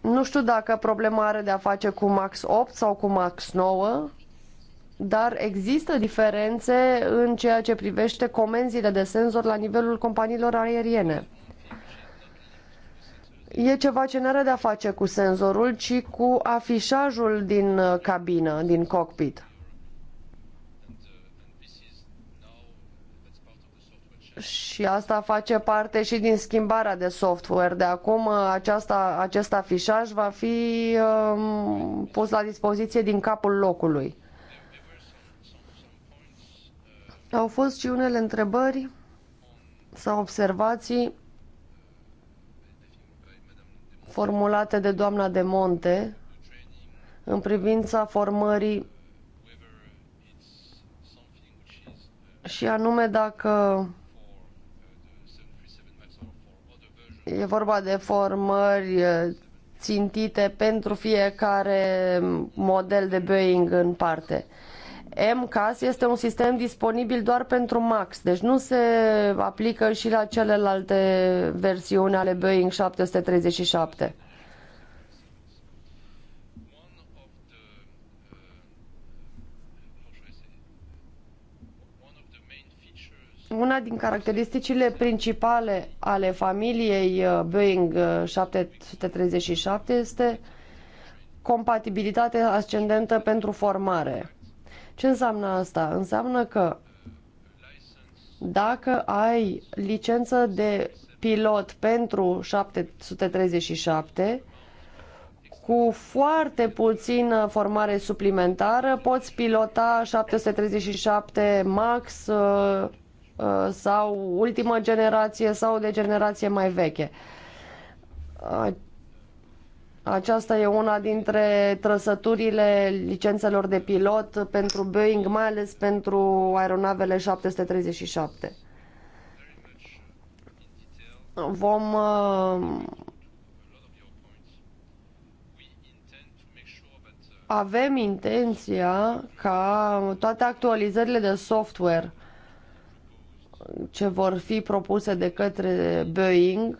Nu știu dacă problema are de a face cu Max 8 sau cu Max 9, dar există diferențe în ceea ce privește comenzile de senzor la nivelul companiilor aeriene. E ceva ce nu are de a face cu senzorul, ci cu afișajul din uh, cabină, din cockpit. și asta face parte și din schimbarea de software. De acum uh, aceasta, acest afișaj va fi um, pus la dispoziție din capul locului. Au fost și unele întrebări sau observații formulate de doamna de Monte în privința formării și anume dacă E vorba de formări țintite pentru fiecare model de Boeing în parte. MCAS este un sistem disponibil doar pentru MAX, deci nu se aplică și la celelalte versiuni ale Boeing 737. Una din caracteristicile principale ale familiei uh, Boeing 737 uh, este compatibilitate ascendentă pentru formare. Ce înseamnă asta? Înseamnă că dacă ai licență de pilot pentru 737, cu foarte puțină formare suplimentară poți pilota 737 MAX uh, Uh, sau ultimă generație sau de generație mai veche. Aceasta e una dintre trăsăturile licențelor de pilot pentru Boeing, mai ales pentru aeronavele 737. Vom uh, avem intenția ca toate actualizările de software uh, ce vor fi propuse de către Boeing,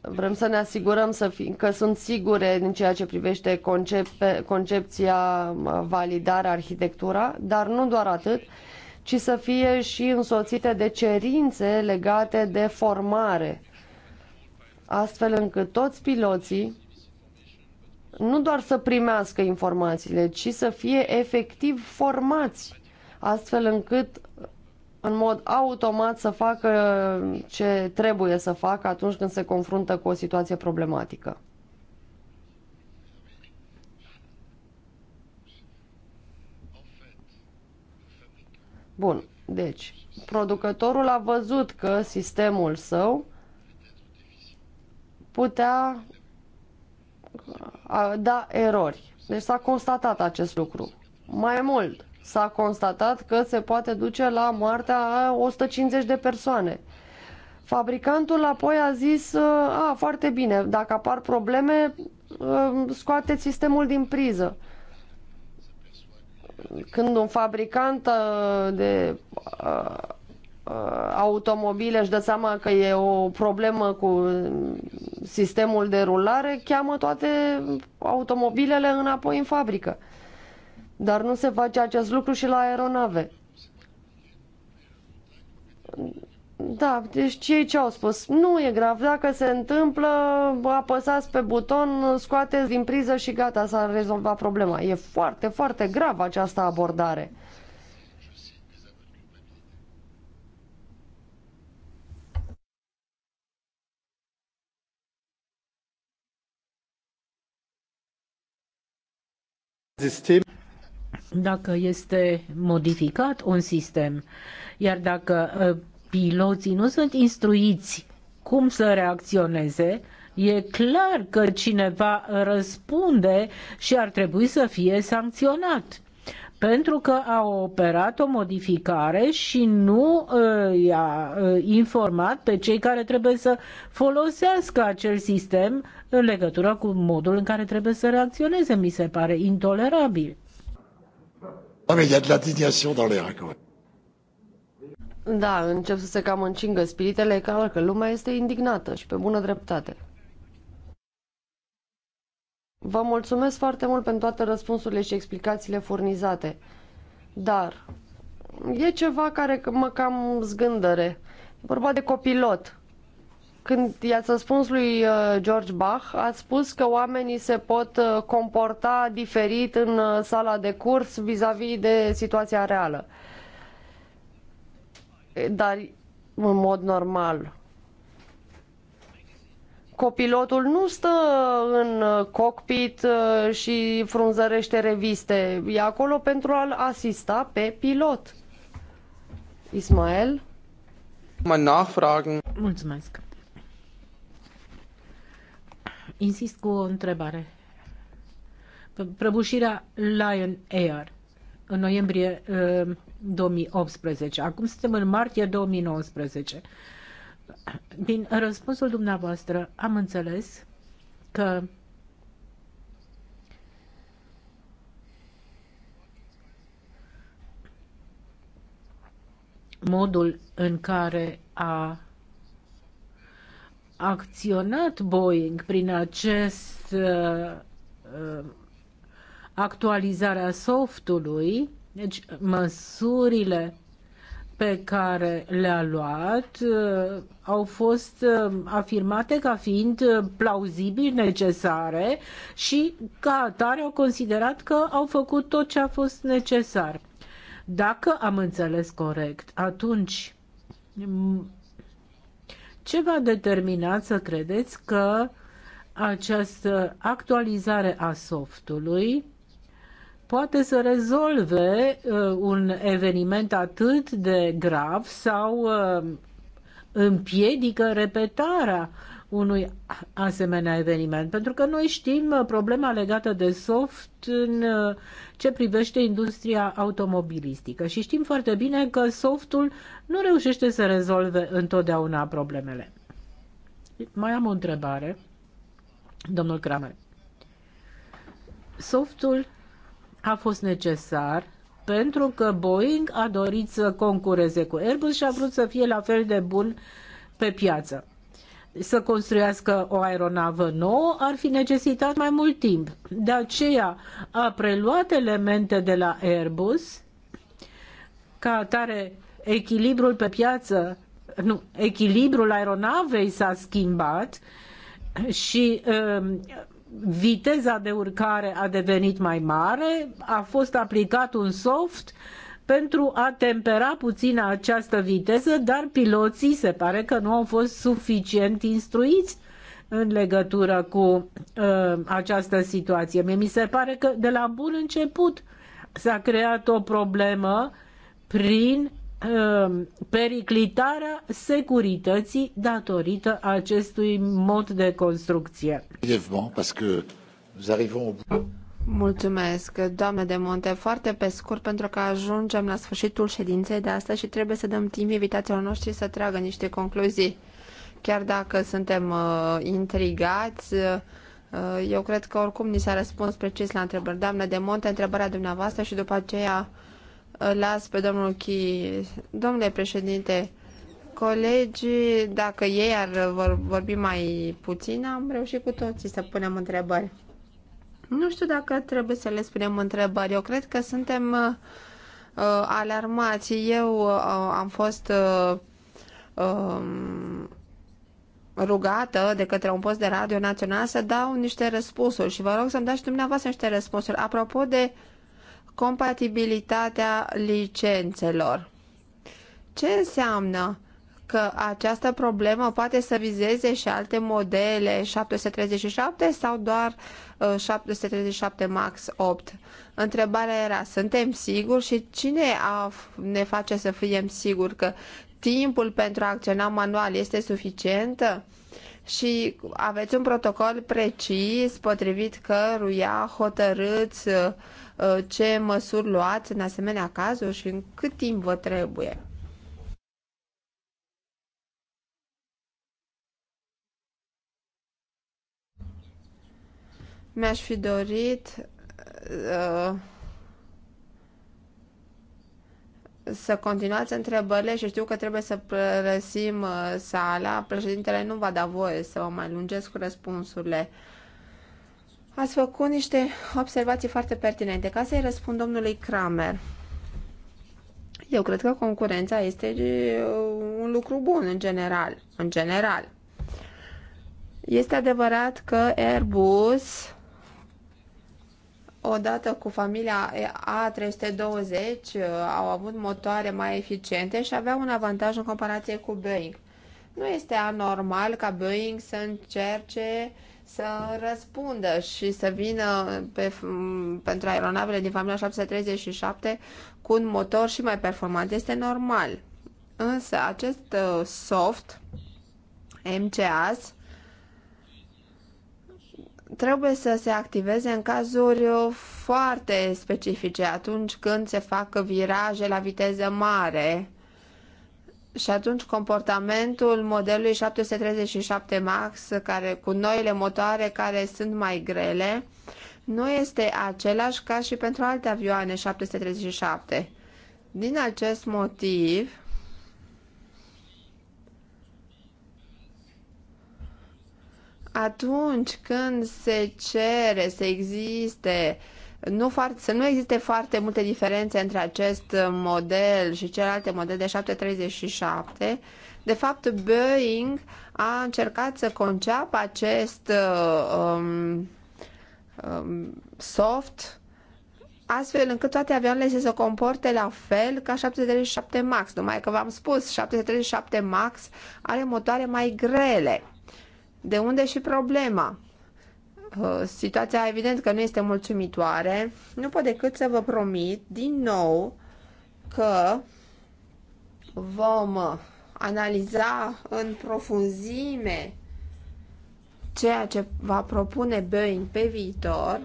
vrem să ne asigurăm să fi, că sunt sigure în ceea ce privește concep, concepția, validarea, arhitectura, dar nu doar atât, ci să fie și însoțite de cerințe legate de formare, astfel încât toți piloții nu doar să primească informațiile, ci să fie efectiv formați, astfel încât în mod automat să facă ce trebuie să facă atunci când se confruntă cu o situație problematică. Bun, deci, producătorul a văzut că sistemul său putea da erori. Deci s-a constatat acest lucru. Mai mult, s-a constatat că se poate duce la moartea a 150 de persoane. Fabricantul apoi a zis, a, foarte bine, dacă apar probleme, um, scoateți sistemul din priză. Când un fabricant uh, de uh, uh, automobile își dă seama că e o problemă cu sistemul de rulare, cheamă toate automobilele înapoi în fabrică. Dar nu se face acest lucru și la aeronave. Da, deci cei ce au spus, nu e grav, dacă se întâmplă, apăsați pe buton, scoateți din priză și gata, s-a rezolvat problema. E foarte, foarte grav această abordare. System dacă este modificat un sistem, iar dacă ă, piloții nu sunt instruiți cum să reacționeze, e clar că cineva răspunde și ar trebui să fie sancționat pentru că a operat o modificare și nu uh, i-a uh, informat pe cei care trebuie să folosească acel sistem în legătură cu modul în care trebuie să reacționeze. Mi se pare intolerabil. Oh, mais il y a de l'indignation dans l'air, quand même. Da, încep să se cam încingă spiritele, clar că lumea este indignată și pe bună dreptate. Vă mulțumesc foarte mult pentru toate răspunsurile și explicațiile furnizate. Dar e ceva care mă cam zgândăre. E vorba de copilot. Când i-ați răspuns lui uh, George Bach, ați spus că oamenii se pot uh, comporta diferit în uh, sala de curs vis-a-vis -vis de situația reală. Dar în mod normal, copilotul nu stă în cockpit și frunzărește reviste. E acolo pentru a-l asista pe pilot. Ismael? Mă nachfragen. Mulțumesc insist cu o întrebare. Prăbușirea Lion Air în noiembrie 2018. Uh, Acum suntem în martie 2019. Din răspunsul dumneavoastră am înțeles că modul în care a acționat Boeing prin acest uh, uh actualizarea softului, deci măsurile pe care le-a luat uh, au fost uh, afirmate ca fiind uh, plauzibili, necesare și ca atare au considerat că au făcut tot ce a fost necesar. Dacă am înțeles corect, atunci ce v-a determinat să credeți că această actualizare a softului poate să rezolve uh, un eveniment atât de grav sau uh, împiedică repetarea unui asemenea eveniment, pentru că noi știm uh, problema legată de soft în uh, ce privește industria automobilistică și știm foarte bine că softul nu reușește să rezolve întotdeauna problemele. Mai am o întrebare, domnul Kramer. Softul a fost necesar pentru că Boeing a dorit să concureze cu Airbus și a vrut să fie la fel de bun pe piață să construiască o aeronavă nouă ar fi necesitat mai mult timp. De aceea a preluat elemente de la Airbus ca atare echilibrul pe piață, nu, echilibrul aeronavei s-a schimbat și uh, viteza de urcare a devenit mai mare, a fost aplicat un soft uh, pentru a tempera puțin această viteză, dar piloții se pare că nu au fost suficient instruiți în legătură cu uh, această situație. mi se pare că de la bun început s-a creat o problemă prin uh, periclitarea securității datorită acestui mod de construcție. Mulțumesc, doamnă de Monte, foarte pe scurt, pentru că ajungem la sfârșitul ședinței de astăzi și trebuie să dăm timp invitațiilor noștri să tragă niște concluzii. Chiar dacă suntem uh, intrigați, uh, eu cred că oricum ni s-a răspuns precis la întrebări. Doamnă de Monte, întrebarea dumneavoastră și după aceea uh, las pe domnul Chi. Domnule președinte, colegii, dacă ei ar vorbi mai puțin, am reușit cu toții să punem întrebări. Nu știu dacă trebuie să le spunem întrebări. Eu cred că suntem uh, uh, alarmați. Eu uh, am fost uh, um, rugată de către un post de radio național să dau niște răspunsuri și vă rog să-mi dați dumneavoastră niște răspunsuri. Apropo de compatibilitatea licențelor, ce înseamnă că această problemă poate să vizeze și alte modele 737 sau doar 737 uh, MAX 8. Întrebarea era, suntem siguri și cine a, ne face să fim siguri că timpul pentru a acționa manual este suficient? Și aveți un protocol precis potrivit căruia hotărâți uh, ce măsuri luați în asemenea cazuri și în cât timp vă trebuie. Mi-aș fi dorit uh, să continuați întrebările și știu că trebuie să părăsim uh, sala. Președintele nu va da voie să vă mai lungesc cu răspunsurile. Ați făcut niște observații foarte pertinente. Ca să-i răspund domnului Kramer, eu cred că concurența este uh, un lucru bun în general. În general. Este adevărat că Airbus odată cu familia A320 uh, au avut motoare mai eficiente și aveau un avantaj în comparație cu Boeing. Nu este anormal ca Boeing să încerce să răspundă și să vină pe, pentru aeronavele din familia 737 cu un motor și mai performant. Este normal. Însă acest uh, soft MCAS trebuie să se activeze în cazuri uh, foarte specifice, atunci când se fac viraje la viteză mare. Și atunci comportamentul modelului 737 MAX, care, cu noile motoare care sunt mai grele, nu este același ca și pentru alte avioane 737. Din acest motiv, atunci când se cere să existe nu foarte, să nu existe foarte multe diferențe între acest model și celelalte modele de 737, de fapt Boeing a încercat să conceapă acest um, um, soft astfel încât toate avioanele să se comporte la fel ca 737 MAX, numai că v-am spus, 737 MAX are motoare mai grele. De unde și problema? Uh, situația evident că nu este mulțumitoare. Nu pot decât să vă promit din nou că vom analiza în profunzime ceea ce va propune Boeing pe viitor.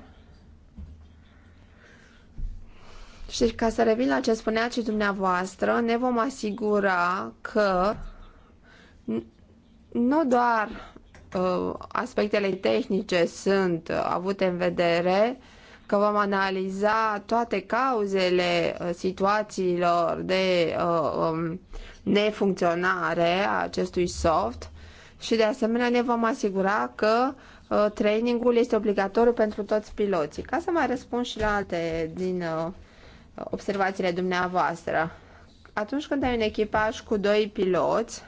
Și ca să revin la ce spunea și dumneavoastră, ne vom asigura că nu doar Uh, aspectele tehnice sunt uh, avute în vedere, că vom analiza toate cauzele uh, situațiilor de um, nefuncționare a acestui soft și de asemenea ne vom asigura că trainingul este obligatoriu pentru toți piloții. Ca să mai răspund și la alte din observațiile dumneavoastră. Atunci când ai un echipaj cu doi piloți,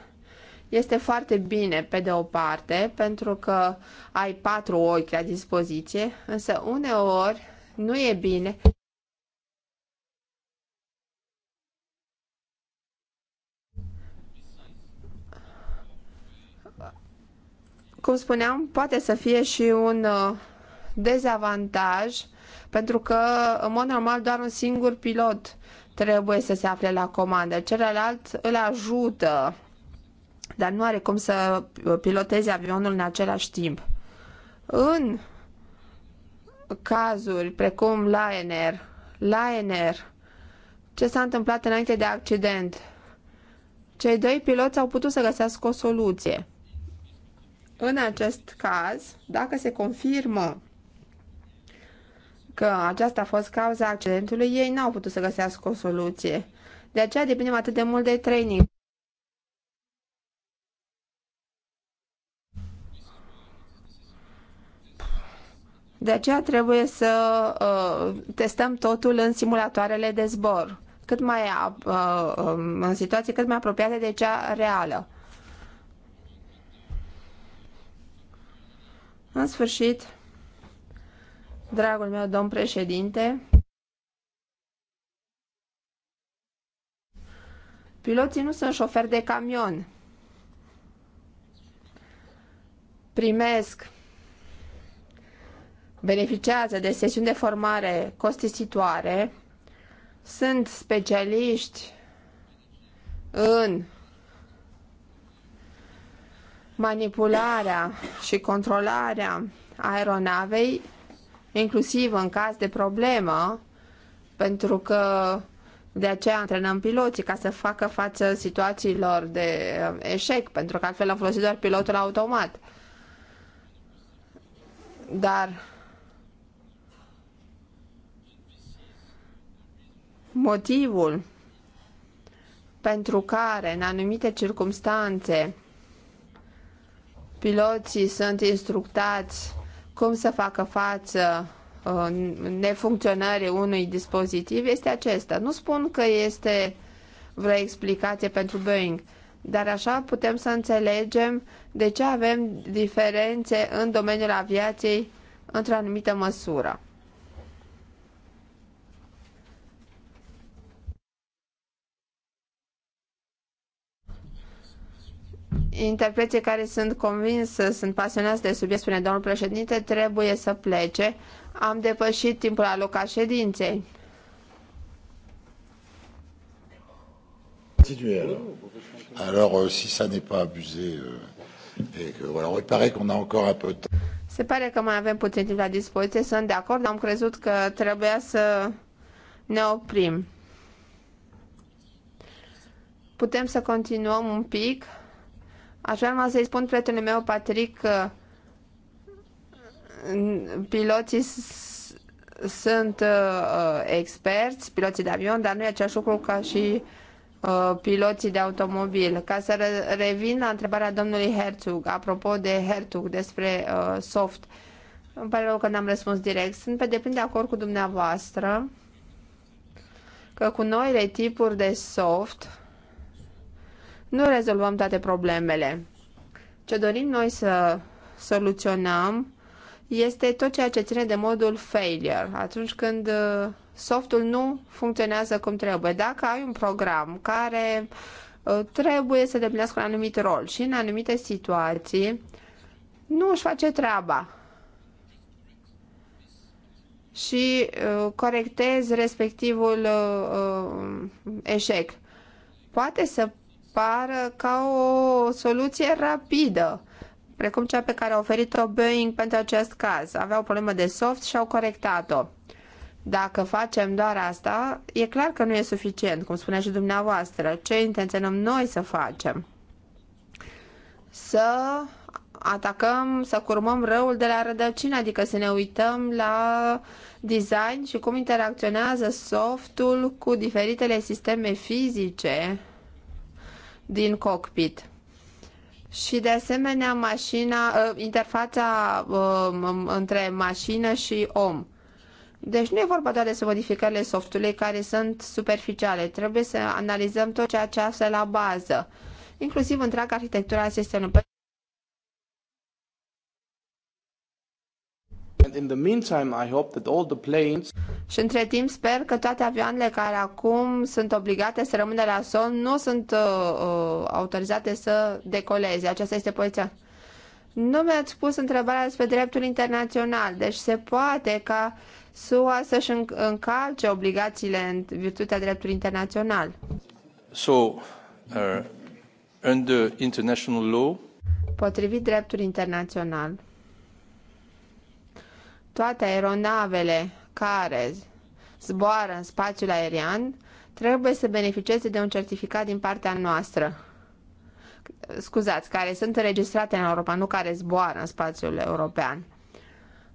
este foarte bine pe de o parte, pentru că ai patru ochi la dispoziție, însă uneori nu e bine. Cum spuneam, poate să fie și un uh, dezavantaj, pentru că, în mod normal, doar un singur pilot trebuie să se afle la comandă. Celălalt îl ajută dar nu are cum să uh, piloteze avionul în același timp. În cazuri precum la Lion ce s-a întâmplat înainte de accident? Cei doi piloți au putut să găsească o soluție. În acest caz, dacă se confirmă că aceasta a fost cauza accidentului, ei n-au putut să găsească o soluție. De aceea depindem atât de mult de training. De aceea trebuie să uh, testăm totul în simulatoarele de zbor, cât mai uh, um, în situații cât mai apropiate de cea reală. În sfârșit, dragul meu domn președinte, piloții nu sunt șoferi de camion. Primesc beneficiază de sesiuni de formare costisitoare, sunt specialiști în manipularea și controlarea aeronavei, inclusiv în caz de problemă, pentru că de aceea antrenăm piloții ca să facă față situațiilor de uh, eșec, pentru că altfel am folosit doar pilotul automat. Dar Motivul pentru care, în anumite circumstanțe, piloții sunt instructați cum să facă față uh, nefuncționării unui dispozitiv este acesta. Nu spun că este vreo explicație pentru Boeing, dar așa putem să înțelegem de ce avem diferențe în domeniul aviației într-o anumită măsură. interpreții care sunt convins, sunt pasionați de subiect, spune domnul președinte, trebuie să plece. Am depășit timpul alocat ședinței. Alors, euh, si n'est pas abusé, euh, il qu'on a encore un peu de temps. Se pare că mai avem puțin timp la dispoziție, sunt de acord, dar am crezut că trebuia să ne oprim. Putem să continuăm un pic. Aș vrea să-i spun prietenul meu, Patrick, că piloții sunt uh, uh, experți, piloții de avion, dar nu e același lucru ca și uh, piloții de automobil. Ca să re- revin la întrebarea domnului Herzog, apropo de Herzog, despre uh, soft, îmi pare rău că n-am răspuns direct. Sunt pe deplin de acord cu dumneavoastră că cu noile tipuri de soft, nu rezolvăm toate problemele. Ce dorim noi să soluționăm este tot ceea ce ține de modul failure, atunci când uh, softul nu funcționează cum trebuie. Dacă ai un program care uh, trebuie să deplinească un anumit rol și în anumite situații nu își face treaba și uh, corectezi respectivul eșec. Poate să apară ca o soluție rapidă, precum cea pe care a oferit-o Boeing pentru acest caz. Avea o problemă de soft și au corectat-o. Dacă facem doar asta, e clar că nu e suficient, cum spunea și dumneavoastră. Ce intenționăm noi să facem? Să atacăm, să curmăm răul de la rădăcină, adică să ne uităm la design și cum interacționează softul cu diferitele sisteme fizice din cockpit. Și de asemenea mașina, ă, interfața ă, între mașină și om. Deci nu e vorba doar de modificările softului care sunt superficiale. Trebuie să analizăm tot ceea ce se la bază, inclusiv întreaga arhitectura sistemului. in the meantime, I hope that all the planes... Și între timp sper că toate avioanele care acum sunt obligate să rămână la sol nu sunt uh, uh, autorizate să decoleze. Aceasta este poziția. Nu mi-ați pus întrebarea despre dreptul internațional, deci se poate ca SUA să-și încalce obligațiile în virtutea dreptului internațional. So, uh, under international law, potrivit dreptului internațional, toate aeronavele care zboară în spațiul aerian trebuie să beneficieze de un certificat din partea noastră. Scuzați, care sunt înregistrate în Europa, nu care zboară în spațiul european.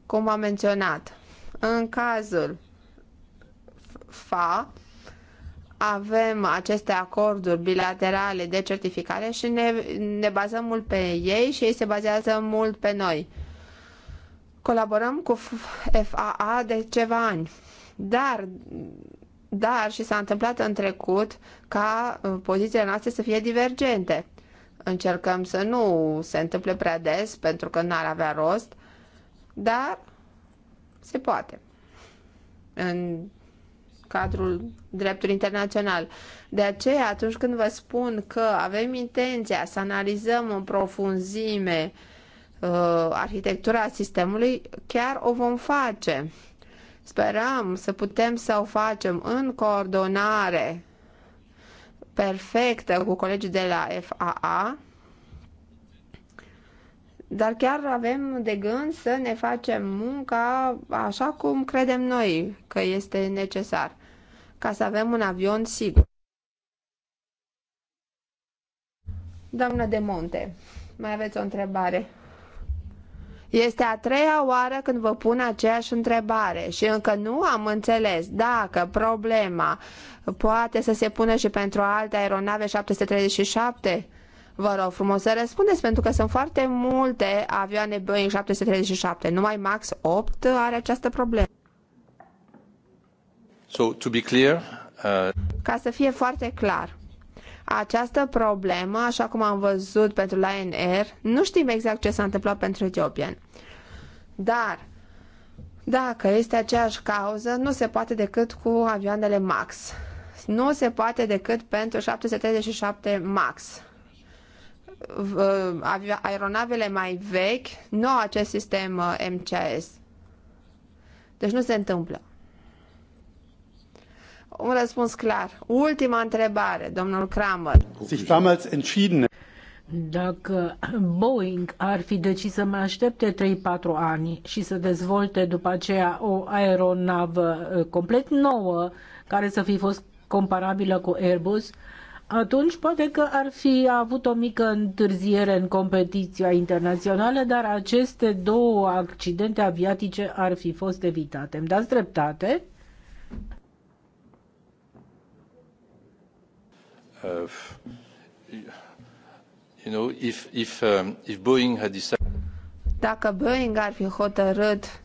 Cum am menționat, în cazul FA avem aceste acorduri bilaterale de certificare și ne, ne bazăm mult pe ei și ei se bazează mult pe noi. Colaborăm cu FAA de ceva ani, dar, dar și s-a întâmplat în trecut ca uh, pozițiile noastre să fie divergente. Încercăm să nu se întâmple prea des, pentru că n-ar avea rost, dar se poate. În cadrul dreptului internațional. De aceea, atunci când vă spun că avem intenția să analizăm în profunzime uh, Uh, arhitectura sistemului, chiar o vom face. Sperăm să putem să o facem în coordonare perfectă cu colegii de la FAA, dar chiar avem de gând să ne facem munca așa cum credem noi că este necesar, ca să avem un avion sigur. Doamna de Monte, mai aveți o întrebare? Este a treia oară când vă pun aceeași întrebare și încă nu am înțeles dacă problema poate să se pună și pentru alte aeronave 737. Vă rog frumos să răspundeți, pentru că sunt foarte multe avioane Boeing 737. Numai Max 8 are această problemă. So, to be clear, uh... Ca să fie foarte clar, această problemă, așa cum am văzut pentru Lion Air, nu știm exact ce s-a întâmplat pentru Etiopian. Dar, dacă este aceeași cauză, nu se poate decât cu avioanele MAX. Nu se poate decât pentru 737 MAX aeronavele mai vechi nu au acest sistem uh, MCS. Deci nu se întâmplă un răspuns clar. Ultima întrebare, domnul Kramer. dacă Boeing ar fi decis să mai aștepte 3-4 ani și să dezvolte după aceea o aeronavă uh, complet nouă, care să fi fost comparabilă cu Airbus, atunci poate că ar fi avut o mică întârziere în competiția internațională, dar aceste două accidente aviatice ar fi fost evitate. Îmi dați dreptate? Dacă Boeing ar fi hotărât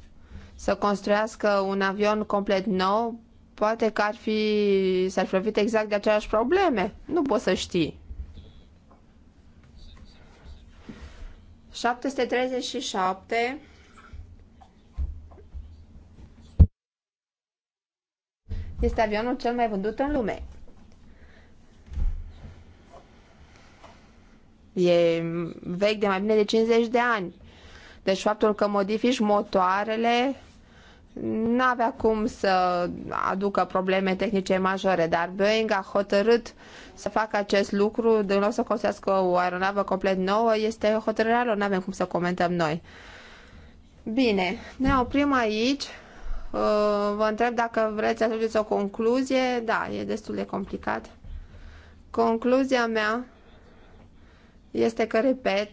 să construiască un avion complet nou, poate că ar fi, s-ar fi exact de aceleași probleme. Nu poți să știi. 737 este avionul cel mai vândut în lume. E vechi de mai bine de 50 de ani. Deci faptul că modifici motoarele nu avea cum să aducă probleme tehnice majore, dar Boeing a hotărât să facă acest lucru, de loc să construiască o aeronavă complet nouă, este hotărârea lor, nu avem cum să comentăm noi. Bine, ne oprim aici. Uh, vă întreb dacă vreți să ajungeți o concluzie. Da, e destul de complicat. Concluzia mea este că repet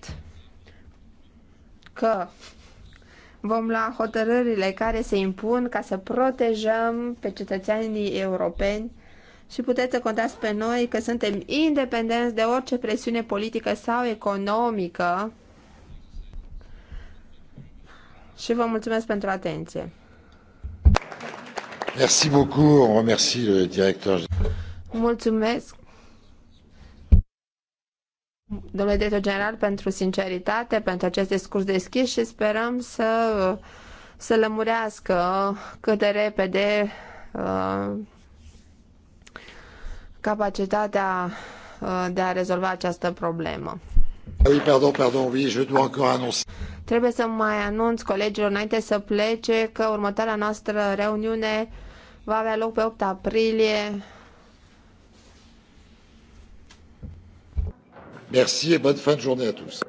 că vom lua hotărârile care se impun ca să protejăm pe cetățenii europeni și puteți să contați pe noi că suntem independenți de orice presiune politică sau economică și vă mulțumesc pentru atenție. Merci beaucoup, on remercie le directeur. Mulțumesc domnule director general, pentru sinceritate, pentru acest discurs deschis și sperăm să să lămurească cât de repede uh, capacitatea uh, de a rezolva această problemă. Oui, pardon, pardon, oui, je dois encore annoncer. Trebuie să mai anunț colegilor înainte să plece că următoarea noastră reuniune va avea loc pe 8 aprilie merci et bonne fin de journée à tous.